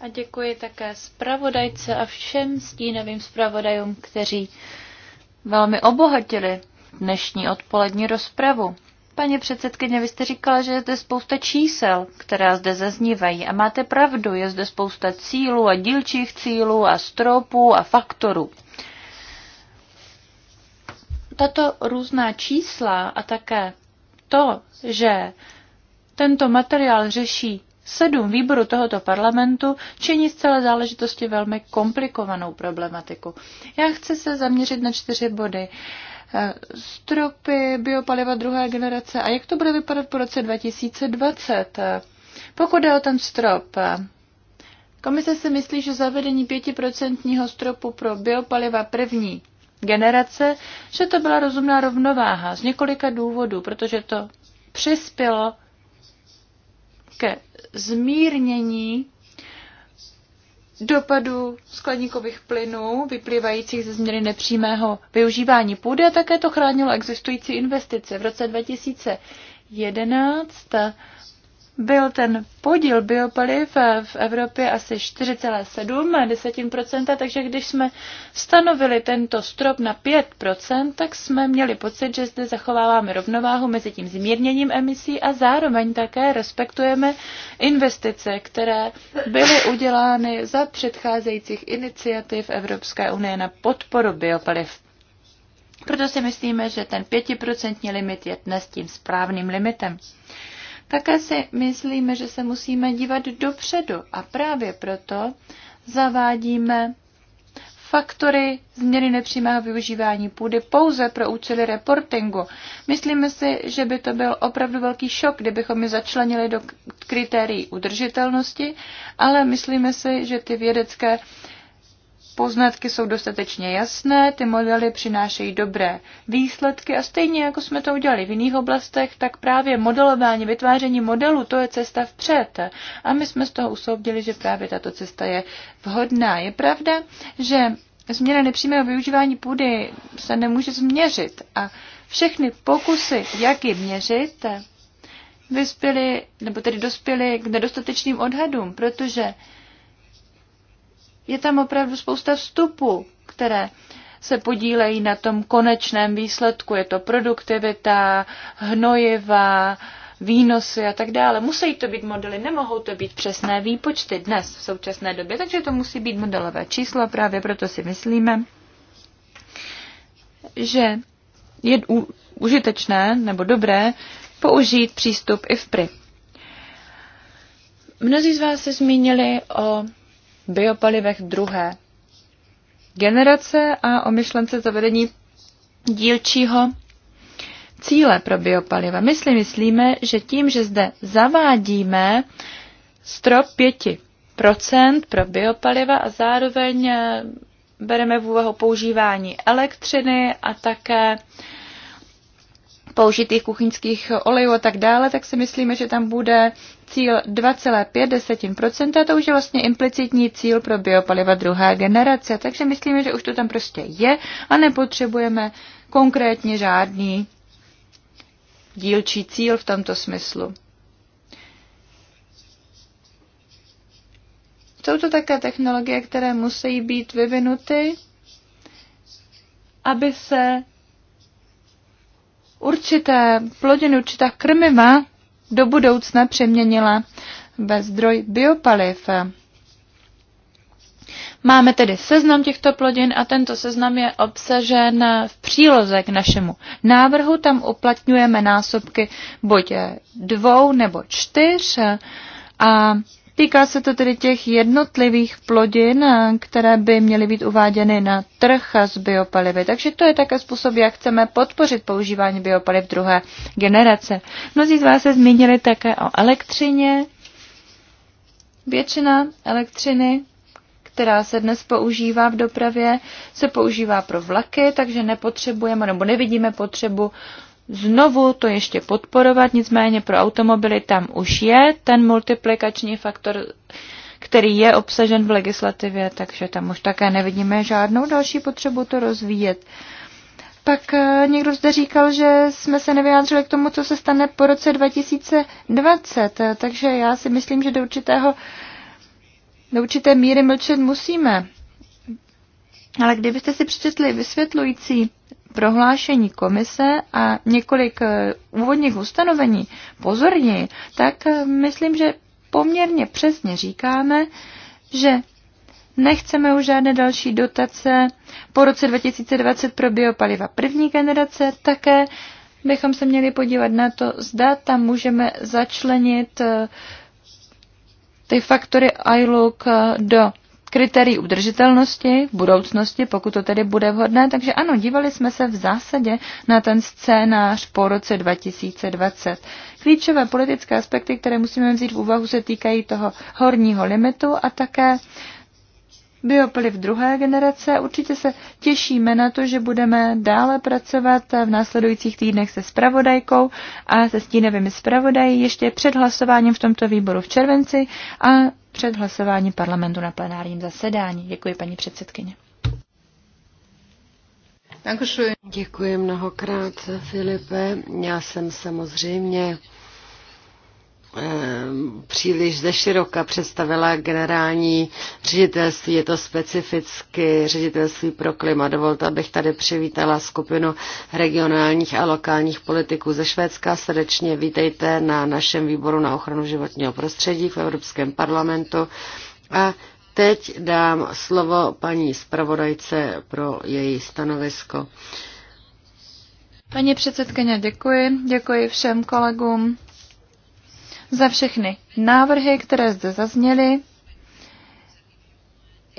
A děkuji také zpravodajce a všem stínovým zpravodajům, kteří velmi obohatili dnešní odpolední rozpravu. Paní předsedkyně, vy jste říkala, že je zde spousta čísel, která zde zaznívají. A máte pravdu, je zde spousta cílů a dílčích cílů a stropů a faktorů. Tato různá čísla a také to, že tento materiál řeší sedm výborů tohoto parlamentu činí z celé záležitosti velmi komplikovanou problematiku. Já chci se zaměřit na čtyři body. Eh, stropy, biopaliva druhé generace a jak to bude vypadat po roce 2020. Eh, pokud je o ten strop, eh, komise si myslí, že zavedení 5% stropu pro biopaliva první generace, že to byla rozumná rovnováha z několika důvodů, protože to přispělo ke zmírnění dopadu skladníkových plynů vyplývajících ze změny nepřímého využívání půdy a také to chránilo existující investice. V roce 2011 byl ten podíl biopaliv v Evropě asi 4,7%, takže když jsme stanovili tento strop na 5%, tak jsme měli pocit, že zde zachováváme rovnováhu mezi tím zmírněním emisí a zároveň také respektujeme investice, které byly udělány za předcházejících iniciativ Evropské unie na podporu biopaliv. Proto si myslíme, že ten 5% limit je dnes tím správným limitem. Také si myslíme, že se musíme dívat dopředu a právě proto zavádíme faktory změny nepřímého využívání půdy pouze pro účely reportingu. Myslíme si, že by to byl opravdu velký šok, kdybychom je začlenili do kritérií udržitelnosti, ale myslíme si, že ty vědecké poznatky jsou dostatečně jasné, ty modely přinášejí dobré výsledky a stejně jako jsme to udělali v jiných oblastech, tak právě modelování, vytváření modelu, to je cesta vpřed. A my jsme z toho usoudili, že právě tato cesta je vhodná. Je pravda, že změna nepřímého využívání půdy se nemůže změřit a všechny pokusy, jak ji měřit, vyspěly, nebo tedy dospěly k nedostatečným odhadům, protože je tam opravdu spousta vstupů, které se podílejí na tom konečném výsledku. Je to produktivita, hnojiva, výnosy a tak dále. Musí to být modely, nemohou to být přesné výpočty dnes v současné době, takže to musí být modelové číslo. Právě proto si myslíme, že je užitečné nebo dobré použít přístup i v Mnozí z vás se zmínili o biopalivech druhé generace a o myšlence zavedení dílčího cíle pro biopaliva. My si myslíme, že tím, že zde zavádíme strop 5% pro biopaliva a zároveň eh, bereme v úvahu používání elektřiny a také uh, použitých kuchyňských olejů a tak dále, tak si myslíme, že tam bude cíl 2,5%, to už je vlastně implicitní cíl pro biopaliva druhé generace, takže myslíme, že už to tam prostě je a nepotřebujeme konkrétně žádný dílčí cíl v tomto smyslu. Jsou to také technologie, které musí být vyvinuty, aby se určité plodiny, určitá krmiva do budoucna přeměnila ve zdroj biopaliv. Máme tedy seznam těchto plodin a tento seznam je obsažen v příloze k našemu návrhu. Tam uplatňujeme násobky buď dvou nebo čtyř a Týká se to tedy těch jednotlivých plodin, eh, které by měly být uváděny na trh s biopalivy. Takže to je také způsob, jak chceme podpořit používání biopaliv druhé generace. Mnozí z vás se zmínili také o elektřině. Většina elektřiny, která se dnes používá v dopravě, se používá pro vlaky, takže nepotřebujeme nebo nevidíme potřebu znovu to ještě podporovat, nicméně pro automobily tam už je ten multiplikační faktor, který je obsažen v legislativě, takže tam už také nevidíme žádnou další potřebu to rozvíjet. Pak eh, někdo zde říkal, že jsme se nevyjádřili k tomu, co se stane po roce 2020, eh, takže já si myslím, že do, určitého, do určité míry mlčet musíme. Ale kdybyste si přečetli vysvětlující prohlášení komise a několik eh, úvodních ustanovení pozorněji, tak eh, myslím, že poměrně přesně říkáme, že nechceme už žádné další dotace po roce 2020 pro biopaliva první generace, také bychom se měli podívat na to, zda tam můžeme začlenit eh, ty faktory ILUK do kritérií udržitelnosti v budoucnosti, pokud to tedy bude vhodné. Takže ano, dívali jsme se v zásadě na ten scénář po roce 2020. Klíčové politické aspekty, které musíme vzít v úvahu, se týkají toho horního limitu a také biopaliv druhé generace. Určitě se těšíme na to, že budeme dále pracovat v následujících týdnech se spravodajkou a se stínovými spravodají ještě před hlasováním v tomto výboru v červenci a před hlasováním parlamentu na plenárním zasedání. Děkuji, paní předsedkyně. Děkuji mnohokrát, Filipe. Já jsem samozřejmě Eh, příliš ze široka představila generální ředitelství, je to specificky ředitelství pro klima. Dovolte, abych tady přivítala skupinu regionálních a lokálních politiků ze Švédska. Srdečně vítejte na našem výboru na ochranu životního prostředí v Evropském parlamentu. A teď dám slovo paní zpravodajce pro její stanovisko. Paní předsedkyně, děkuji. Děkuji všem kolegům za všechny návrhy, které zde zazněly.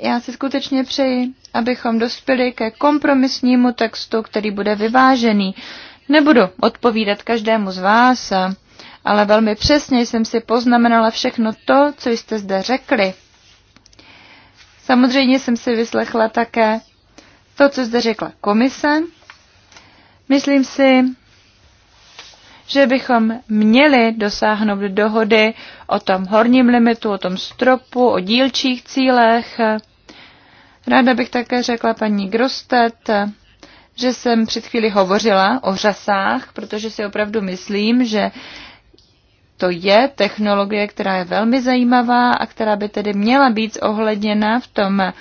Já si skutečně přeji, abychom dospěli ke kompromisnímu textu, který bude vyvážený. Nebudu odpovídat každému z vás, ale velmi přesně jsem si poznamenala všechno to, co jste zde řekli. Samozřejmě jsem si vyslechla také to, co zde řekla komise. Myslím si, že bychom měli dosáhnout dohody o tom horním limitu, o tom stropu, o dílčích cílech. Ráda bych také řekla paní Grostet, že jsem před chvíli hovořila o řasách, protože si opravdu myslím, že to je technologie, která je velmi zajímavá a která by tedy měla být ohledněna v tom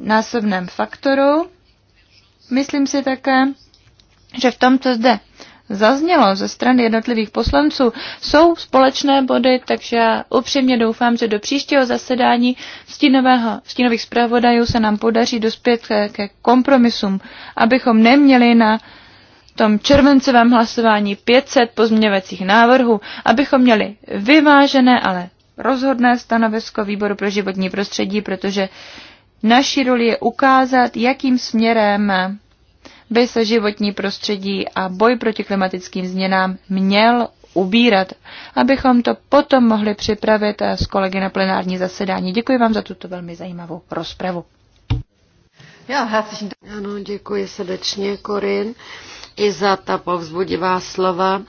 násobném faktoru. Myslím si také, že v tomto zde zaznělo ze strany jednotlivých poslanců, jsou společné body, takže já upřímně doufám, že do příštího zasedání stínového, stínových zpravodajů se nám podaří dospět ke, ke kompromisům, abychom neměli na tom červencovém hlasování 500 pozměňovacích návrhů, abychom měli vyvážené, ale rozhodné stanovisko výboru pro životní prostředí, protože naší roli je ukázat, jakým směrem by se životní prostředí a boj proti klimatickým změnám měl ubírat, abychom to potom mohli připravit eh, s kolegy na plenární zasedání. Děkuji vám za tuto velmi zajímavou rozpravu. Já, ano, děkuji srdečně, Korin, i za ta povzbudivá slova.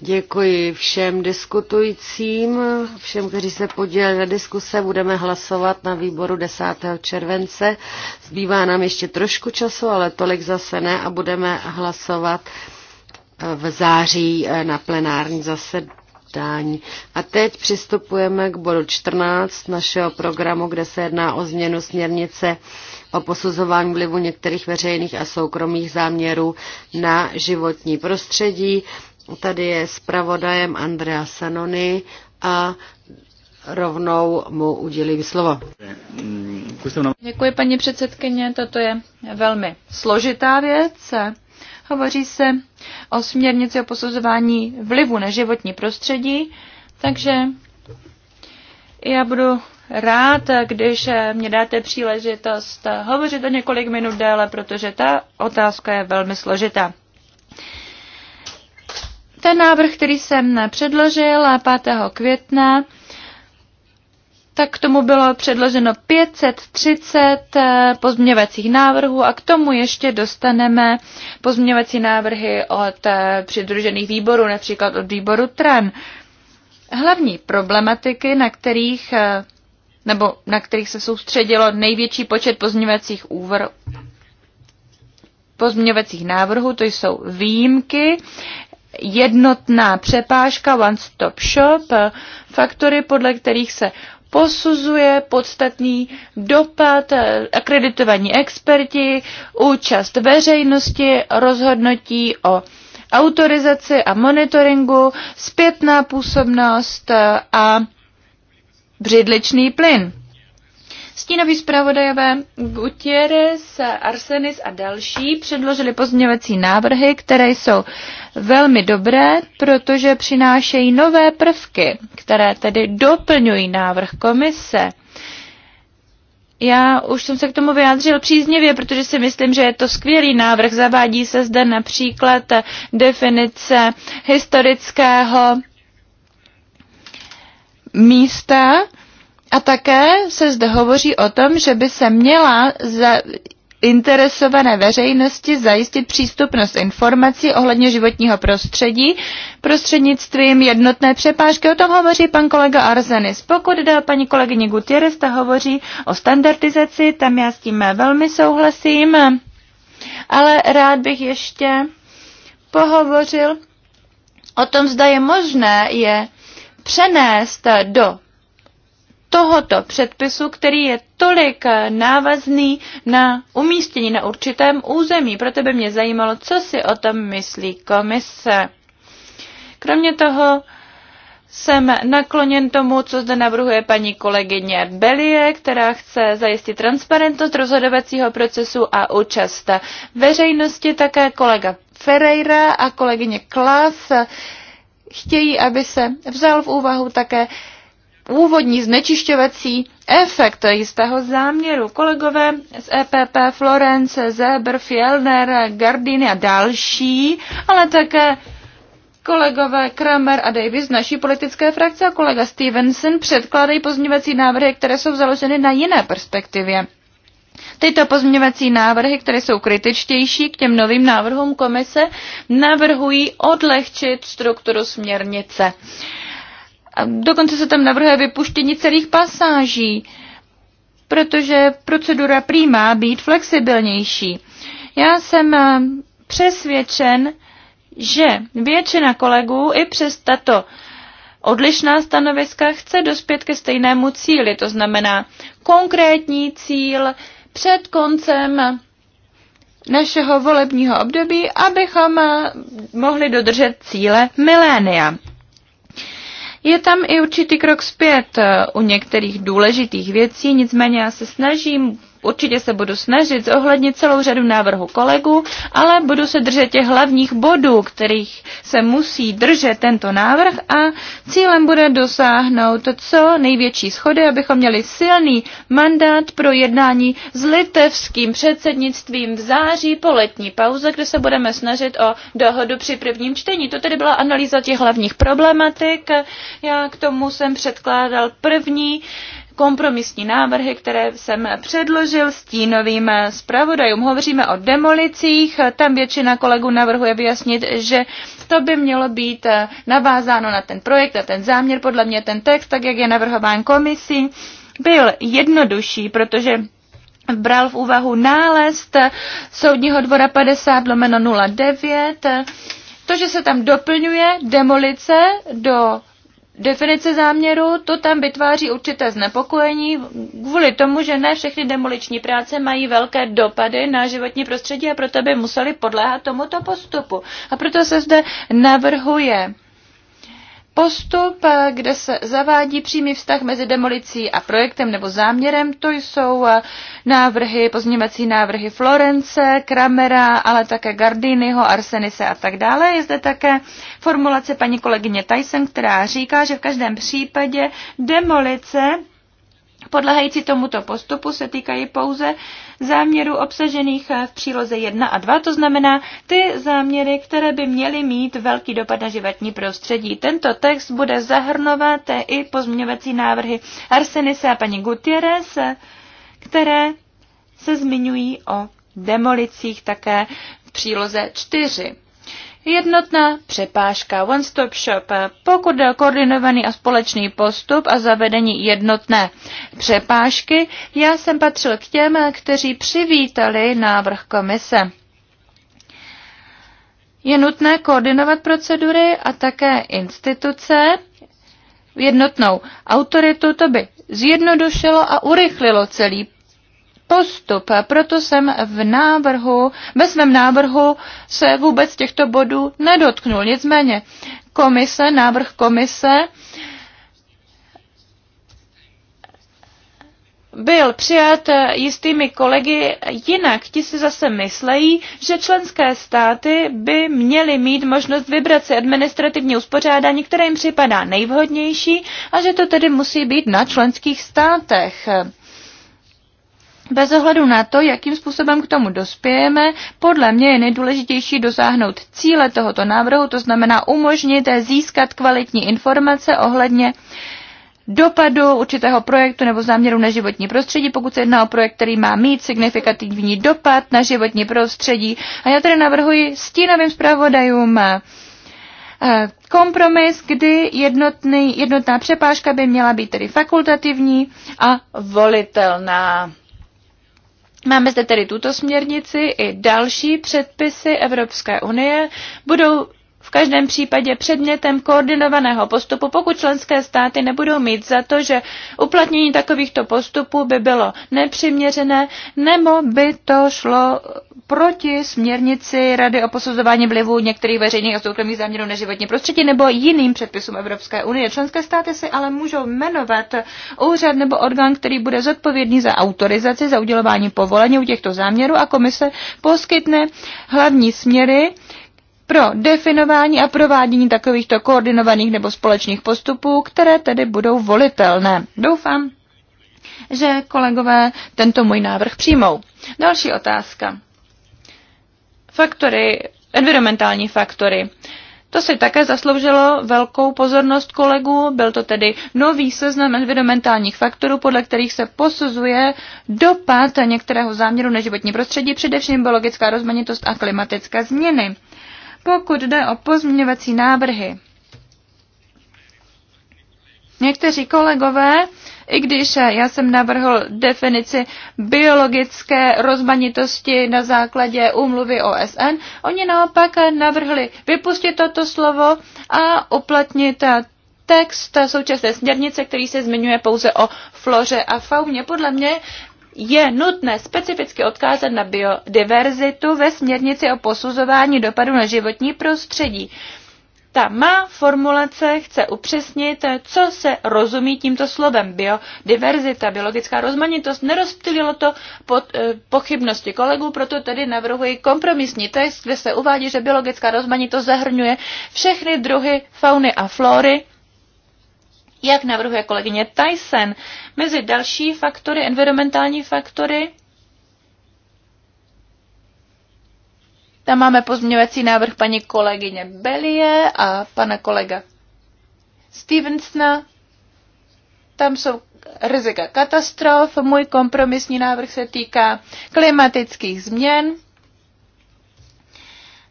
Děkuji všem diskutujícím, všem, kteří se podíleli na diskuse. Budeme hlasovat na výboru 10. července. Zbývá nám ještě trošku času, ale tolik zase ne a budeme hlasovat eh, v září eh, na plenární zasedání. A teď přistupujeme k bodu 14 našeho programu, kde se jedná o změnu směrnice o posuzování vlivu některých veřejných a soukromých záměrů na životní prostředí. Tady je zpravodajem Andrea Sanony a rovnou mu udělím slovo. Děkuji, paní předsedkyně. Toto je velmi složitá věc. Hovoří se o směrnici o posuzování vlivu na životní prostředí, takže já budu rád, když mě dáte příležitost hovořit o několik minut déle, protože ta otázka je velmi složitá. Ten návrh, který jsem předložil 5. května, tak k tomu bylo předloženo 530 eh, pozměňovacích návrhů a k tomu ještě dostaneme pozměňovací návrhy od eh, přidružených výborů, například od výboru TRAN. Hlavní problematiky, na kterých, eh, nebo na kterých se soustředilo největší počet pozměňovacích úvrů, pozměňovacích návrhů, to jsou výjimky, jednotná přepážka, one-stop shop, faktory, podle kterých se posuzuje podstatný dopad, akreditovaní experti, účast veřejnosti, rozhodnutí o autorizaci a monitoringu, zpětná působnost a břidličný plyn. Stínoví zpravodajové Gutierrez, Arsenis a další předložili pozměňovací návrhy, které jsou velmi dobré, protože přinášejí nové prvky, které tedy doplňují návrh komise. Já už jsem se k tomu vyjádřil příznivě, protože si myslím, že je to skvělý návrh. Zavádí se zde například definice historického místa, a také se zde hovoří o tom, že by se měla za interesované veřejnosti zajistit přístupnost informací ohledně životního prostředí prostřednictvím jednotné přepážky. O tom hovoří pan kolega Arzenis. Pokud jde o paní kolegyně Gutierrez, ta hovoří o standardizaci, tam já s tím velmi souhlasím, ale rád bych ještě pohovořil o tom, zda je možné je přenést do tohoto předpisu, který je tolik návazný na umístění na určitém území. Proto by mě zajímalo, co si o tom myslí komise. Kromě toho jsem nakloněn tomu, co zde navrhuje paní kolegyně Belie, která chce zajistit transparentnost rozhodovacího procesu a účast veřejnosti. Také kolega Ferreira a kolegyně Klas chtějí, aby se vzal v úvahu také úvodní znečišťovací efekt jistého záměru. Kolegové z EPP, Florence, Zeber, Fjellner, Gardini a další, ale také kolegové Kramer a Davis z naší politické frakce a kolega Stevenson předkládají pozměňovací návrhy, které jsou založeny na jiné perspektivě. Tyto pozměňovací návrhy, které jsou kritičtější k těm novým návrhům komise, navrhují odlehčit strukturu směrnice. Uh, Dokonce se tam navrhuje vypuštění celých pasáží, protože procedura prý má být flexibilnější. Já jsem eh, přesvědčen, že většina kolegů i přes tato odlišná stanoviska chce dospět ke stejnému cíli, to znamená konkrétní cíl před koncem našeho volebního období, abychom eh, mohli dodržet cíle milénia. Je tam i určitý krok zpět eh, u některých důležitých věcí, nicméně já se snažím určitě se budu snažit zohlednit celou řadu návrhů kolegů, ale budu se držet těch hlavních bodů, kterých se musí držet tento návrh a cílem bude dosáhnout co největší schody, abychom měli silný mandát pro jednání s litevským předsednictvím v září po letní pauze, kde se budeme snažit o dohodu při prvním čtení. To tedy byla analýza těch hlavních problematik. Já k tomu jsem předkládal první kompromisní návrhy, které jsem předložil stínovým zpravodajům. Hovoříme o demolicích, tam většina kolegů navrhuje vyjasnit, že to by mělo být navázáno na ten projekt, a ten záměr, podle mě ten text, tak jak je navrhován komisí, byl jednodušší, protože bral v úvahu nález Soudního dvora 50 lomeno 09, to, že se tam doplňuje demolice do definice záměru, to tam vytváří určité znepokojení kvůli tomu, že ne všechny demoliční práce mají velké dopady na životní prostředí a proto by museli podléhat tomuto postupu. A proto se zde navrhuje Postup, eh, kde se zavádí přímý vztah mezi demolicí a projektem nebo záměrem, to jsou eh, návrhy, pozměňovací návrhy Florence, Kramera, ale také Gardiniho, Arsenise a tak dále. Je zde také formulace paní kolegyně Tyson, která říká, že v každém případě demolice podlehající tomuto postupu se týkají pouze uh, záměrů obsažených eh, v příloze 1 a 2, to znamená ty záměry, které by měly mít velký dopad na životní prostředí. Tento text bude zahrnovat eh, i pozměňovací návrhy Arsenise a paní Gutierrez, eh, které se zmiňují o demolicích také v příloze 4. Jednotná přepážka, one-stop shop. Pokud jde o koordinovaný a společný postup a zavedení jednotné přepážky, já jsem patřil k těm, kteří přivítali návrh komise. Je nutné koordinovat procedury a také instituce jednotnou autoritu, to by zjednodušilo a urychlilo celý postup. Proto jsem v návrhu, ve svém návrhu se vůbec těchto bodů nedotknul. Nicméně komise, návrh komise byl přijat jistými kolegy jinak. Ti si zase myslejí, že členské státy by měly mít možnost vybrat si administrativní uspořádání, které jim připadá nejvhodnější a že to tedy musí být na členských státech bez ohledu na to, jakým způsobem k tomu dospějeme, podle mě je nejdůležitější dosáhnout cíle tohoto návrhu, to znamená umožnit získat kvalitní informace ohledně dopadu určitého projektu nebo záměru na životní prostředí, pokud se jedná o projekt, který má mít signifikativní dopad na životní prostředí. A já tedy navrhuji stínovým zpravodajům eh, kompromis, kdy jednotný, jednotná přepážka by měla být tedy fakultativní a volitelná. Máme zde tedy tuto směrnici i další předpisy Evropské unie budou v každém případě předmětem koordinovaného postupu, pokud členské státy nebudou mít za to, že uplatnění takovýchto postupů by bylo nepřiměřené, nebo by to šlo proti směrnici Rady o posuzování vlivu některých veřejných a soukromých záměrů na životní prostředí nebo jiným předpisům Evropské unie. Členské státy si ale můžou jmenovat úřad nebo orgán, který bude zodpovědný za autorizaci, za udělování povolení u těchto záměrů a komise poskytne hlavní směry pro definování a provádění takovýchto koordinovaných nebo společných postupů, které tedy budou volitelné. Doufám, že kolegové tento můj návrh přijmou. Další otázka. Faktory, environmentální faktory. To si také zasloužilo velkou pozornost kolegů. Byl to tedy nový seznam environmentálních faktorů, podle kterých se posuzuje dopad některého záměru na životní prostředí, především biologická rozmanitost a klimatické změny. Pokud jde o pozměňovací návrhy, někteří kolegové, i když já jsem navrhl definici biologické rozmanitosti na základě úmluvy OSN, oni naopak navrhli vypustit toto slovo a uplatnit text současné směrnice, který se zmiňuje pouze o floře a fauně. Podle mě je nutné specificky odkázat na biodiverzitu ve směrnici o posuzování dopadu na životní prostředí. Ta má formulace chce upřesnit, co se rozumí tímto slovem. Biodiverzita, biologická rozmanitost, nerozptylilo to pod, e, pochybnosti kolegů, proto tedy navrhuji kompromisní text, kde se uvádí, že biologická rozmanitost zahrnuje všechny druhy fauny a flory, jak navrhuje kolegyně Tyson, mezi další faktory, environmentální faktory, tam máme pozměňovací návrh paní kolegyně Belie a pana kolega Stevensona. Tam jsou rizika katastrof. Můj kompromisní návrh se týká klimatických změn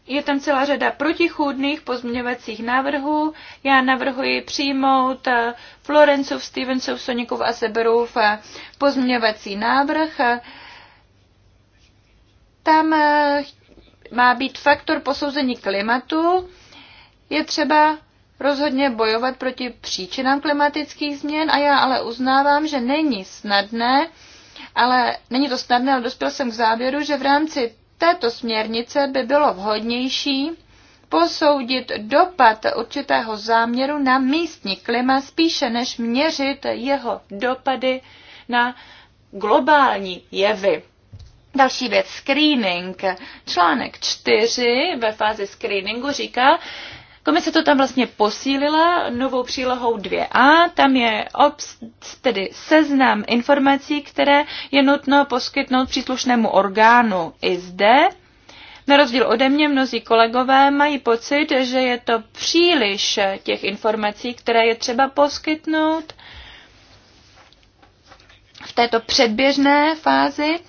je tam celá řada protichůdných pozměňovacích návrhů. Já navrhuji přijmout eh, Florencův, Stevensův, Sonikov a Seberův eh, pozměňovací návrh. Tam eh, má být faktor posouzení klimatu. Je třeba rozhodně bojovat proti příčinám klimatických změn a já ale uznávám, že není snadné, ale není to snadné, ale dospěl jsem k závěru, že v rámci této směrnice by bylo vhodnější posoudit dopad určitého záměru na místní klima spíše než měřit jeho dopady na globální jevy. Další věc, screening. Článek 4 ve fázi screeningu říká, Komise to tam vlastně posílila novou přílohou 2a, tam je obs, tedy seznam informací, které je nutno poskytnout příslušnému orgánu i zde. Na rozdíl ode mě mnozí kolegové mají pocit, že je to příliš těch informací, které je třeba poskytnout v této předběžné fázi.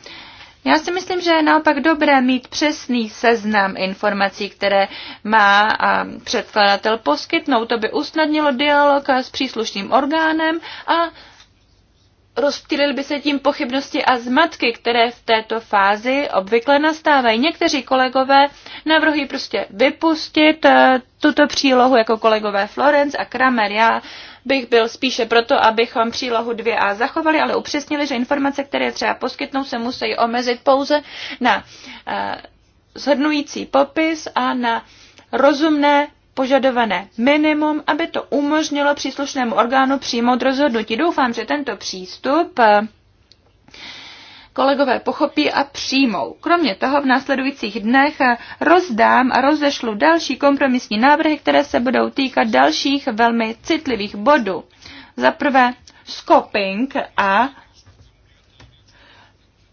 Já si myslím, že je naopak dobré mít přesný seznam informací, které má a předkladatel poskytnout. To by usnadnilo dialog s příslušným orgánem a rozptýlily by se tím pochybnosti a zmatky, které v této fázi obvykle nastávají. Někteří kolegové navrhují prostě vypustit eh, tuto přílohu jako kolegové Florence a Kramer. Já bych byl spíše proto, abychom přílohu 2a zachovali, ale upřesnili, že informace, které třeba poskytnou, se musí omezit pouze na eh, shrnující popis a na rozumné požadované minimum, aby to umožnilo příslušnému orgánu přijmout rozhodnutí. Doufám, že tento přístup eh, kolegové pochopí a přijmou. Kromě toho v následujících dnech rozdám a rozešlu další kompromisní návrhy, které se budou týkat dalších velmi citlivých bodů. Za prvé scoping a,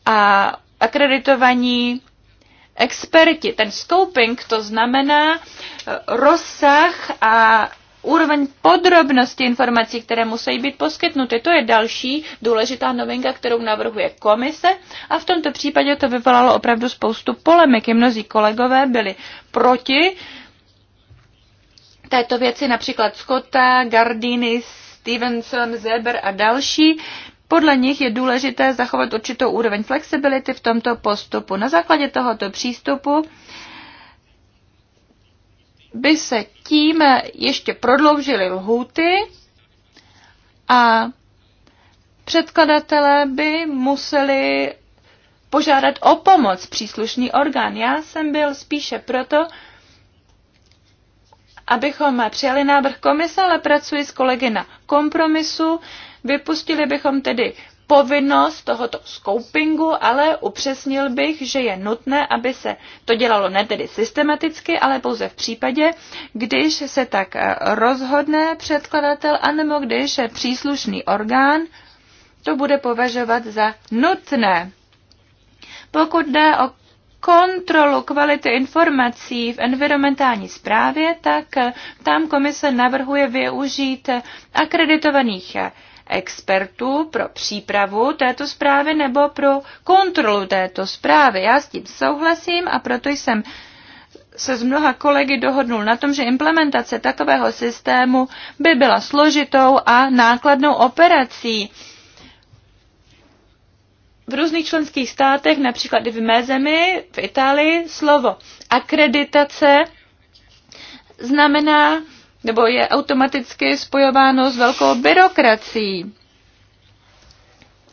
a akreditovaní experti. Ten scoping to znamená eh, rozsah a úroveň podrobnosti informací, které musí být poskytnuty. To je další důležitá novinka, kterou navrhuje komise a v tomto případě to vyvolalo opravdu spoustu polemiky. Mnozí kolegové byli proti této věci, například Scotta, Gardini, Stevenson, Zeber a další. Podle nich je důležité zachovat určitou úroveň flexibility v tomto postupu. Na základě tohoto přístupu by se tím ještě prodloužily lhůty a předkladatelé by museli požádat o pomoc příslušný orgán. Já jsem byl spíše proto, abychom přijali návrh komise, ale pracuji s kolegy na kompromisu. Vypustili bychom tedy povinnost tohoto scopingu, ale upřesnil bych, že je nutné, aby se to dělalo ne tedy systematicky, ale pouze v případě, když se tak eh, rozhodne předkladatel, anebo když příslušný orgán to bude považovat za nutné. Pokud jde o kontrolu kvality informací v environmentální správě, tak eh, tam komise navrhuje využít akreditovaných eh, expertů pro přípravu této zprávy nebo pro kontrolu této zprávy. Já s tím souhlasím a proto jsem se s mnoha kolegy dohodnul na tom, že implementace takového systému by byla složitou a nákladnou operací. V různých členských státech, například i v mé zemi, v Itálii, slovo akreditace znamená nebo je automaticky spojováno s velkou byrokracií.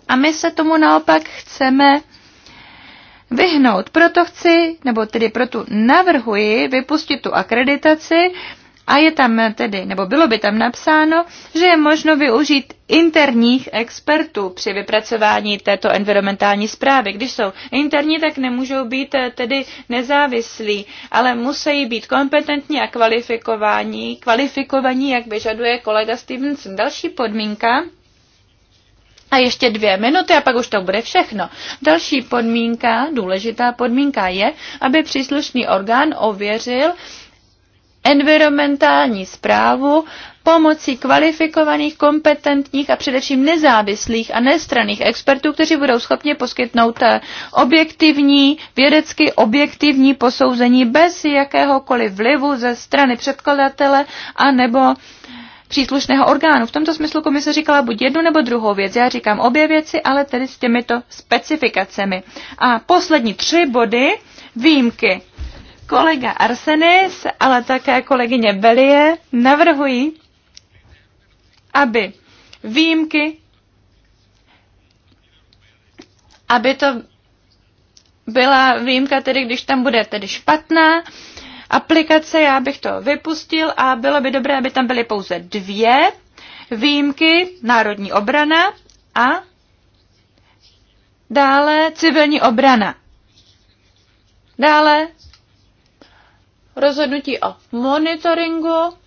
A my se tomu naopak chceme vyhnout. Proto chci, nebo tedy proto navrhuji vypustit tu akreditaci a je tam tedy, nebo bylo by tam napsáno, že je možno využít interních expertů při vypracování této environmentální zprávy. Když jsou interní, tak nemůžou být eh, tedy nezávislí, ale musí být kompetentní a kvalifikovaní, kvalifikovaní jak vyžaduje kolega Stevenson. Další podmínka a ještě dvě minuty a pak už to bude všechno. Další podmínka, důležitá podmínka je, aby příslušný orgán ověřil environmentální zprávu pomocí kvalifikovaných, kompetentních a především nezávislých a nestraných expertů, kteří budou schopni poskytnout eh, objektivní, vědecky objektivní posouzení bez jakéhokoliv vlivu ze strany předkladatele a nebo příslušného orgánu. V tomto smyslu komise říkala buď jednu nebo druhou věc. Já říkám obě věci, ale tedy s těmito specifikacemi. A poslední tři body výjimky kolega Arsenis, ale také kolegyně Belie navrhují, aby výjimky, aby to byla výjimka, tedy když tam bude tedy špatná aplikace, já bych to vypustil a bylo by dobré, aby tam byly pouze dvě výjimky, národní obrana a dále civilní obrana. Dále rozhodnutí o monitoringu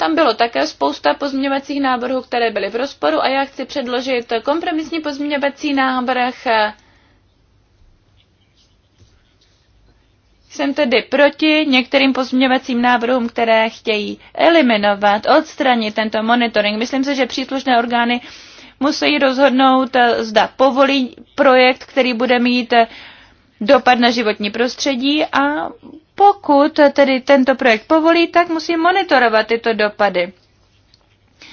tam bylo také spousta pozměňovacích návrhů, které byly v rozporu a já chci předložit kompromisní pozměňovací návrh. Jsem tedy proti některým pozměňovacím návrhům, které chtějí eliminovat, odstranit tento monitoring. Myslím si, že příslušné orgány musí rozhodnout, zda povolí projekt, který bude mít dopad na životní prostředí a pokud tedy tento projekt povolí, tak musí monitorovat tyto dopady.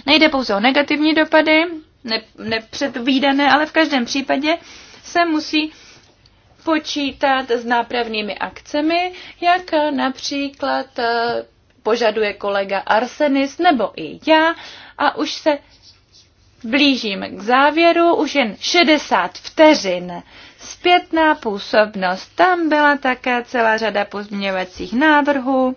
Nejde pouze o negativní dopady, ne, nepředvídané, ale v každém případě se musí počítat s nápravnými akcemi, jak například eh, požaduje kolega Arsenis nebo i já a už se blížím k závěru, už jen 60 vteřin Zpětná působnost. Tam byla také celá řada pozměňovacích návrhů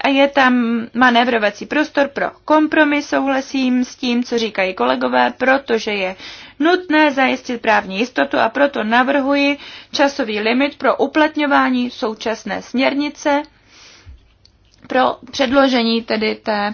a je tam manévrovací prostor pro kompromis, souhlasím s tím, co říkají kolegové, protože je nutné zajistit právní jistotu a proto navrhuji časový limit pro uplatňování současné směrnice, pro předložení tedy té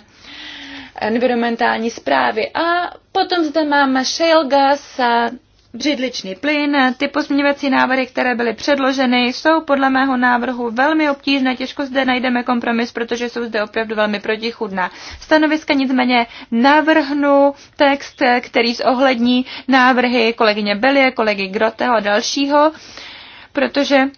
environmentální zprávy. A potom zde máme shale gas a břidličný plyn. Ty pozměňovací návrhy, které byly předloženy, jsou podle mého návrhu velmi obtížné, těžko zde najdeme kompromis, protože jsou zde opravdu velmi protichudná. Stanoviska nicméně navrhnu text, který zohlední návrhy kolegyně Belie, kolegy Groteho a dalšího, protože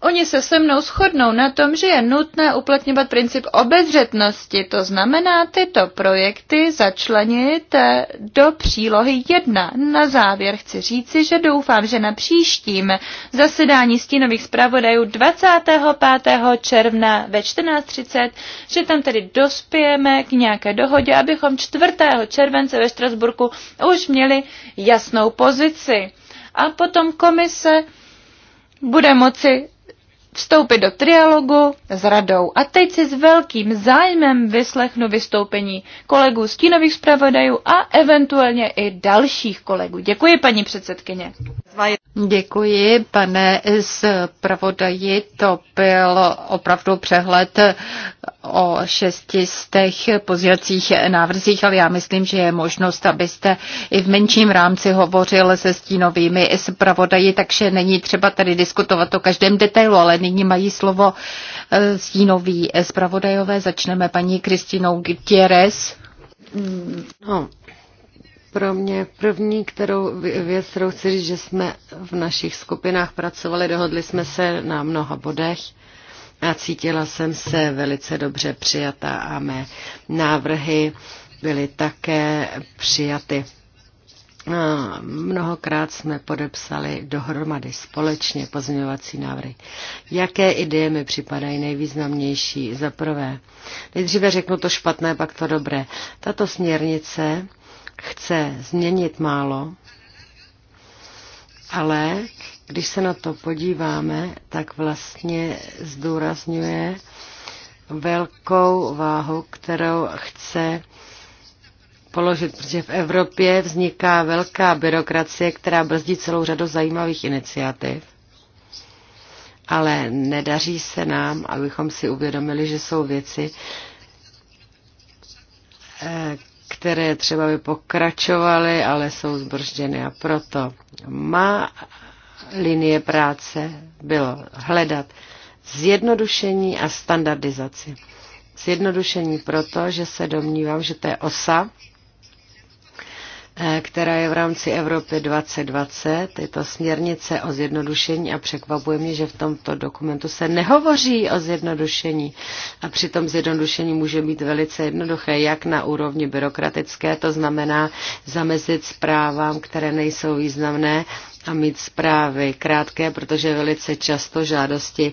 Oni se se mnou shodnou na tom, že je nutné uplatňovat princip obezřetnosti, to znamená tyto projekty začlenit eh, do přílohy 1. Na závěr chci říci, že doufám, že na příštím zasedání stínových zpravodajů 25. června ve 14.30, že tam tedy dospějeme k nějaké dohodě, abychom 4. července ve Štrasburku už měli jasnou pozici. A potom komise bude moci vstoupit do trialogu s radou. A teď si s velkým zájmem vyslechnu vystoupení kolegů stínových zpravodajů a eventuálně i dalších kolegů. Děkuji, paní předsedkyně. Děkuji, pane zpravodaji. To byl opravdu přehled o šestistech pozdějacích návrzích, ale já myslím, že je možnost, abyste i v menším rámci hovořil se stínovými zpravodaji, takže není třeba tady diskutovat o každém detailu, ale nyní mají slovo eh, stínoví zpravodajové. Začneme paní Kristinou Gutierrez. No, pro mě první, kterou věc, kterou chci říct, že jsme v našich skupinách pracovali, dohodli jsme se na mnoha bodech a cítila jsem se velice dobře přijata a mé návrhy byly také přijaty. A mnohokrát jsme podepsali dohromady společně pozměňovací návrhy. Jaké ideje mi připadají nejvýznamnější? Za prvé, nejdříve řeknu to špatné, pak to dobré. Tato směrnice chce změnit málo, ale když se na to podíváme, tak vlastně zdůrazňuje velkou váhu, kterou chce položit, protože v Evropě vzniká velká byrokracie, která brzdí celou řadu zajímavých iniciativ. Ale nedaří se nám, abychom si uvědomili, že jsou věci, eh, které třeba by pokračovaly, ale jsou zbržděny a proto má linie práce bylo hledat zjednodušení a standardizaci. Zjednodušení proto, že se domnívám, že to je osa, Eh, která je v rámci Evropy 2020. Je to směrnice o zjednodušení a překvapuje mě, že v tomto dokumentu se nehovoří o zjednodušení. A přitom zjednodušení může být velice jednoduché, jak na úrovni byrokratické, to znamená zamezit zprávám, které nejsou významné a mít zprávy krátké, protože velice často žádosti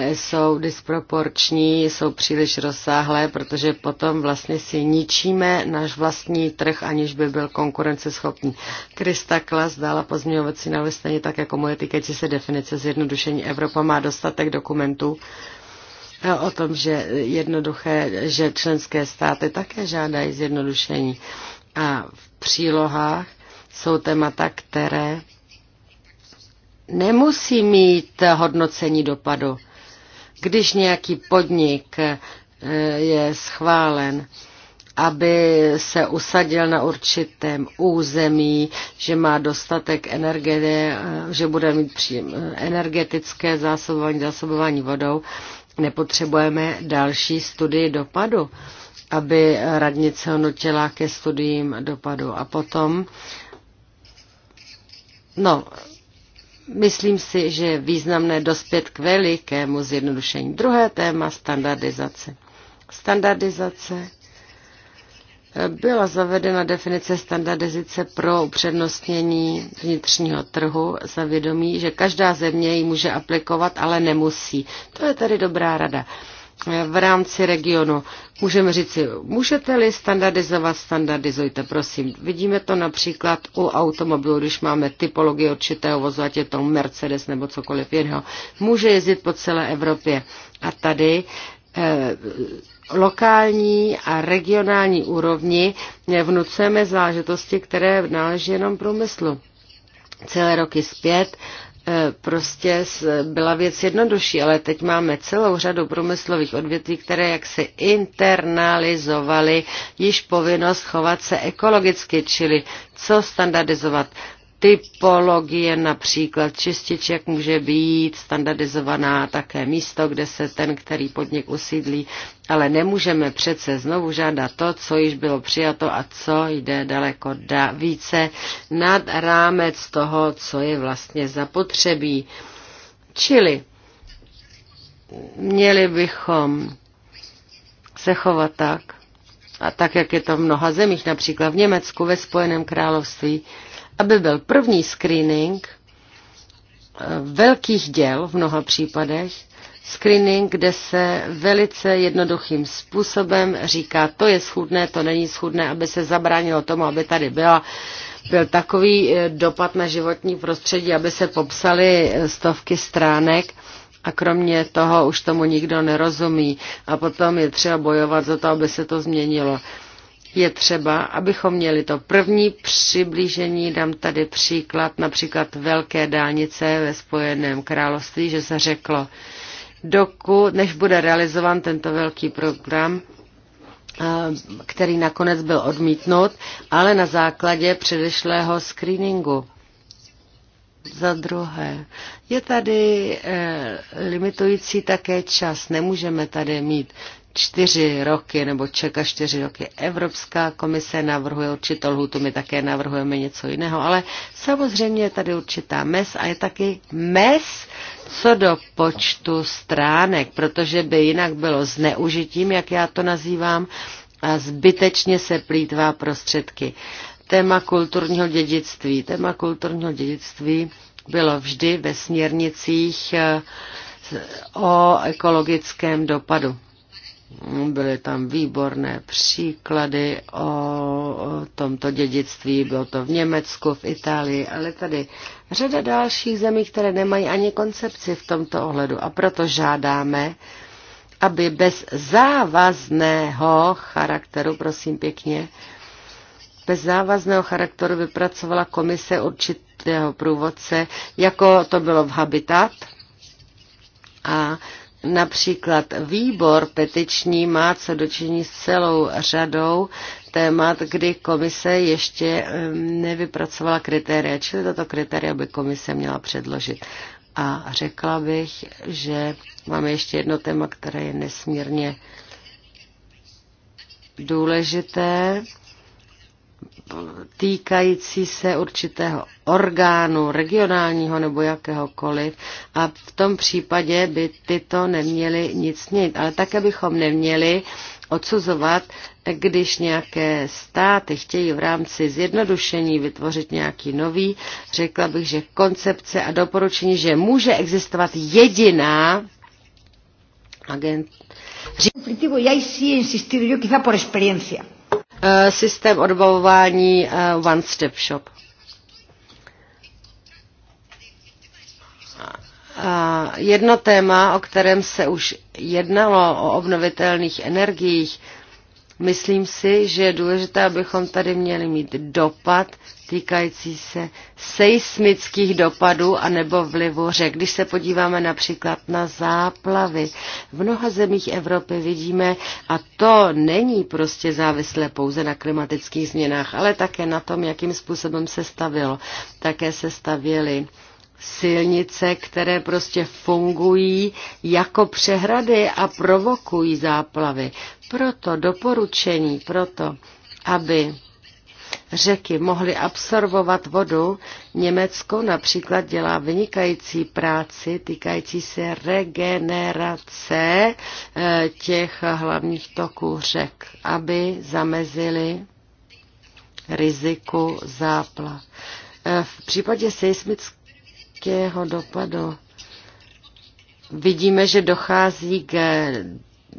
jsou disproporční, jsou příliš rozsáhlé, protože potom vlastně si ničíme náš vlastní trh, aniž by byl konkurenceschopný. Krista Klas dala pozměňovací návrh stejně tak jako moje týkající se definice zjednodušení. Evropa má dostatek dokumentů, eh, o tom, že jednoduché, že členské státy také žádají zjednodušení. A v přílohách jsou témata, které nemusí mít hodnocení dopadu. Když nějaký podnik eh, je schválen, aby se usadil na určitém území, že má dostatek energie, eh, že bude mít příjem, eh, energetické zásobování, zásobování vodou, nepotřebujeme další studii dopadu, aby radnice ho nutila ke studiím dopadu. A potom, no, Myslím si, že je významné dospět k velikému zjednodušení. Druhé téma standardizace. Standardizace byla zavedena definice standardizace pro upřednostnění vnitřního trhu za vědomí, že každá země ji může aplikovat, ale nemusí. To je tedy dobrá rada v rámci regionu. Můžeme říci, můžete-li standardizovat, standardizujte, prosím. Vidíme to například u automobilů, když máme typologii určitého vozu, ať je to Mercedes nebo cokoliv jiného. Může jezdit po celé Evropě. A tady eh, lokální a regionální úrovni vnucujeme záležitosti, které náleží jenom průmyslu celé roky zpět E, prostě byla věc jednodušší, ale teď máme celou řadu průmyslových odvětví, které jak se internalizovaly již povinnost chovat se ekologicky, čili co standardizovat, typologie například čističek může být standardizovaná také místo, kde se ten, který podnik usídlí, ale nemůžeme přece znovu žádat to, co již bylo přijato a co jde daleko da více nad rámec toho, co je vlastně zapotřebí. Čili měli bychom se chovat tak, a tak, jak je to v mnoha zemích, například v Německu, ve Spojeném království, aby byl první screening eh, velkých děl v mnoha případech, screening, kde se velice jednoduchým způsobem říká, to je schudné, to není schudné, aby se zabránilo tomu, aby tady byla, byl takový eh, dopad na životní prostředí, aby se popsaly eh, stovky stránek a kromě toho už tomu nikdo nerozumí a potom je třeba bojovat za to, aby se to změnilo je třeba, abychom měli to první přiblížení, dám tady příklad, například velké dálnice ve Spojeném království, že se řeklo, dokud, než bude realizovan tento velký program, eh, který nakonec byl odmítnut, ale na základě předešlého screeningu. Za druhé, je tady eh, limitující také čas. Nemůžeme tady mít čtyři roky nebo čeká čtyři roky. Evropská komise navrhuje určitou lhutu, my také navrhujeme něco jiného, ale samozřejmě je tady určitá mes a je taky mes co do počtu stránek, protože by jinak bylo zneužitím, jak já to nazývám, a zbytečně se plítvá prostředky. Téma kulturního dědictví. Téma kulturního dědictví bylo vždy ve směrnicích eh, o ekologickém dopadu byly tam výborné příklady o tomto dědictví, bylo to v Německu, v Itálii, ale tady řada dalších zemí, které nemají ani koncepci v tomto ohledu a proto žádáme, aby bez závazného charakteru, prosím pěkně, bez závazného charakteru vypracovala komise určitého průvodce, jako to bylo v Habitat, a Například výbor petiční má co dočinit s celou řadou témat, kdy komise ještě nevypracovala kritéria, čili tato kritéria by komise měla předložit. A řekla bych, že máme ještě jedno téma, které je nesmírně důležité týkající se určitého orgánu, regionálního nebo jakéhokoliv. A v tom případě by tyto neměly nic měnit. Ale také bychom neměli odsuzovat, když nějaké státy chtějí v rámci zjednodušení vytvořit nějaký nový, řekla bych, že koncepce a doporučení, že může existovat jediná agent. Conflictivo por experiencia Eh, systém odbavování eh, One Step Shop. Eh, jedno téma, o kterém se už jednalo o obnovitelných energiích, Myslím si, že je důležité, abychom tady měli mít dopad týkající se seismických dopadů a nebo vlivu řek. Když se podíváme například na záplavy, v mnoha zemích Evropy vidíme, a to není prostě závislé pouze na klimatických změnách, ale také na tom, jakým způsobem se stavilo. Také se stavěly silnice, které prostě fungují jako přehrady a provokují záplavy. Proto doporučení, proto, aby řeky mohly absorbovat vodu, Německo například dělá vynikající práci týkající se regenerace eh, těch hlavních toků řek, aby zamezili riziku záplav. Eh, v případě seismických jakého dopadu? Vidíme, že dochází k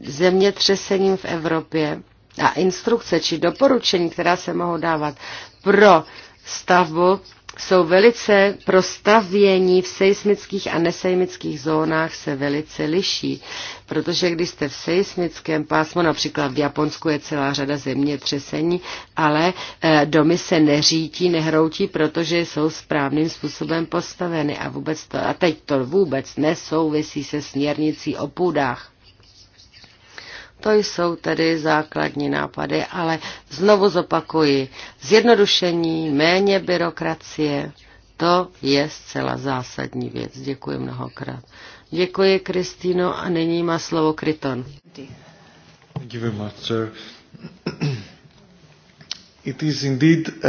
zemětřesením v Evropě a instrukce či doporučení, která se mohou dávat pro stavbu, jsou velice prostavění v seismických a neseismických zónách se velice liší, protože když jste v seismickém pásmu, například v Japonsku je celá řada zemětřesení, ale eh, domy se neřítí, nehroutí, protože jsou správným způsobem postaveny a, vůbec to, a teď to vůbec nesouvisí se směrnicí o půdách. To jsou tedy základní nápady, ale znovu zopakuji, zjednodušení, méně byrokracie, to je zcela zásadní věc. Děkuji mnohokrát. Děkuji, Kristýno, a nyní má slovo Kryton. It is indeed, uh...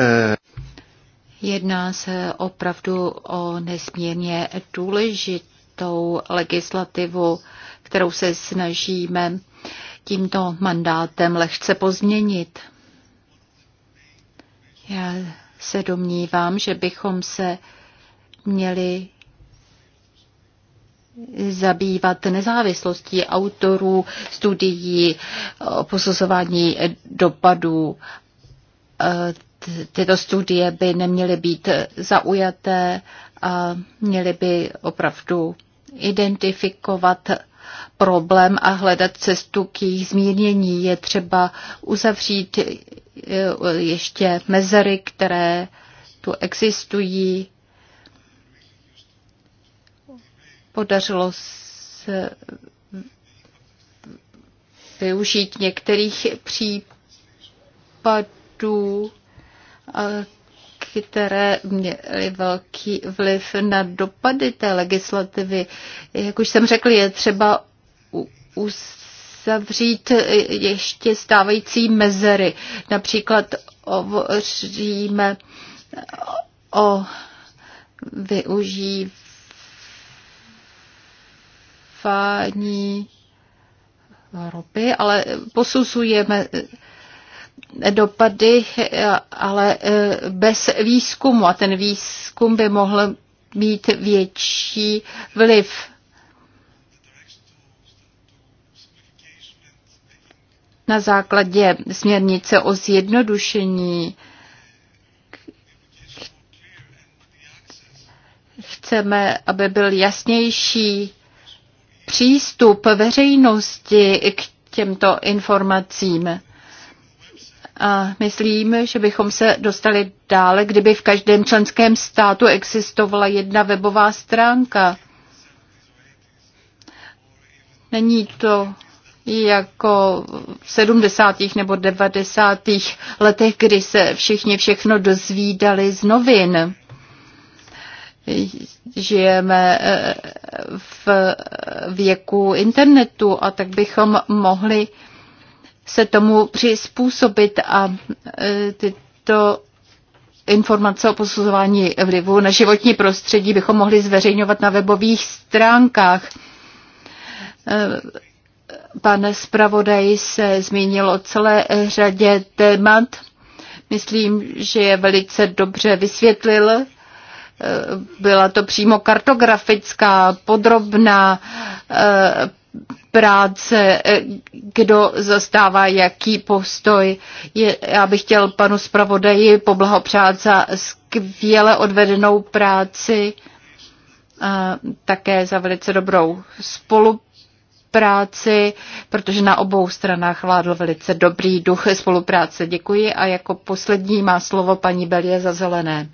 Jedná se opravdu o nesmírně důležitou legislativu, kterou se snažíme tímto mandátem lehce pozměnit. Já se domnívám, že bychom se měli zabývat nezávislostí autorů studií posuzování dopadů. Tyto studie by neměly být zaujaté a měly by opravdu identifikovat problém a hledat cestu k jejich zmírnění. Je třeba uzavřít eh, ještě mezery, které tu existují. Podařilo se využít některých případů, které měly velký vliv na dopady té legislativy. Jak už jsem řekl, je třeba uzavřít ještě stávající mezery. Například hovoříme o využívání ropy, ale posuzujeme dopady, ale eh, bez výzkumu. A ten výzkum by mohl mít větší vliv. Na základě směrnice o zjednodušení chceme, aby byl jasnější přístup veřejnosti k těmto informacím. A myslím, že bychom se dostali dále, kdyby v každém členském státu existovala jedna webová stránka. Není to jako v 70. nebo 90. letech, kdy se všichni všechno dozvídali z novin. Žijeme eh, v věku internetu a tak bychom mohli se tomu přizpůsobit a e, tyto informace o posuzování vlivu na životní prostředí bychom mohli zveřejňovat na webových stránkách. E, pan zpravodaj se zmínil o celé řadě témat. Myslím, že je velice dobře vysvětlil. E, byla to přímo kartografická, podrobná práce, eh, kdo zastává jaký postoj. Je, já bych chtěl panu zpravodaji poblahopřát za skvěle odvedenou práci, a také za velice dobrou spolupráci, protože na obou stranách vládl velice dobrý duch spolupráce. Děkuji a jako poslední má slovo paní Belie za zelené.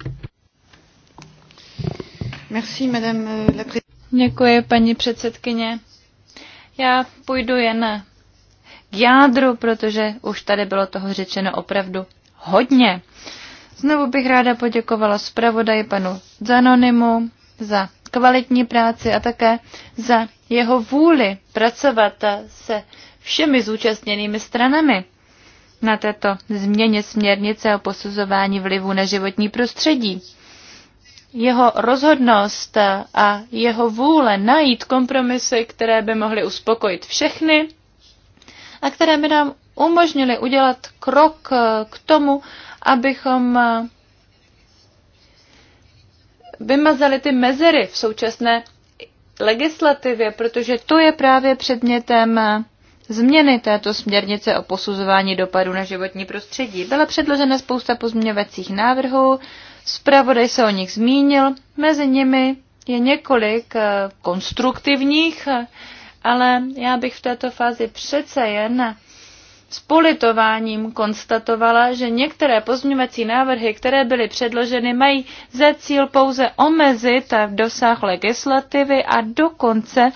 Merci, madame la Děkuji, paní předsedkyně. Já půjdu jen k jádru, protože už tady bylo toho řečeno opravdu hodně. Znovu bych ráda poděkovala zpravodaji panu Zanonimu za kvalitní práci a také za jeho vůli pracovat se všemi zúčastněnými stranami na této změně směrnice o posuzování vlivu na životní prostředí jeho rozhodnost a jeho vůle najít kompromisy, které by mohly uspokojit všechny a které by nám umožnily udělat krok eh, k tomu, abychom eh, vymazali ty mezery v současné legislativě, protože to je právě předmětem eh, změny této směrnice o posuzování dopadu na životní prostředí. Byla předložena spousta pozměňovacích návrhů, Spravodaj se o nich zmínil, mezi nimi je několik eh, konstruktivních, eh, ale já bych v této fázi přece jen s politováním konstatovala, že některé pozměňovací návrhy, které byly předloženy, mají za cíl pouze omezit dosah legislativy a dokonce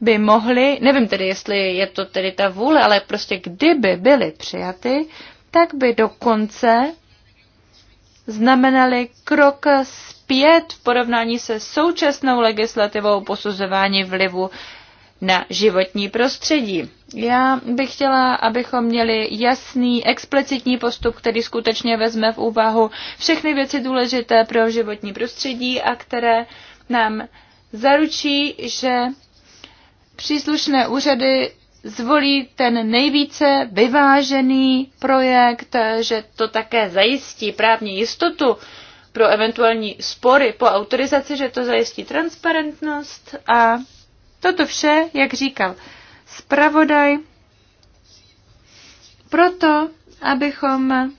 by mohly, nevím tedy, jestli je to tedy ta vůle, ale prostě kdyby byly přijaty, tak by dokonce znamenaly krok zpět v porovnání se současnou legislativou posuzování vlivu na životní prostředí. Já bych chtěla, abychom měli jasný, explicitní postup, který skutečně vezme v úvahu všechny věci důležité pro životní prostředí a které nám zaručí, že příslušné úřady zvolí ten nejvíce vyvážený projekt, že to také zajistí právní jistotu pro eventuální spory po autorizaci, že to zajistí transparentnost a toto vše, jak říkal zpravodaj, proto, abychom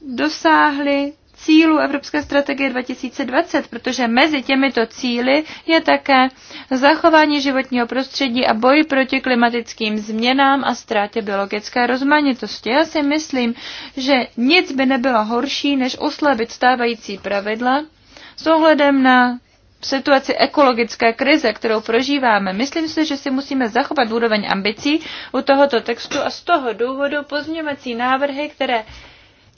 dosáhli cílů Evropské strategie 2020, protože mezi těmito cíly je také zachování životního prostředí a boj proti klimatickým změnám a ztrátě biologické rozmanitosti. Já si myslím, že nic by nebylo horší, než oslabit stávající pravidla s ohledem na situaci ekologické krize, kterou prožíváme, myslím si, že si musíme zachovat úroveň ambicí u tohoto textu a z toho důvodu pozměňovací návrhy, které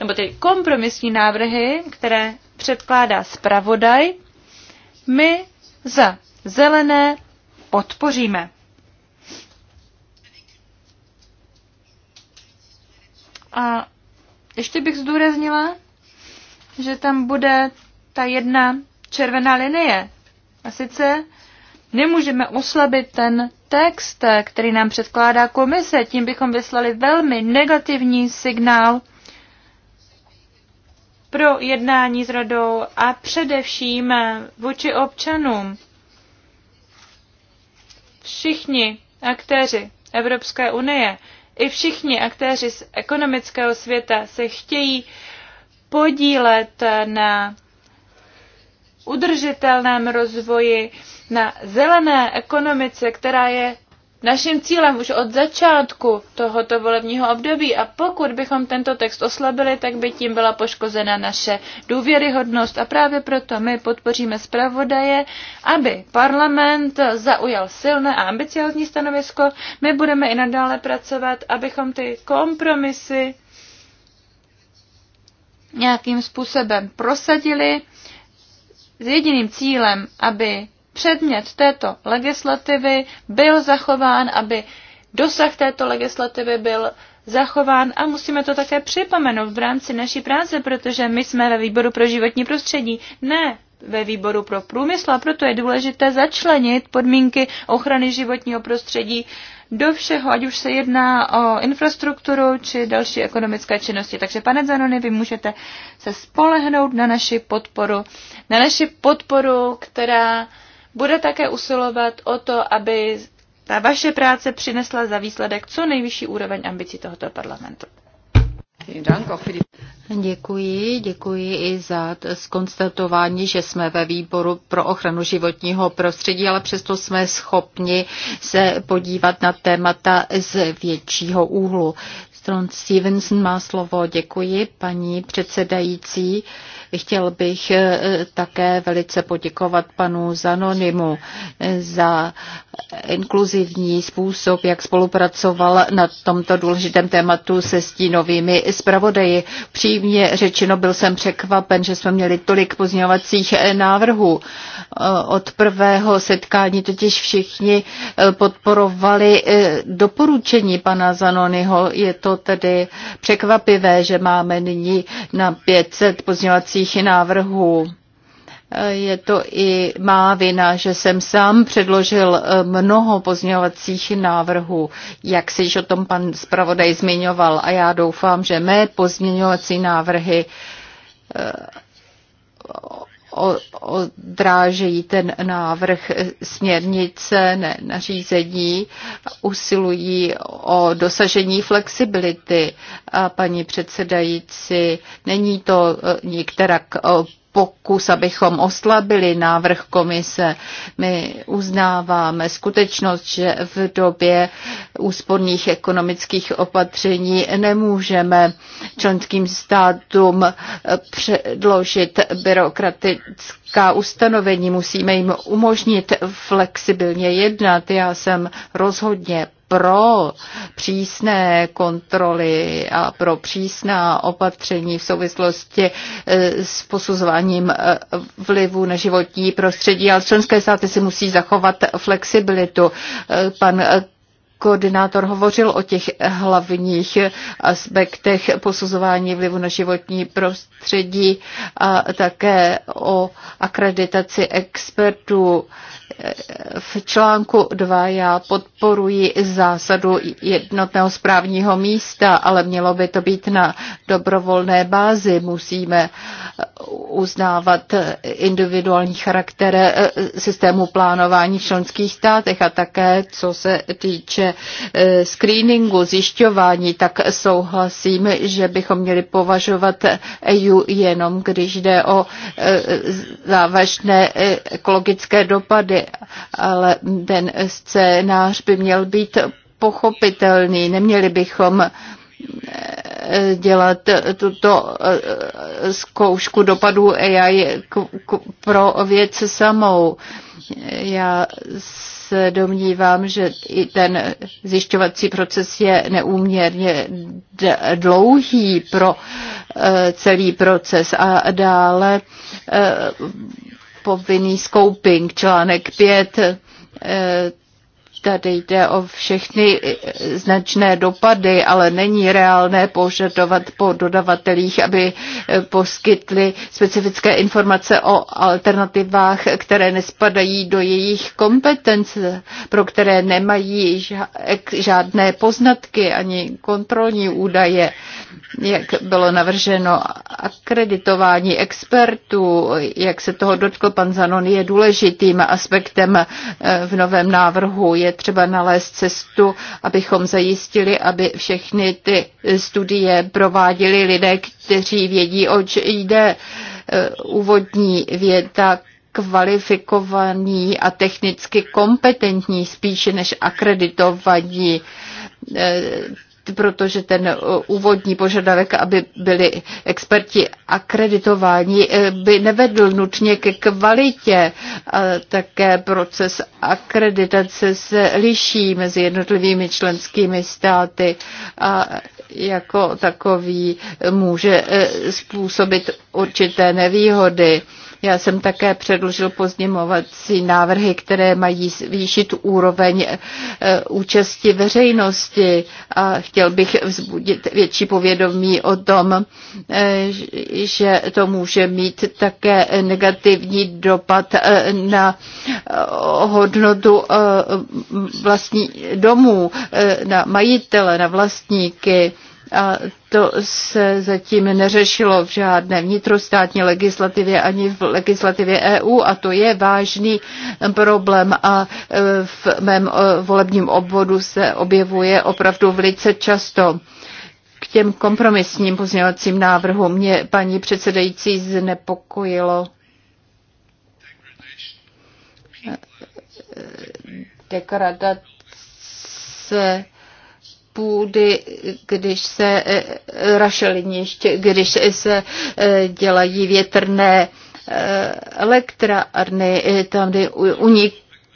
nebo ty kompromisní návrhy, které předkládá zpravodaj, my za zelené podpoříme. A ještě bych zdůraznila, že tam bude ta jedna červená linie. A sice nemůžeme oslabit ten text, který nám předkládá komise, tím bychom vyslali velmi negativní signál pro jednání s radou a především vůči občanům. Všichni aktéři Evropské unie i všichni aktéři z ekonomického světa se chtějí podílet na udržitelném rozvoji, na zelené ekonomice, která je naším cílem už od začátku tohoto volebního období a pokud bychom tento text oslabili, tak by tím byla poškozena naše důvěryhodnost a právě proto my podpoříme zpravodaje, aby parlament zaujal silné a ambiciozní stanovisko. My budeme i nadále pracovat, abychom ty kompromisy nějakým způsobem prosadili s jediným cílem, aby předmět této legislativy byl zachován, aby dosah této legislativy byl zachován a musíme to také připomenout v rámci naší práce, protože my jsme ve výboru pro životní prostředí, ne ve výboru pro průmysl a proto je důležité začlenit podmínky ochrany životního prostředí do všeho, ať už se jedná o infrastrukturu či další ekonomické činnosti. Takže pane Zanony, vy můžete se spolehnout na naši podporu, na naši podporu, která bude také usilovat o to, aby ta vaše práce přinesla za výsledek co nejvyšší úroveň ambicí tohoto parlamentu. Děkuji, děkuji i za skonstatování, že jsme ve výboru pro ochranu životního prostředí, ale přesto jsme schopni se podívat na témata z většího úhlu. Stron Stevenson má slovo. Děkuji, paní předsedající. Chtěl bych eh, také velice poděkovat panu Zanonimu eh, za inkluzivní způsob, jak spolupracoval na tomto důležitém tématu se stínovými zpravodaji. Přímě řečeno byl jsem překvapen, že jsme měli tolik pozměňovacích eh, návrhů. Od prvého setkání totiž všichni podporovali doporučení pana Zanonyho. Je to tedy překvapivé, že máme nyní na 500 pozměňovacích pozměňovacích návrhů. Je to i má vina, že jsem sám předložil eh, mnoho pozměňovacích návrhů, jak se již o tom pan zpravodaj zmiňoval a já doufám, že mé pozměňovací návrhy eh, odrážejí ten návrh směrnice, ne, nařízení, usilují o dosažení flexibility. A paní předsedající, není to e, některak pokus, abychom oslabili návrh komise. My uznáváme skutečnost, že v době úsporných ekonomických opatření nemůžeme členským státům předložit byrokratická ustanovení. Musíme jim umožnit flexibilně jednat. Já jsem rozhodně pro přísné kontroly a pro přísná opatření v souvislosti e, s posuzováním e, vlivu na životní prostředí, ale členské státy si musí zachovat flexibilitu. E, pan koordinátor hovořil o těch hlavních aspektech posuzování vlivu na životní prostředí a také o akreditaci expertů. V článku 2 já podporuji zásadu jednotného správního místa, ale mělo by to být na dobrovolné bázi. Musíme uznávat individuální charakter eh, systému plánování v členských státech a také, co se týče eh, screeningu, zjišťování, tak souhlasím, že bychom měli považovat EU jenom, když jde o eh, závažné ekologické dopady ale ten scénář by měl být pochopitelný. Neměli bychom eh, dělat tuto eh, zkoušku dopadů AI pro věc samou. Já se domnívám, že i ten zjišťovací proces je neúměrně dlouhý pro eh, celý proces a dále povinný scoping, článek 5 Tady jde o všechny značné dopady, ale není reálné požadovat po dodavatelích, aby poskytli specifické informace o alternativách, které nespadají do jejich kompetence, pro které nemají žádné poznatky ani kontrolní údaje, jak bylo navrženo akreditování expertů, jak se toho dotkl pan Zanon, je důležitým aspektem eh, v novém návrhu. Je třeba nalézt cestu, abychom zajistili, aby všechny ty studie prováděli lidé, kteří vědí, oč jde e, úvodní věta kvalifikovaní a technicky kompetentní spíše než akreditovaní e, protože ten eh, úvodní požadavek, aby byli experti akreditováni, eh, by nevedl nutně ke kvalitě. A také proces akreditace se liší mezi jednotlivými členskými státy a jako takový může eh, způsobit určité nevýhody. Já jsem také předložil pozděmovací návrhy, které mají zvýšit úroveň eh, účasti veřejnosti a chtěl bych vzbudit větší povědomí o tom, eh, že to může mít také negativní dopad eh, na hodnotu vlastní domů, na majitele, na vlastníky a to se zatím neřešilo v žádné vnitrostátní legislativě ani v legislativě EU a to je vážný problém a e, v mém e, volebním obvodu se objevuje opravdu velice často k těm kompromisním pozměňovacím návrhům mě paní předsedající znepokojilo e, degradace půdy, když se eh, rašeliniště, když se eh, dělají větrné eh, elektrárny, tam, kde unik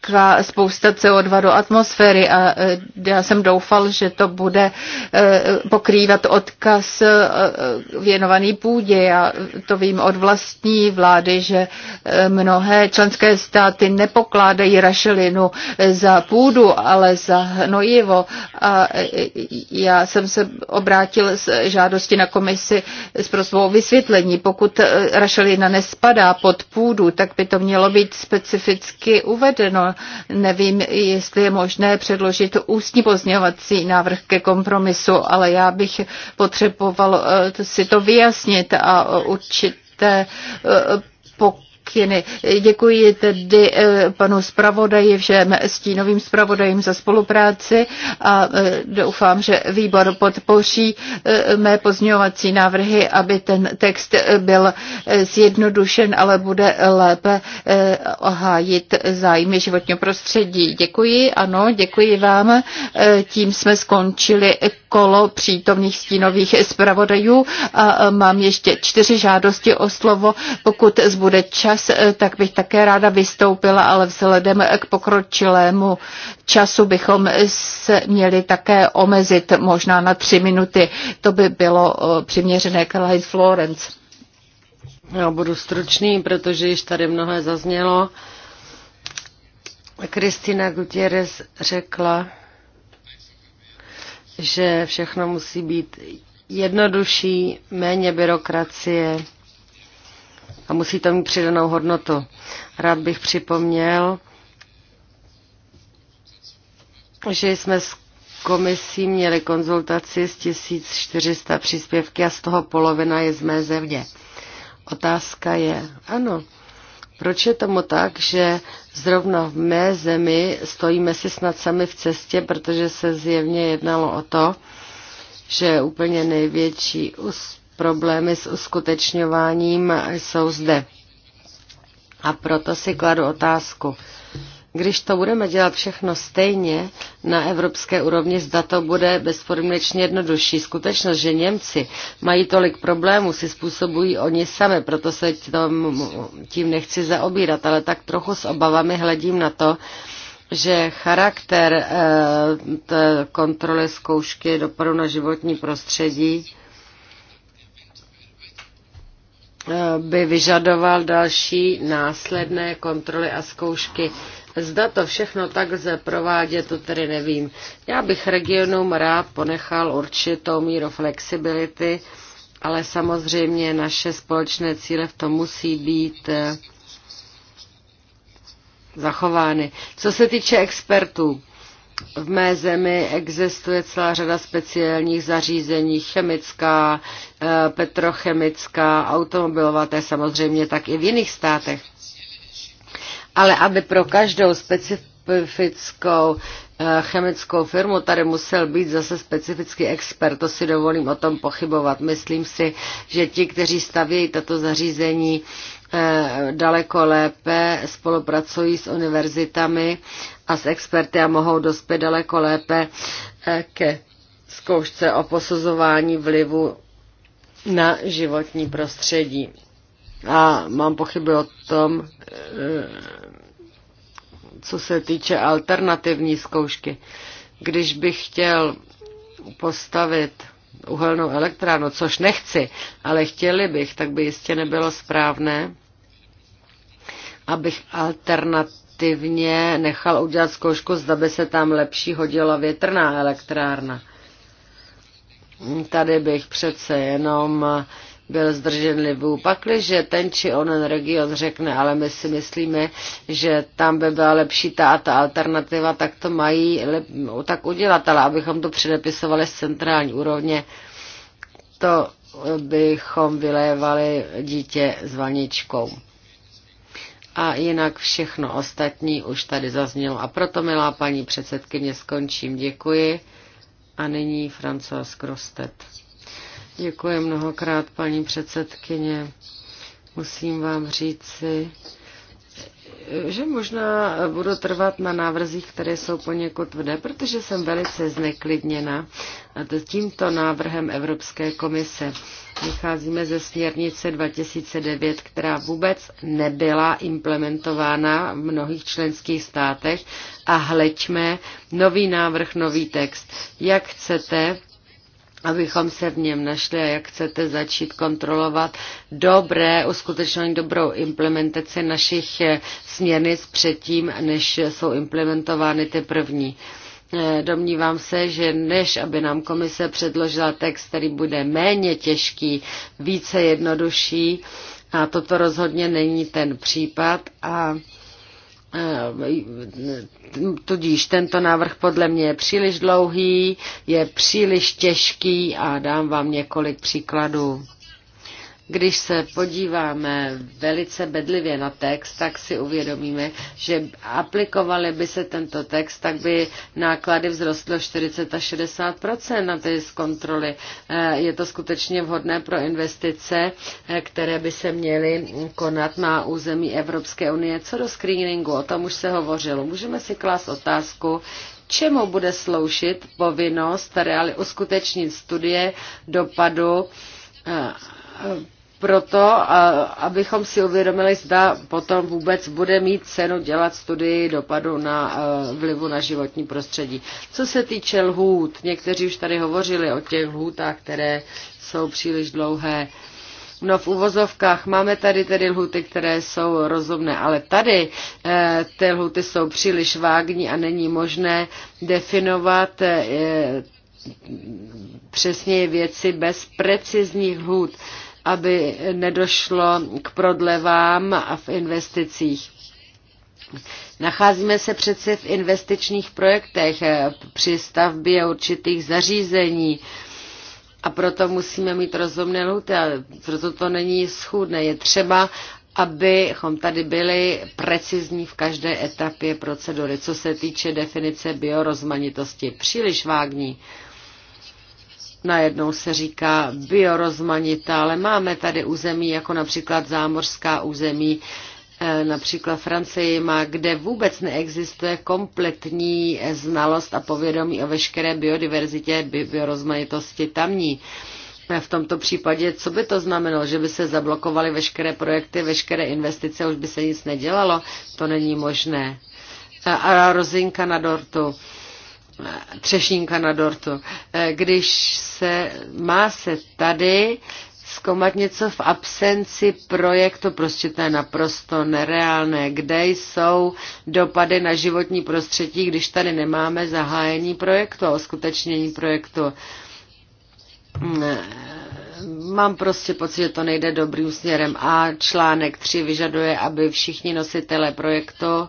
utéká spousta CO2 do atmosféry a e, já jsem doufal, že to bude e, pokrývat odkaz e, věnovaný půdě. Já to vím od vlastní vlády, že mnohé členské státy nepokládají rašelinu za půdu, ale za hnojivo. A já jsem se obrátil s žádosti na komisi s prosbou vysvětlení. Pokud rašelina nespadá pod půdu, tak by to mělo být specificky uvedeno nevím, jestli je možné předložit ústní pozměňovací návrh ke kompromisu, ale já bych potřeboval eh, si to vyjasnit a určité eh, pokud pokyny. Děkuji tedy eh, panu zpravodaji, všem stínovým zpravodajím za spolupráci a eh, doufám, že výbor podpoří eh, mé pozměňovací návrhy, aby ten text byl zjednodušen, ale bude lépe ohájit zájmy životního prostředí. Děkuji, ano, děkuji vám. Tím jsme skončili kolo přítomných stínových zpravodajů a mám ještě čtyři žádosti o slovo, pokud zbude čas čas, eh, tak bych také ráda vystoupila, ale vzhledem k pokročilému času bychom se měli také omezit možná na tři minuty. To by bylo eh, přiměřené k Florence. Já budu stručný, protože již tady mnohé zaznělo. Kristina Gutierrez řekla, že všechno musí být jednodušší, méně byrokracie a musí to mít přidanou hodnotu. Rád bych připomněl, že jsme s komisí měli konzultaci z 1400 příspěvky a z toho polovina je z mé země. Otázka je, ano, proč je tomu tak, že zrovna v mé zemi stojíme si snad sami v cestě, protože se zjevně jednalo o to, že úplně největší úspěch problémy s uskutečňováním jsou zde. A proto si kladu otázku. Když to budeme dělat všechno stejně na evropské úrovni, zda to bude bezpodmínečně jednodušší. Skutečnost, že Němci mají tolik problémů, si způsobují oni sami, proto se tím nechci zaobírat, ale tak trochu s obavami hledím na to, že charakter eh, kontroly zkoušky dopadu na životní prostředí Eh, by vyžadoval další následné kontroly a zkoušky. Zda to všechno tak lze provádět, to tedy nevím. Já bych regionům rád ponechal určitou míru flexibility, ale samozřejmě naše společné cíle v tom musí být eh, zachovány. Co se týče expertů, v mé zemi existuje celá řada speciálních zařízení, chemická, eh, petrochemická, automobilová, to je samozřejmě tak i v jiných státech. Ale aby pro každou specifickou eh, chemickou firmu tady musel být zase specifický expert, to si dovolím o tom pochybovat. Myslím si, že ti, kteří stavějí tato zařízení, eh, daleko lépe spolupracují s univerzitami a s experty a mohou dospět daleko lépe eh, ke zkoušce o posuzování vlivu na životní prostředí. A mám pochyby o tom, eh, co se týče alternativní zkoušky. Když bych chtěl postavit uhelnou elektrárnu, což nechci, ale chtěli bych, tak by jistě nebylo správné, abych alternat, aktivně nechal udělat zkoušku, zda by se tam lepší hodila větrná elektrárna. Tady bych přece jenom byl zdrženlivý. Pakliže ten či onen region řekne, ale my si myslíme, že tam by byla lepší ta a ta alternativa, tak to mají tak udělat, ale abychom to předepisovali z centrální úrovně, to bychom vylévali dítě s vaničkou. A jinak všechno ostatní už tady zaznělo. A proto, milá paní předsedkyně, skončím. Děkuji. A nyní Francois Krostet. Děkuji mnohokrát, paní předsedkyně. Musím vám říci, že možná budu trvat na návrzích, které jsou poněkud tvrdé, protože jsem velice zneklidněna tímto návrhem Evropské komise. Vycházíme ze směrnice 2009, která vůbec nebyla implementována v mnohých členských státech a hleďme nový návrh, nový text. Jak chcete abychom se v něm našli, jak chcete začít kontrolovat dobré uskutečnění, dobrou implementaci našich eh, směrnic předtím, než jsou implementovány ty první. Eh, domnívám se, že než aby nám komise předložila text, který bude méně těžký, více jednodušší, a toto rozhodně není ten případ a Eh, tudíž tento návrh podle mě je příliš dlouhý, je příliš těžký a dám vám několik příkladů. Když se podíváme velice bedlivě na text, tak si uvědomíme, že aplikovali by se tento text, tak by náklady vzrostly 40 až 60 na ty z kontroly. Eh, je to skutečně vhodné pro investice, eh, které by se měly konat na území Evropské unie. Co do screeningu, o tom už se hovořilo. Můžeme si klást otázku, čemu bude sloužit povinnost reali uskutečnit studie dopadu eh, proto, abychom si uvědomili, zda potom vůbec bude mít cenu dělat studii dopadu na e, vlivu na životní prostředí. Co se týče lhůt, někteří už tady hovořili o těch lhůtách, které jsou příliš dlouhé. No v uvozovkách máme tady tedy lhuty, které jsou rozumné, ale tady e, ty lhuty jsou příliš vágní a není možné definovat e, přesně věci bez precizních lhut. E, aby nedošlo k prodlevám a v investicích. Nacházíme se přece v investičních projektech při stavbě určitých zařízení a proto musíme mít rozumné lhuty a proto to není schůdné. Je třeba, abychom tady byli precizní v každé etapě procedury, co se týče definice biorozmanitosti. Příliš vágní najednou se říká biorozmanitá, ale máme tady území jako například zámořská území, eh, například Francii má, kde vůbec neexistuje kompletní znalost a povědomí o veškeré biodiverzitě, biorozmanitosti tamní. V tomto případě, co by to znamenalo, že by se zablokovaly veškeré projekty, veškeré investice, už by se nic nedělalo? To není možné. A rozinka na dortu třešínka na dortu. Eh, když se má se tady zkoumat něco v absenci projektu, prostě to je naprosto nereálné. Kde jsou dopady na životní prostředí, když tady nemáme zahájení projektu a oskutečnění projektu? Mm, eh, mám prostě pocit, že to nejde dobrým směrem. A článek 3 vyžaduje, aby všichni nositelé projektu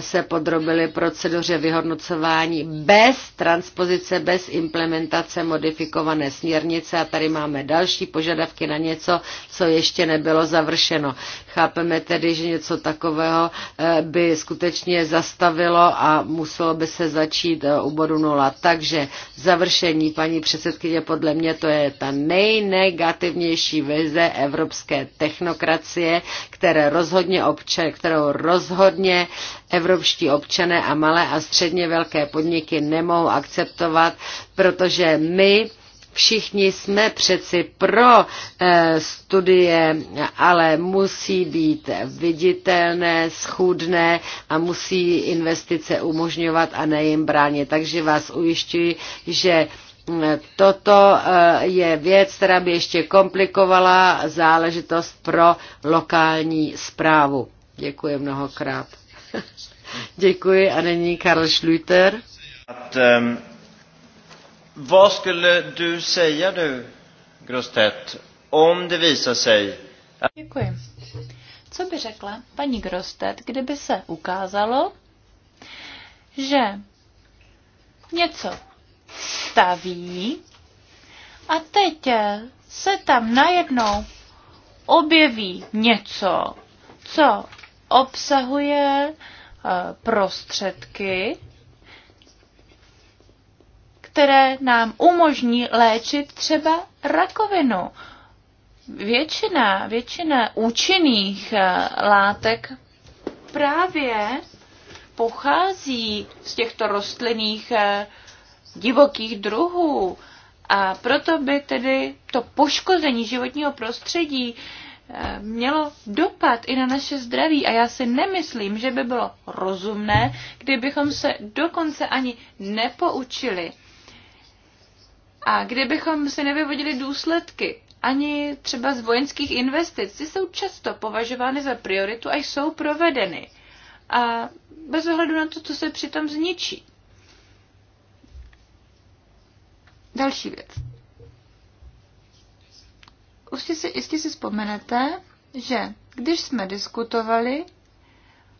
se podrobili proceduře vyhodnocování bez transpozice, bez implementace modifikované směrnice a tady máme další požadavky na něco, co ještě nebylo završeno. Chápeme tedy, že něco takového eh, by skutečně zastavilo a muselo by se začít eh, u bodu nula. Takže završení, paní předsedkyně, podle mě to je ta nejnegativnější vize evropské technokracie, které rozhodně obče, kterou rozhodně evropští občané a malé a středně velké podniky nemohou akceptovat, protože my Všichni jsme přeci pro eh, studie, ale musí být viditelné, schůdné a musí investice umožňovat a ne jim bránit. Takže vás ujišťuji, že mm, toto eh, je věc, která by ještě komplikovala záležitost pro lokální zprávu. Děkuji mnohokrát. Děkuji a není Karl Schlüter. Att, um, vad skulle du säga du, Grostet, om det visar sig... Att... Děkuji. Co by řekla paní Grostet, kdyby se ukázalo, že něco staví a teď se tam najednou objeví něco, co obsahuje eh, prostředky, které nám umožní léčit třeba rakovinu. Většina, většina účinných eh, látek právě pochází z těchto rostlinných eh, divokých druhů. A proto by tedy to poškození životního prostředí mělo dopad i na naše zdraví a já si nemyslím, že by bylo rozumné, kdybychom se dokonce ani nepoučili a kdybychom si nevyvodili důsledky ani třeba z vojenských investic, ty jsou často považovány za prioritu a jsou provedeny. A bez ohledu na to, co se přitom zničí. Další věc. Určitě si, jistě si vzpomenete, že když jsme diskutovali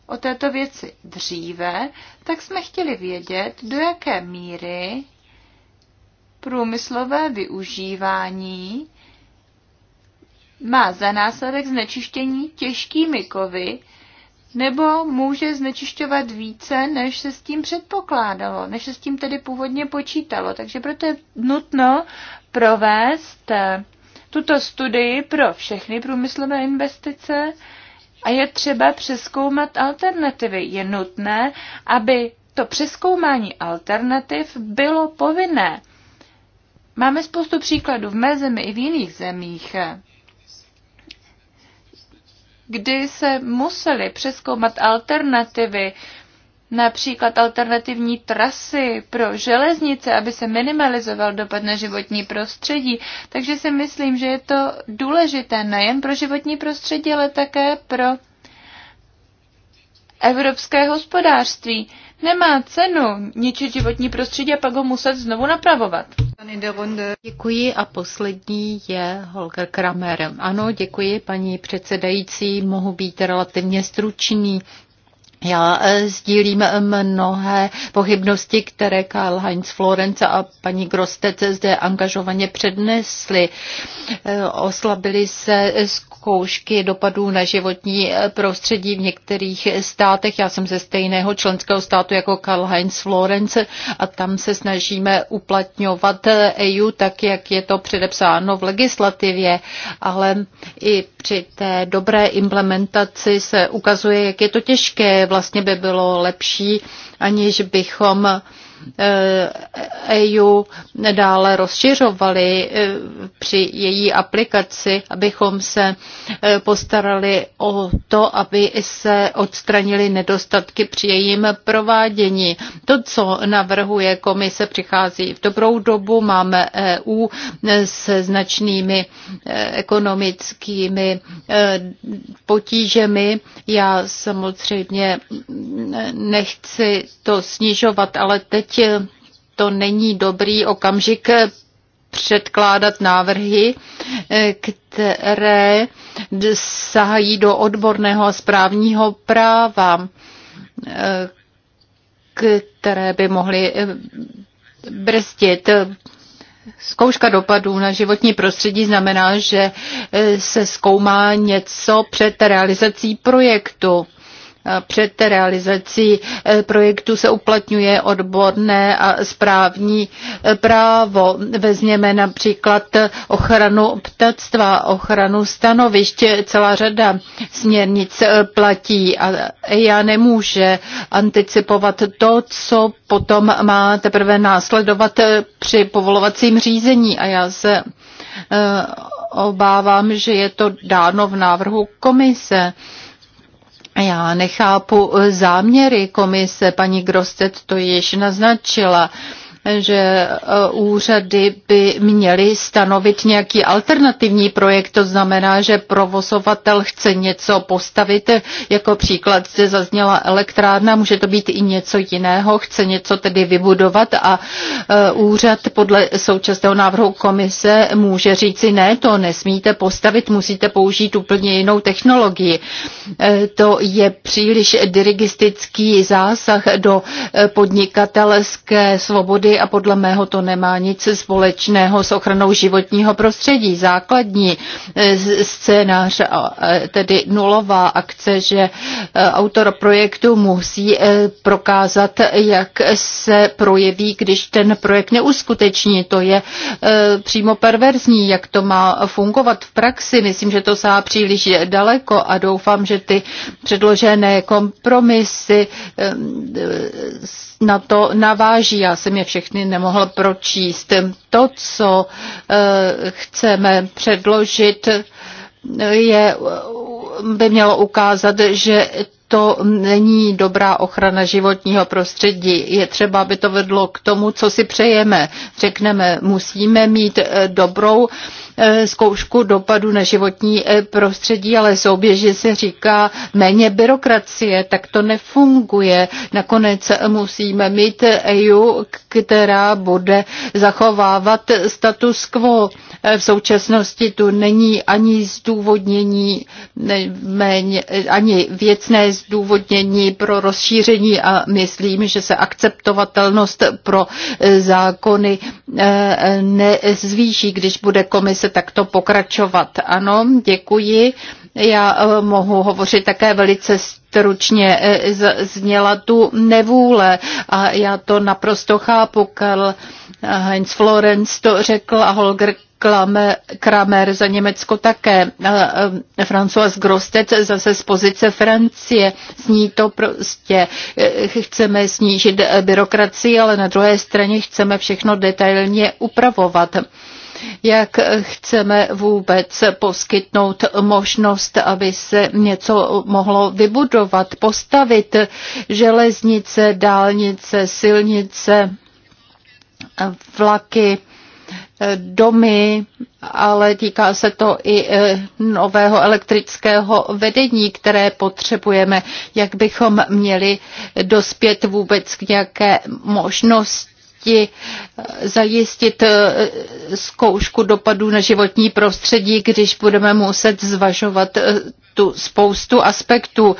o této věci dříve, tak jsme chtěli vědět, do jaké míry průmyslové využívání má za následek znečištění těžkými kovy, nebo může znečišťovat více, než se s tím předpokládalo, než se s tím tedy původně počítalo. Takže proto je nutno provést tuto studii pro všechny průmyslové investice a je třeba přeskoumat alternativy. Je nutné, aby to přeskoumání alternativ bylo povinné. Máme spoustu příkladů v mé zemi i v jiných zemích, kdy se museli přeskoumat alternativy například alternativní trasy pro železnice, aby se minimalizoval dopad na životní prostředí. Takže si myslím, že je to důležité nejen pro životní prostředí, ale také pro evropské hospodářství. Nemá cenu ničit životní prostředí a pak ho muset znovu napravovat. Děkuji a poslední je Holger Kramer. Ano, děkuji paní předsedající, mohu být relativně stručný. Já e, sdílím e, mnohé pochybnosti, které Karl Heinz Florence a paní Grostec zde angažovaně přednesly. E, oslabily se zkoušky dopadů na životní prostředí v některých státech. Já jsem ze stejného členského státu jako Karl Heinz Florence a tam se snažíme uplatňovat EU tak, jak je to předepsáno v legislativě, ale i při té dobré implementaci se ukazuje, jak je to těžké. Vlastně by bylo lepší, aniž bychom EU eh, e dále rozšiřovali eh, při její aplikaci, abychom se eh, postarali o to, aby se odstranili nedostatky při jejím provádění. To, co navrhuje komise, přichází v dobrou dobu. Máme EU se značnými ekonomickými potížemi. Já samozřejmě mm, nechci to snižovat, ale teď Eh, to není dobrý okamžik předkládat návrhy, eh, které sahají do odborného a správního práva, eh, které by mohly brzdit. Zkouška dopadů na životní prostředí znamená, že se zkoumá něco před realizací projektu. Před realizací eh, projektu se uplatňuje odborné a správní eh, právo. Vezměme například eh, ochranu ptactva, ochranu stanovišť. Celá řada směrnic platí a já nemůže anticipovat to, co potom má teprve následovat při povolovacím řízení. A já se obávám, že je to dáno v návrhu komise. Já nechápu eh, záměry komise, paní Grostet to již naznačila že e, úřady by měly stanovit nějaký alternativní projekt. To znamená, že provozovatel chce něco postavit, jako příklad zde zazněla elektrárna, může to být i něco jiného, chce něco tedy vybudovat a e, úřad podle současného návrhu komise může říci ne, to nesmíte postavit, musíte použít úplně jinou technologii. E, to je příliš dirigistický zásah do podnikatelské svobody a podle mého to nemá nic společného s ochranou životního prostředí. Základní eh, scénář, eh, tedy nulová akce, že eh, autor projektu musí prokázat, jak se projeví, když ten projekt neuskuteční. To je přímo perverzní, jak to má fungovat v praxi. Myslím, že to sá příliš daleko a doufám, že ty předložené kompromisy na to naváží. Já jsem je všechny všechny nemohl pročíst. To, co eh, chceme předložit, je, by mělo ukázat, že to není dobrá ochrana životního prostředí. Je třeba, aby to vedlo k tomu, co si přejeme. Řekneme, musíme mít eh, dobrou eh, zkoušku dopadu na životní eh, prostředí, ale souběžně se říká méně byrokracie, tak to nefunguje. Nakonec musíme mít EU, která bude zachovávat status quo v současnosti tu není ani zdůvodnění, méně, ani věcné zdůvodnění pro rozšíření a myslím, že se akceptovatelnost pro e, zákony e, nezvýší, když bude komise takto pokračovat. Ano, děkuji. Já e, mohu hovořit také velice stručně. Zněla tu nevůle a já to naprosto chápu. Karl Heinz Florenz to řekl a Holger Kramer za Německo také. François Grostet zase z pozice Francie. sní to prostě, eh, chceme snížit eh, byrokracii, ale na druhé straně chceme všechno detailně upravovat jak chceme vůbec poskytnout možnost, aby se něco mohlo vybudovat, postavit železnice, dálnice, silnice, vlaky Eh, domy, ale týká se to i eh, nového elektrického vedení, které potřebujeme. Jak bychom měli dospět vůbec k nějaké možnosti? Eh, zajistit zkoušku dopadů na životní prostředí, když budeme muset zvažovat tu spoustu aspektů.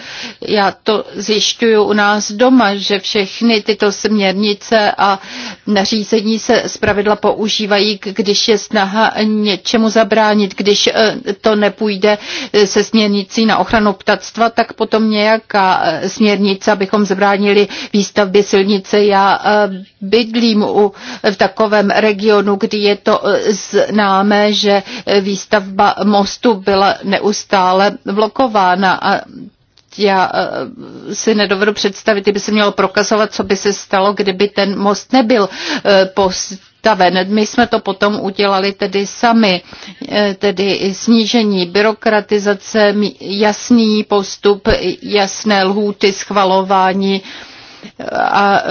Já to zjišťuju u nás doma, že všechny tyto směrnice a nařízení se zpravidla používají, když je snaha něčemu zabránit. Když eh, to nepůjde eh, se směrnicí na ochranu ptactva, tak potom nějaká eh, směrnice, abychom zabránili výstavbě silnice. Já bydlím u, v takovém regionu, kdy je to známé, že výstavba mostu byla neustále v blokována a já eh, si nedovedu představit, kdyby se mělo prokazovat, co by se stalo, kdyby ten most nebyl eh, postaven. My jsme to potom udělali tedy sami, eh, tedy snížení byrokratizace, jasný postup, jasné lhůty, schvalování a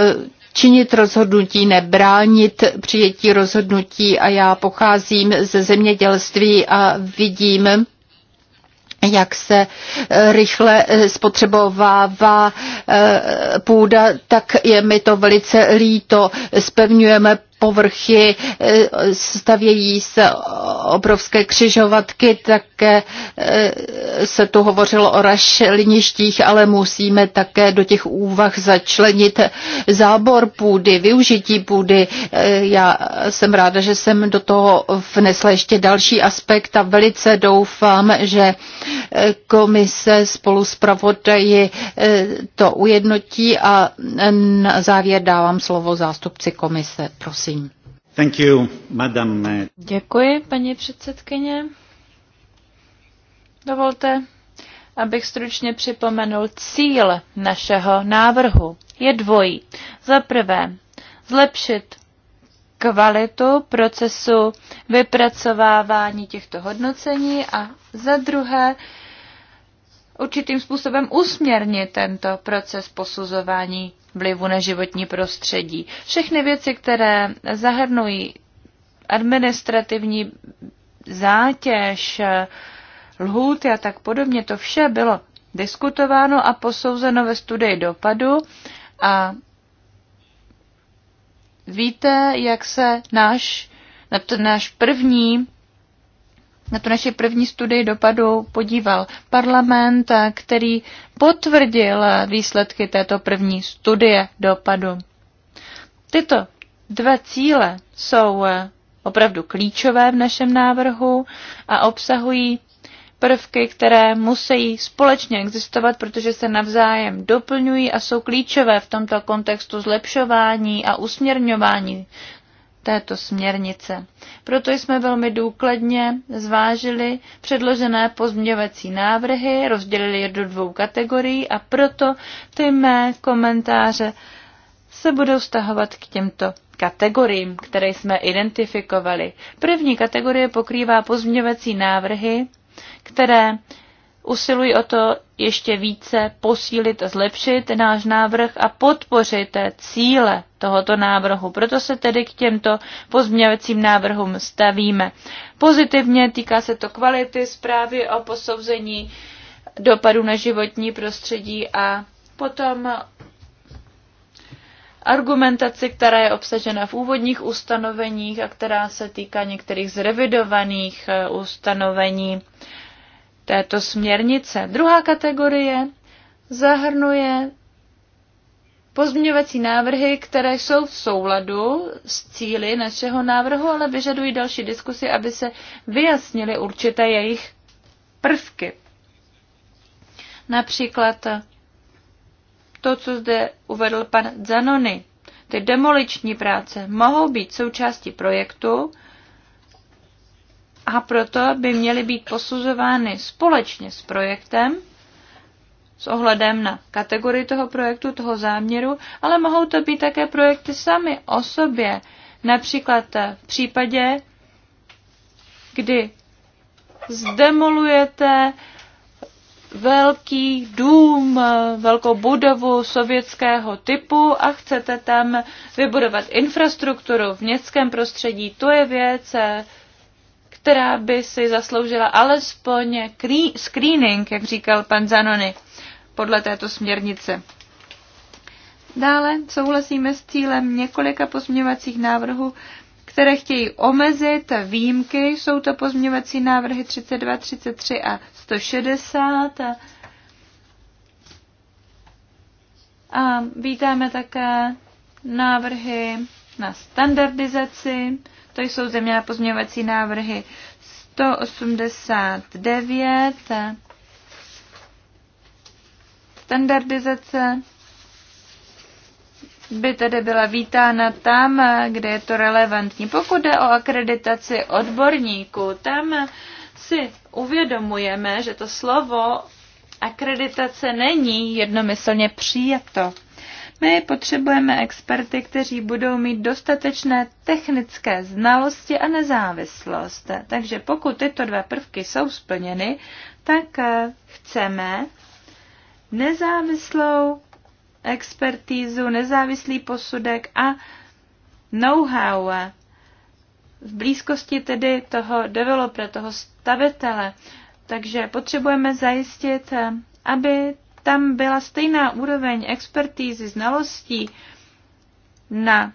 činit rozhodnutí, nebránit přijetí rozhodnutí a já pocházím ze zemědělství a vidím, jak se eh, rychle eh, spotřebovává eh, půda, tak je mi to velice líto. Spevňujeme povrchy, eh, stavějí se obrovské křižovatky, také eh, se tu hovořilo o rašeliništích, ale musíme také do těch úvah začlenit zábor půdy, využití půdy. Eh, já jsem ráda, že jsem do toho vnesla ještě další aspekt a velice doufám, že komise spolu s pravodaji to ujednotí a na závěr dávám slovo zástupci komise. Prosím prosím. Thank you, madame. Děkuji, paní předsedkyně. Dovolte, abych stručně připomenul cíl našeho návrhu. Je dvojí. Za prvé, zlepšit kvalitu procesu vypracovávání těchto hodnocení a za druhé, určitým způsobem usměrnit tento proces posuzování vlivu na životní prostředí. Všechny věci, které zahrnují administrativní zátěž, lhůty a tak podobně, to vše bylo diskutováno a posouzeno ve studii dopadu a víte, jak se náš, na ten náš první na tu naši první studii dopadu podíval parlament, který potvrdil výsledky této první studie dopadu. Tyto dva cíle jsou opravdu klíčové v našem návrhu a obsahují prvky, které musí společně existovat, protože se navzájem doplňují a jsou klíčové v tomto kontextu zlepšování a usměrňování této směrnice. Proto jsme velmi důkladně zvážili předložené pozměňovací návrhy, rozdělili je do dvou kategorií a proto ty mé komentáře se budou stahovat k těmto kategoriím, které jsme identifikovali. První kategorie pokrývá pozměňovací návrhy, které usilují o to ještě více posílit a zlepšit náš návrh a podpořit cíle tohoto návrhu. Proto se tedy k těmto pozměňovacím návrhům stavíme. Pozitivně týká se to kvality zprávy o posouzení dopadu na životní prostředí a potom argumentaci, která je obsažena v úvodních ustanoveních a která se týká některých zrevidovaných ustanovení této směrnice. Druhá kategorie zahrnuje pozměňovací návrhy, které jsou v souladu s cíly našeho návrhu, ale vyžadují další diskusy, aby se vyjasnily určité jejich prvky. Například to, co zde uvedl pan Zanoni. Ty demoliční práce mohou být součástí projektu, a proto by měly být posuzovány společně s projektem, s ohledem na kategorii toho projektu, toho záměru, ale mohou to být také projekty sami o sobě. Například v případě, kdy zdemolujete velký dům, velkou budovu sovětského typu a chcete tam vybudovat infrastrukturu v městském prostředí. To je věc, která by si zasloužila alespoň screening, jak říkal pan Zanoni, podle této směrnice. Dále souhlasíme s cílem několika pozměňovacích návrhů, které chtějí omezit výjimky. Jsou to pozměňovací návrhy 32, 33 a 160. A, a vítáme také návrhy na standardizaci to jsou země na pozměňovací návrhy 189, standardizace by tedy byla vítána tam, kde je to relevantní. Pokud jde o akreditaci odborníků, tam si uvědomujeme, že to slovo akreditace není jednomyslně přijato. My potřebujeme experty, kteří budou mít dostatečné technické znalosti a nezávislost. Takže pokud tyto dva prvky jsou splněny, tak eh, chceme nezávislou expertízu, nezávislý posudek a know-how eh, v blízkosti tedy toho developera, toho stavitele. Takže potřebujeme zajistit, eh, aby tam byla stejná úroveň expertízy, znalostí na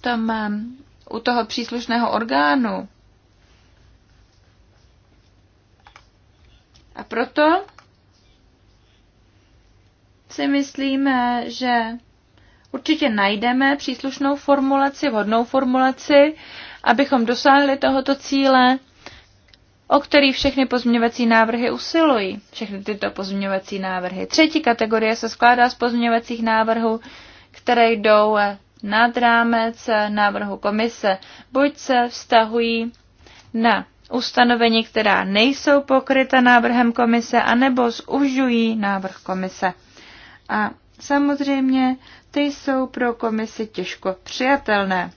tom, um, u toho příslušného orgánu. A proto si myslíme, že určitě najdeme příslušnou formulaci, vhodnou formulaci, abychom dosáhli tohoto cíle o který všechny pozměňovací návrhy usilují. Všechny tyto pozměňovací návrhy. Třetí kategorie se skládá z pozměňovacích návrhů, které jdou nad rámec návrhu komise. Buď se vztahují na ustanovení, která nejsou pokryta návrhem komise, anebo zužují návrh komise. A samozřejmě ty jsou pro komisi těžko přijatelné.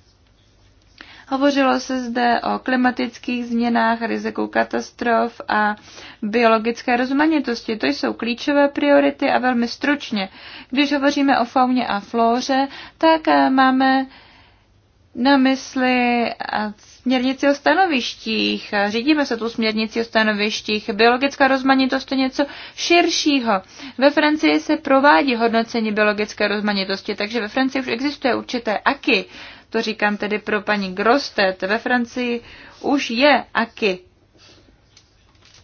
Hovořilo se zde o klimatických změnách, riziku katastrof a biologické rozmanitosti. To jsou klíčové priority a velmi stručně. Když hovoříme o fauně a flóře, tak eh, máme na mysli eh, směrnici o stanovištích. Řídíme se tu směrnici o stanovištích. Biologická rozmanitost je něco širšího. Ve Francii se provádí hodnocení biologické rozmanitosti, takže ve Francii už existuje určité aky to říkám tedy pro paní Grostet, ve Francii už je aky.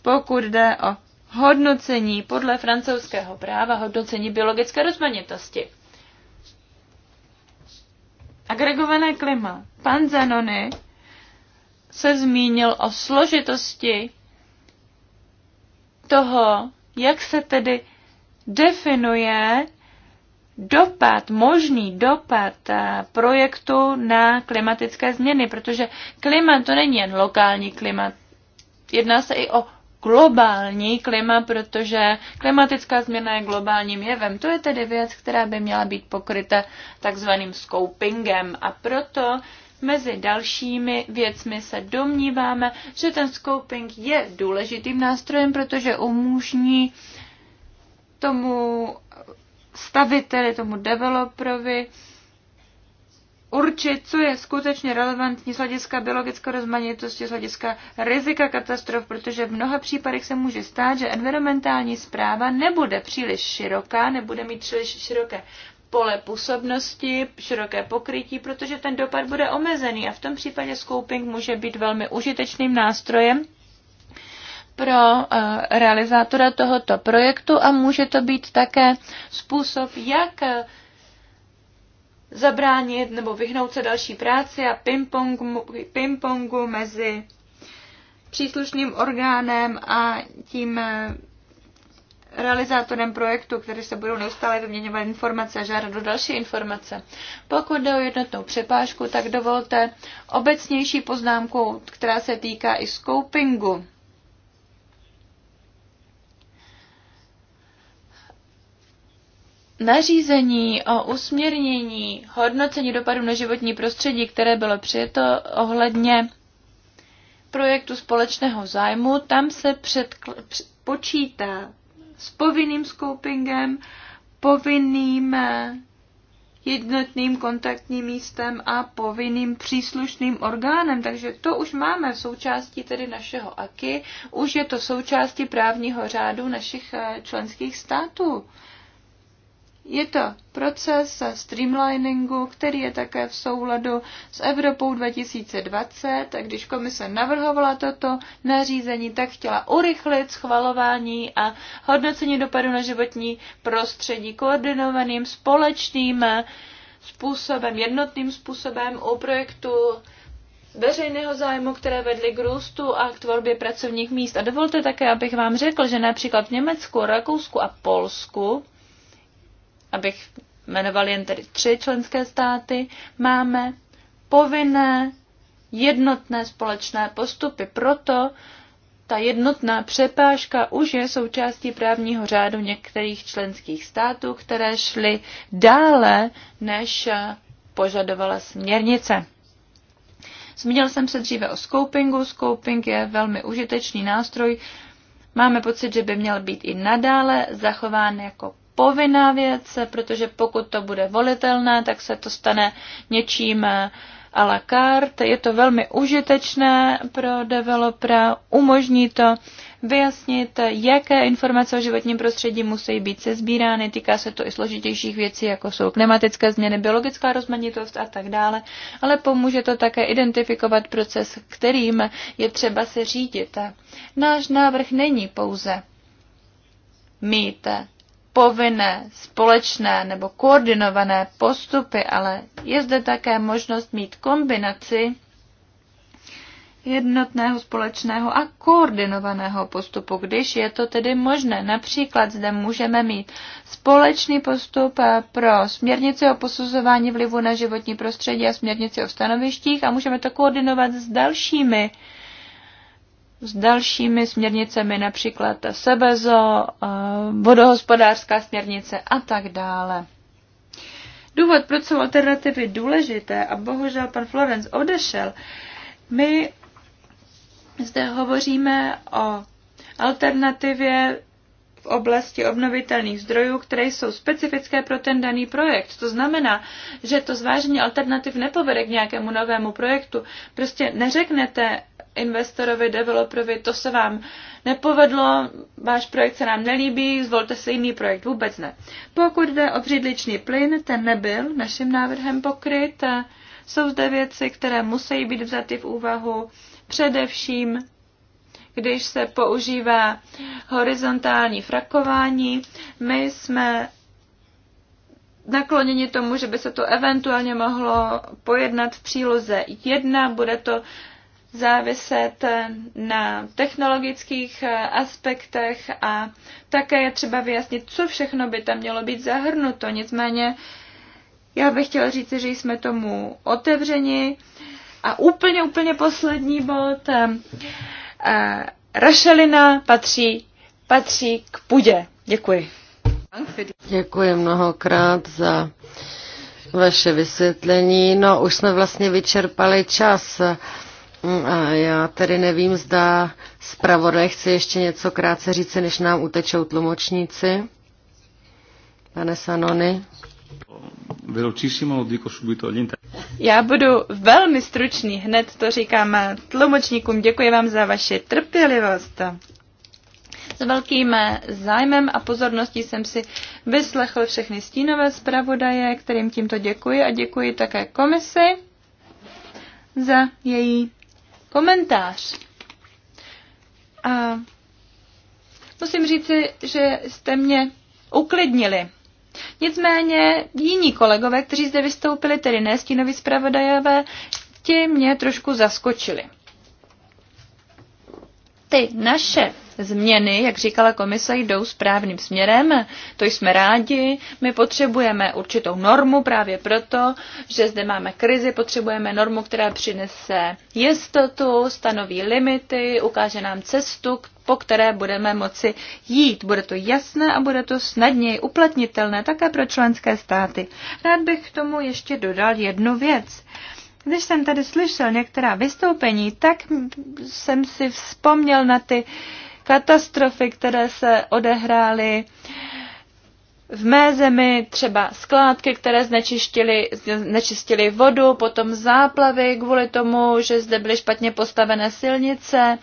Pokud jde o hodnocení podle francouzského práva, hodnocení biologické rozmanitosti. Agregované klima. Pan Zanony se zmínil o složitosti toho, jak se tedy definuje dopad, možný dopad eh, projektu na klimatické změny, protože klima to není jen lokální klima, jedná se i o globální klima, protože klimatická změna je globálním jevem. To je tedy věc, která by měla být pokryta takzvaným scopingem a proto Mezi dalšími věcmi se domníváme, že ten scoping je důležitým nástrojem, protože umožní tomu staviteli, tomu developerovi, určit, co je skutečně relevantní z hlediska biologické rozmanitosti, z hlediska rizika katastrof, protože v mnoha případech se může stát, že environmentální zpráva nebude příliš široká, nebude mít příliš široké pole působnosti, široké pokrytí, protože ten dopad bude omezený a v tom případě scoping může být velmi užitečným nástrojem, pro eh, realizátora tohoto projektu a může to být také způsob, jak eh, zabránit nebo vyhnout se další práci a pingpongu, pingpongu mezi příslušným orgánem a tím eh, realizátorem projektu, který se budou neustále vyměňovat informace a žádat do další informace. Pokud jde o jednotnou přepážku, tak dovolte obecnější poznámku, která se týká i scopingu. nařízení o usměrnění hodnocení dopadu na životní prostředí, které bylo přijeto ohledně projektu společného zájmu, tam se předkl- počítá s povinným scopingem, povinným eh, jednotným kontaktním místem a povinným příslušným orgánem. Takže to už máme v součástí tedy našeho AKI, už je to součástí právního řádu našich eh, členských států. Je to proces streamliningu, který je také v souladu s Evropou 2020. A když komise navrhovala toto nařízení, tak chtěla urychlit schvalování a hodnocení dopadu na životní prostředí koordinovaným společným způsobem, jednotným způsobem u projektu veřejného zájmu, které vedly k růstu a k tvorbě pracovních míst. A dovolte také, abych vám řekl, že například v Německu, Rakousku a Polsku abych jmenoval jen tedy tři členské státy, máme povinné jednotné společné postupy. Proto ta jednotná přepážka už je součástí právního řádu některých členských států, které šly dále, než požadovala směrnice. Zmínil jsem se dříve o scopingu. Scoping je velmi užitečný nástroj. Máme pocit, že by měl být i nadále zachován jako povinná věc, protože pokud to bude volitelné, tak se to stane něčím eh, a la carte. Je to velmi užitečné pro developera, umožní to vyjasnit, jaké informace o životním prostředí musí být sezbírány. Týká se to i složitějších věcí, jako jsou klimatické změny, biologická rozmanitost a tak dále, ale pomůže to také identifikovat proces, kterým je třeba se řídit. Náš návrh není pouze mít povinné, společné nebo koordinované postupy, ale je zde také možnost mít kombinaci jednotného, společného a koordinovaného postupu, když je to tedy možné. Například zde můžeme mít společný postup pro směrnici o posuzování vlivu na životní prostředí a směrnici o stanovištích a můžeme to koordinovat s dalšími uh, s dalšími směrnicemi, například Sebezo, eh, vodohospodářská směrnice a tak dále. Důvod, proč jsou alternativy důležité, a bohužel pan Florence odešel, my zde hovoříme o alternativě v oblasti obnovitelných zdrojů, které jsou specifické pro ten daný projekt. To znamená, že to zvážení alternativ nepovede k nějakému novému projektu. Prostě neřeknete investorovi, developerovi, to se vám nepovedlo, váš projekt se nám nelíbí, zvolte si jiný projekt. Vůbec ne. Pokud jde o břidličný plyn, ten nebyl naším návrhem pokryt. Jsou zde věci, které musí být vzaty v úvahu, především když se používá horizontální frakování. My jsme nakloněni tomu, že by se to eventuálně mohlo pojednat v příloze 1. Bude to záviset na technologických aspektech a také je třeba vyjasnit, co všechno by tam mělo být zahrnuto. Nicméně já bych chtěla říct, že jsme tomu otevřeni. A úplně, úplně poslední bod rašelina patří, patří k půdě. Děkuji. Děkuji mnohokrát za vaše vysvětlení. No, už jsme vlastně vyčerpali čas. Mm, a já tedy nevím, zda zpravodaj chce ještě něco krátce říci, než nám utečou tlumočníci. Pane Sanony. Já budu velmi stručný, hned to říkám tlumočníkům. Děkuji vám za vaši trpělivost. S velkým zájmem a pozorností jsem si vyslechl všechny stínové zpravodaje, kterým tímto děkuji a děkuji také komisi za její komentář. A musím říci, že jste mě uklidnili. Nicméně jiní kolegové, kteří zde vystoupili, tedy ne stínoví zpravodajové, ti mě trošku zaskočili ty naše změny, jak říkala komise, jdou správným směrem, to jsme rádi. My potřebujeme určitou normu právě proto, že zde máme krizi, potřebujeme normu, která přinese jistotu, stanoví limity, ukáže nám cestu, po které budeme moci jít. Bude to jasné a bude to snadněji uplatnitelné také pro členské státy. Rád bych k tomu ještě dodal jednu věc. Když jsem tady slyšel některá vystoupení, tak jsem si vzpomněl na ty katastrofy, které se odehrály v mé zemi, třeba skládky, které znečistily, znečistily vodu, potom záplavy kvůli tomu, že zde byly špatně postavené silnice,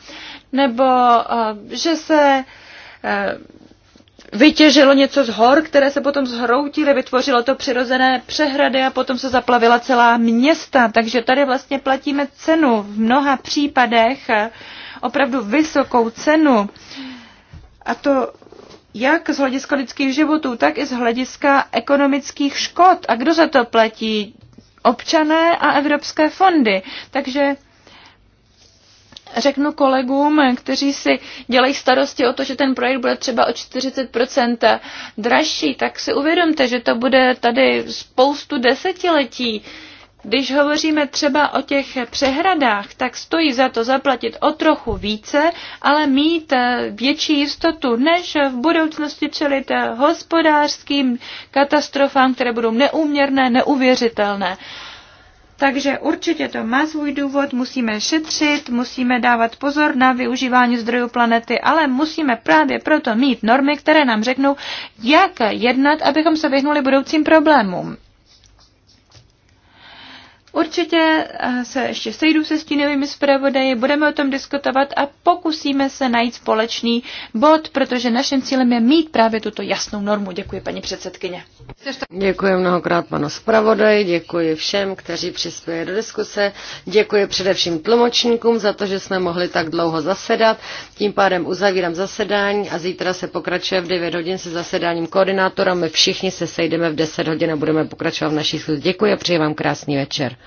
nebo eh, že se eh, vytěžilo něco z hor, které se potom zhroutily, vytvořilo to přirozené přehrady a potom se zaplavila celá města. Takže tady vlastně platíme cenu v mnoha případech, opravdu vysokou cenu. A to jak z hlediska lidských životů, tak i z hlediska ekonomických škod. A kdo za to platí? Občané a evropské fondy. Takže řeknu kolegům, kteří si dělají starosti o to, že ten projekt bude třeba o 40% dražší, tak si uvědomte, že to bude tady spoustu desetiletí. Když hovoříme třeba o těch přehradách, tak stojí za to zaplatit o trochu více, ale mít eh, větší jistotu, než v budoucnosti čelit eh, hospodářským katastrofám, které budou neuměrné, neuvěřitelné. Takže určitě to má svůj důvod, musíme šetřit, musíme dávat pozor na využívání zdrojů planety, ale musíme právě proto mít normy, které nám řeknou, jak jednat, abychom se vyhnuli budoucím problémům. Určitě eh, se ještě sejdu se stínovými zpravodaji, budeme o tom diskutovat a pokusíme se najít společný bod, protože naším cílem je mít právě tuto jasnou normu. Děkuji, paní předsedkyně. Děkuji mnohokrát panu zpravodaji, děkuji všem, kteří přispěli do diskuse, děkuji především tlumočníkům za to, že jsme mohli tak dlouho zasedat. Tím pádem uzavírám zasedání a zítra se pokračuje v 9 hodin se zasedáním koordinátora. My všichni se sejdeme v 10 hodin a budeme pokračovat v naší schůzi. Děkuji a přeji vám krásný večer.